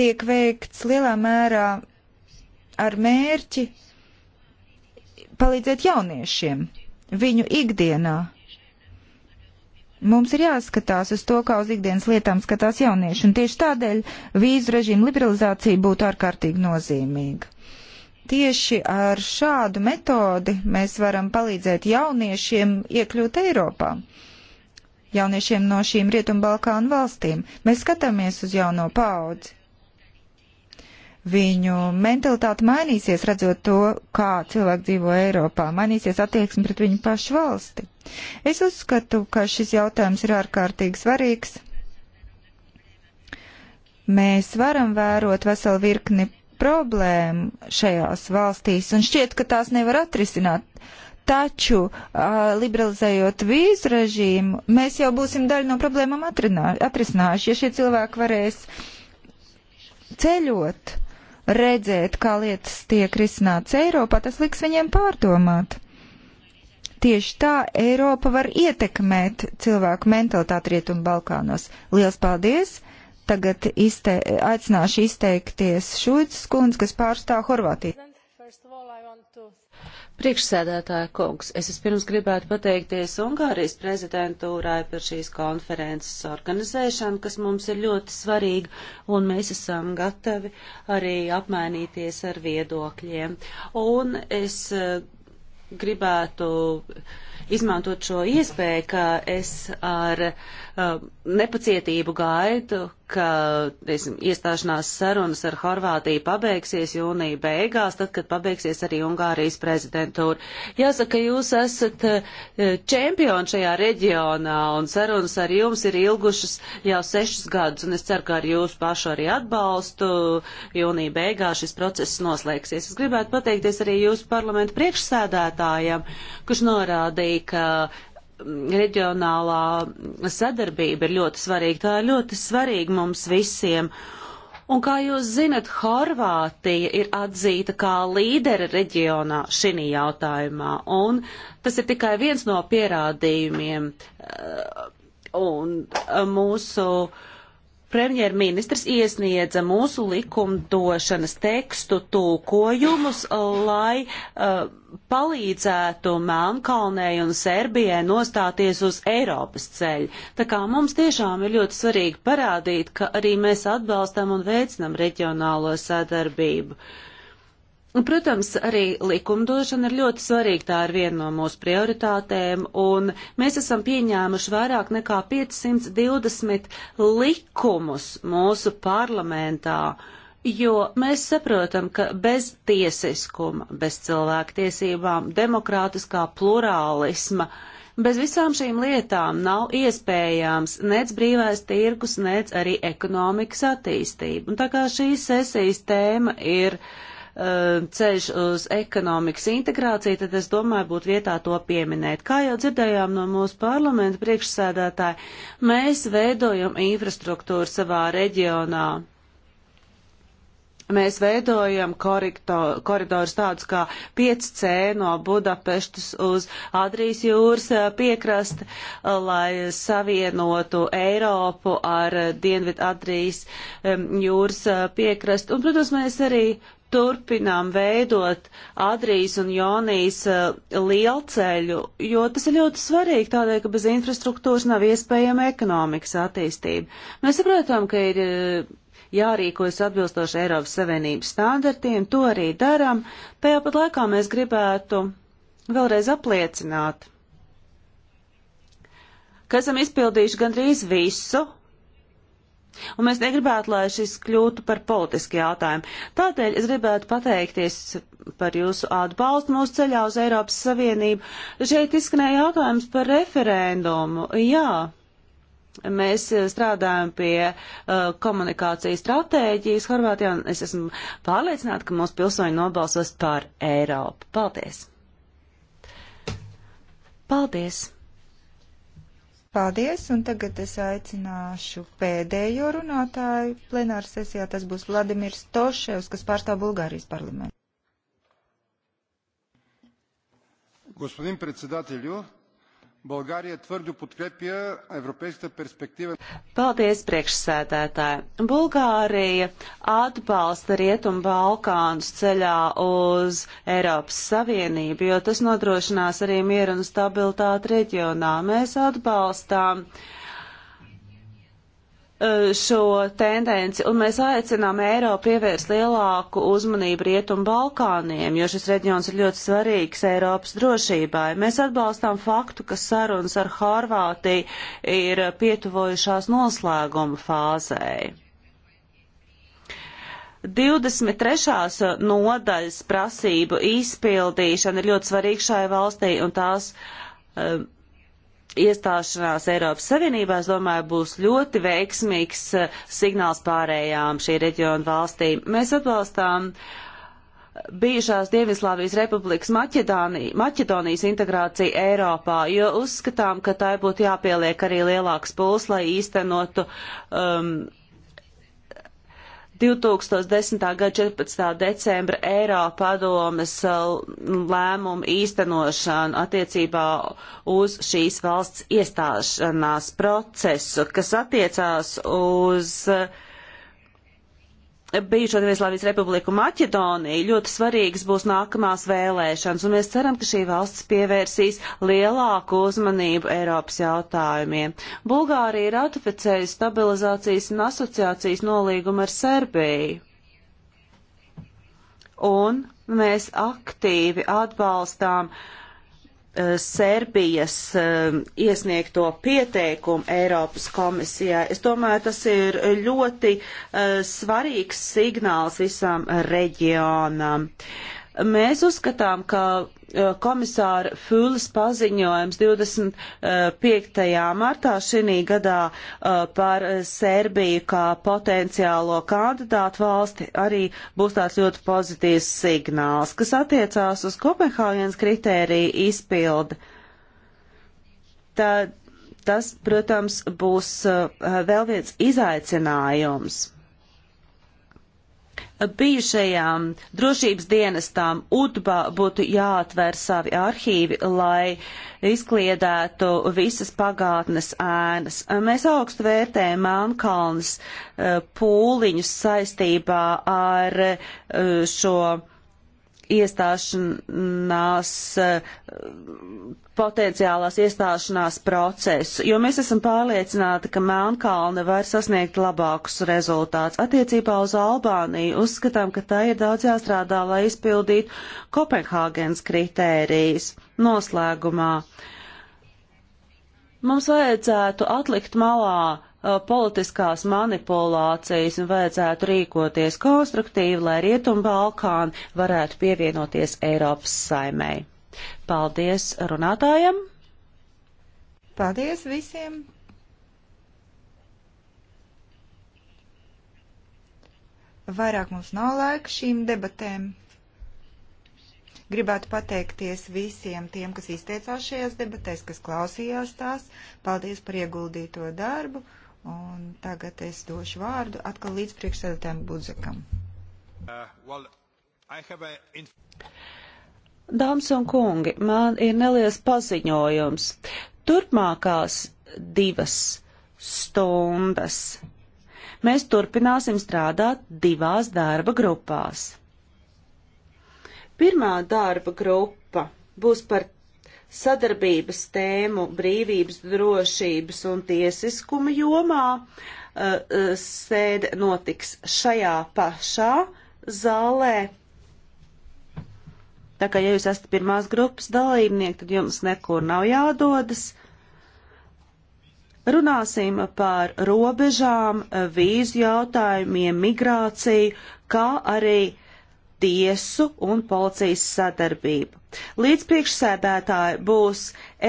tiek veikts lielā mērā ar mērķi palīdzēt jauniešiem viņu ikdienā. Mums ir jāskatās uz to, kā uz ikdienas lietām skatās jaunieši, un tieši tādēļ vīzu režīmu liberalizācija būtu ārkārtīgi nozīmīga. Tieši ar šādu metodi mēs varam palīdzēt jauniešiem iekļūt Eiropā jauniešiem no šīm Rietumbalkānu valstīm. Mēs skatāmies uz jauno paudzi. Viņu mentalitāte mainīsies, redzot to, kā cilvēki dzīvo Eiropā, mainīsies attieksme pret viņu pašu valsti. Es uzskatu, ka šis jautājums ir ārkārtīgi svarīgs. Mēs varam vērot veselu virkni problēmu šajās valstīs un šķiet, ka tās nevar atrisināt. Taču, liberalizējot vīzu režīmu, mēs jau būsim daļu no problēmām atrisinājuši. Ja šie cilvēki varēs ceļot, redzēt, kā lietas tiek risināts Eiropā, tas liks viņiem pārdomāt. Tieši tā Eiropa var ietekmēt cilvēku mentalitāti Rietumu Balkānos. Liels paldies! Tagad izte, aicināšu izteikties Šuicis kundz, kas pārstāv Horvātiju. Priekšsēdētāja kungs, es vispirms gribētu pateikties Ungārijas prezidentūrai par šīs konferences organizēšanu, kas mums ir ļoti svarīga, un mēs esam gatavi arī apmainīties ar viedokļiem. Un es eh, gribētu izmantot šo iespēju, ka es ar uh, nepacietību gaidu, ka tiesim, iestāšanās sarunas ar Horvātiju pabeigsies jūnija beigās, tad, kad pabeigsies arī Ungārijas prezidentūra. Jāsaka, jūs esat eh, čempioni šajā reģionā un sarunas ar jums ir ilgušas jau sešus gadus, un es ceru, ka ar jūsu pašu arī atbalstu jūnija beigās šis process noslēgsies. Es gribētu pateikties arī jūsu parlamentu priekšsēdētājam, kurš norādīja, ka reģionālā sadarbība ir ļoti svarīga. Tā ir ļoti svarīga mums visiem. Un kā jūs zinat, Horvātija ir atzīta kā līdere reģionā šī jautājumā, un tas ir tikai viens no pierādījumiem. Uh, un uh, mūsu uh, premjerministrs iesniedza mūsu likumdošanas tekstu tūkojumus, lai uh, palīdzētu Melnkalnei un Serbijai nostāties uz Eiropas ceļu. Tā kā mums tiešām ir ļoti svarīgi parādīt, ka arī mēs atbalstam un veicinam reģionālo sadarbību. Uh, Un, protams, arī likumdošana ir ļoti svarīga, tā ir viena no mūsu prioritātēm, un mēs esam pieņēmuši vairāk nekā 520 likumus mūsu parlamentā, jo mēs saprotam, ka bez tiesiskuma, bez cilvēktiesībām, demokrātiskā plurālisma, Bez visām šīm lietām nav iespējams nec brīvais tirgus, nec arī ekonomikas attīstība. Un tā kā šīs sesijas tēma ir uh, Eh, ceļš uz ekonomikas integrāciju, tad es domāju, būtu vietā to pieminēt. Kā jau dzirdējām no mūsu parlamenta priekšsēdētāja, mēs veidojam infrastruktūru savā reģionā. Mēs veidojam koridorus tādus kā 5C no Budapeštas uz Adrijas jūras eh, piekrasti, eh, lai savienotu Eiropu ar Dienvidu Adrijas jūras piekrasti. Un, protams, mēs arī turpinām veidot Adrijas un Jonijas eh, lielceļu, jo tas ir ļoti svarīgi tādēļ, ka bez infrastruktūras nav iespējama ekonomikas attīstība. Mēs saprotam, ka ir eh, jārīkojas atbilstoši Eiropas Savienības standartiem, to arī darām, tajā pat laikā mēs gribētu vēlreiz apliecināt, ka esam izpildījuši gandrīz visu, Un mēs negribētu, lai šis kļūtu par politisku jautājumu. Tādēļ es gribētu pateikties par jūsu atbalstu mūsu ceļā uz Eiropas Savienību. Šeit izskanēja jautājums par referendumu. Jā. Mēs strādājam pie uh, komunikācijas stratēģijas Horvātijā, un es esmu pārliecināta, ka mūsu pilsoņi nobalsos par Eiropu. Paldies! Paldies! Paldies, un tagad es aicināšu pēdējo runātāju plenāru sesijā. Tas būs Vladimirs Toševs, kas pārstāv Bulgārijas parlamentu. Господин председателю, Bulgārija tvrdu podkrepja Eiropēsta perspektīva. Paldies, priekšsēdētāji. Bulgārija atbalsta Rietumu Balkānus ceļā uz Eiropas Savienību, jo tas nodrošinās arī mieru un stabilitāti reģionā. Mēs atbalstām uh, Eh, šo tendenci, un mēs aicinām Eiropu pievērst lielāku uzmanību Rietumu Balkāniem, jo šis reģions ir ļoti svarīgs Eiropas drošībai. Mēs atbalstām faktu, ka sarunas ar Horvātiju ir pietuvojušās noslēguma fāzē. 23. nodaļas prasību izpildīšana ir ļoti svarīga šai valstī, un tās um, iestāšanās Eiropas Savienībā, es domāju, būs ļoti veiksmīgs eh, signāls pārējām šī reģiona valstīm. Mēs atbalstām eh, bijušās Dievislāvijas republikas Maķedāni, Maķedonijas integrāciju Eiropā, jo uzskatām, ka tai būtu jāpieliek arī lielāks puls, lai īstenotu um, 2010. gada 14. decembra Eiropadomes uh, lēmumu īstenošanu attiecībā uz šīs valsts iestāšanās procesu, kas attiecās uz uh, bijušo Dienvidslāvijas republiku Maķedoniju, ļoti svarīgas būs nākamās vēlēšanas, un mēs ceram, ka šī valsts pievērsīs lielāku uzmanību Eiropas jautājumiem. Bulgārija ir ratificējusi stabilizācijas un asociācijas nolīgumu ar Serbiju. Un mēs aktīvi atbalstām uh, Eh, Sērbijas eh, iesniegto pieteikumu Eiropas komisijā. Es domāju, tas ir ļoti eh, svarīgs signāls visam reģionam. Mēs uzskatām, ka Eh, komisāra Fūles paziņojums 25. Eh, martā šī gadā eh, par Serbiju kā potenciālo kandidātu valsti arī būs tāds ļoti pozitīvs signāls, kas attiecās uz Kopenhāgenes kritēriju izpildi. Tad tas, protams, būs vēl viens izaicinājums bijušajām drošības dienestām UDBA būtu jāatver savi arhīvi, lai izkliedētu visas pagātnes ēnas. Mēs augstu vērtējam Melnkalnes eh, pūliņus saistībā ar eh, šo iestāšanās, eh, potenciālās iestāšanās procesu, jo mēs esam pārliecināti, ka Melnkalne var sasniegt labākus rezultātus. Attiecībā uz Albāniju uzskatām, ka tā ir daudz jāstrādā, lai izpildītu Kopenhāgenes kritērijas noslēgumā. Mums vajadzētu atlikt malā Uh, politiskās manipulācijas un vajadzētu rīkoties konstruktīvi, lai Rietumbalkāni varētu pievienoties Eiropas saimēji. Paldies runātājiem! Paldies visiem! Vairāk mums nav laika šīm debatēm. Gribētu pateikties visiem tiem, kas izteicās šajās debatēs, kas klausījās tās. Paldies par ieguldīto darbu. Un tagad es došu vārdu atkal līdz priekšsēdētājiem Budzakam. Uh, well, Dāmas un kungi, man ir neliels paziņojums. Turpmākās divas stundas mēs turpināsim strādāt divās darba grupās. Pirmā darba grupa būs par sadarbības tēmu brīvības, drošības un tiesiskuma jomā uh, uh, sēde notiks šajā pašā zālē. Tā kā, ja jūs esat pirmās grupas dalībnieki, tad jums nekur nav jādodas. Runāsim par robežām, vīzu jautājumiem, migrāciju, kā arī tiesu un policijas sadarbību. Līdz priekšsēdētāji būs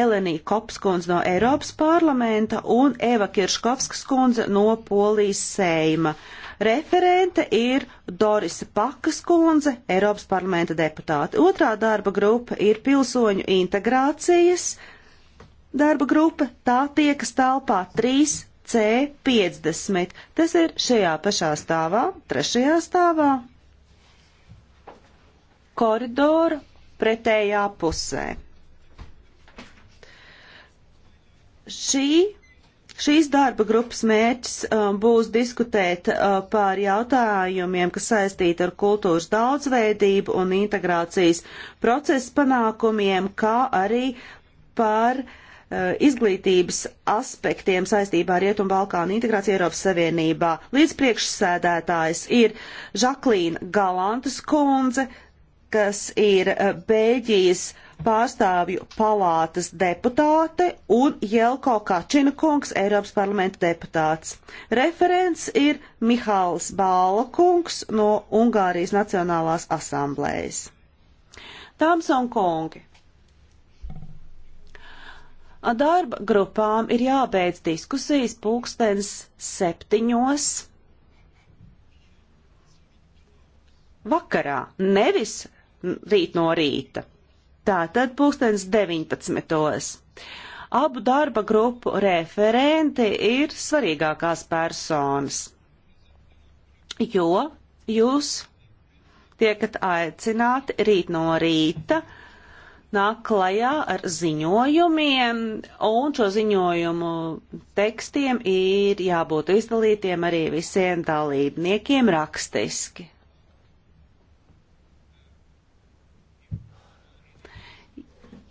Elenija Kopskundze no Eiropas parlamenta un Eva Kirškovskundze no Polijas Seima. Referente ir Doris Pakas kundze, Eiropas parlamenta deputāte. Otrā darba grupa ir pilsoņu integrācijas darba grupa. Tā tiekas telpā 3C50. Tas ir šajā pašā stāvā, trešajā stāvā koridora pretējā pusē. Šī Šīs darba grupas mērķis uh, būs diskutēt uh, par jautājumiem, kas saistīti ar kultūras daudzveidību un integrācijas procesu panākumiem, kā arī par uh, izglītības aspektiem saistībā ar Rietumbalkānu integrāciju Eiropas Savienībā. Līdz priekšsēdētājs ir Žaklīna Galantas kundze, kas ir eh, Bēļģijas pārstāvju palātas deputāte un Jelko Kačina kungs, Eiropas parlamenta deputāts. Referents ir Mihāls Bāla kungs no Ungārijas Nacionālās asamblējas. Dāmas un kungi, darba grupām ir jābeidz diskusijas pulkstens septiņos vakarā, nevis rīt no rīta. Tātad pulkstens 19. Abu darba grupu referenti ir svarīgākās personas, jo jūs tiekat aicināti rīt no rīta nāk klajā ar ziņojumiem, un šo ziņojumu tekstiem ir jābūt izdalītiem arī visiem dalībniekiem rakstiski.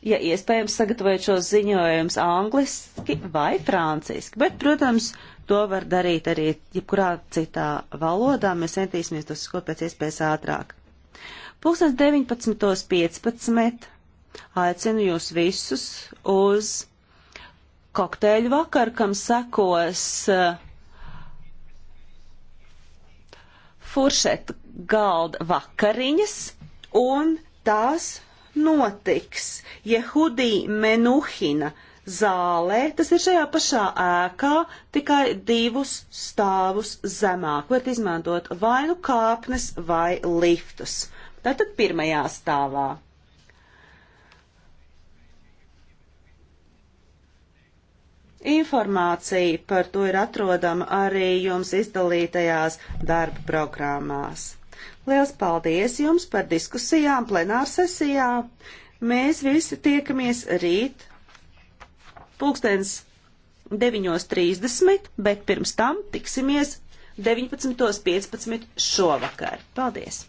ja iespējams, sagatavojot šos ziņojumus angliski vai franciski. Bet, protams, to var darīt arī jebkurā citā valodā. Mēs centīsimies to skot pēc iespējas ātrāk. Pūkstens 19.15. aicinu jūs visus uz kokteļu vakaru, kam sekos uh, furšeta galda vakariņas un tās notiks Jehudī Menuhina zālē, tas ir šajā pašā ēkā, tikai divus stāvus zemāk, var izmantot vai nu kāpnes vai liftus. Tātad pirmajā stāvā. Informācija par to ir atrodama arī jums izdalītajās darba programmās. Liels paldies jums par diskusijām plenārsesijā. Mēs visi tiekamies rīt pulkstens 9.30, bet pirms tam tiksimies 19.15 šovakar. Paldies!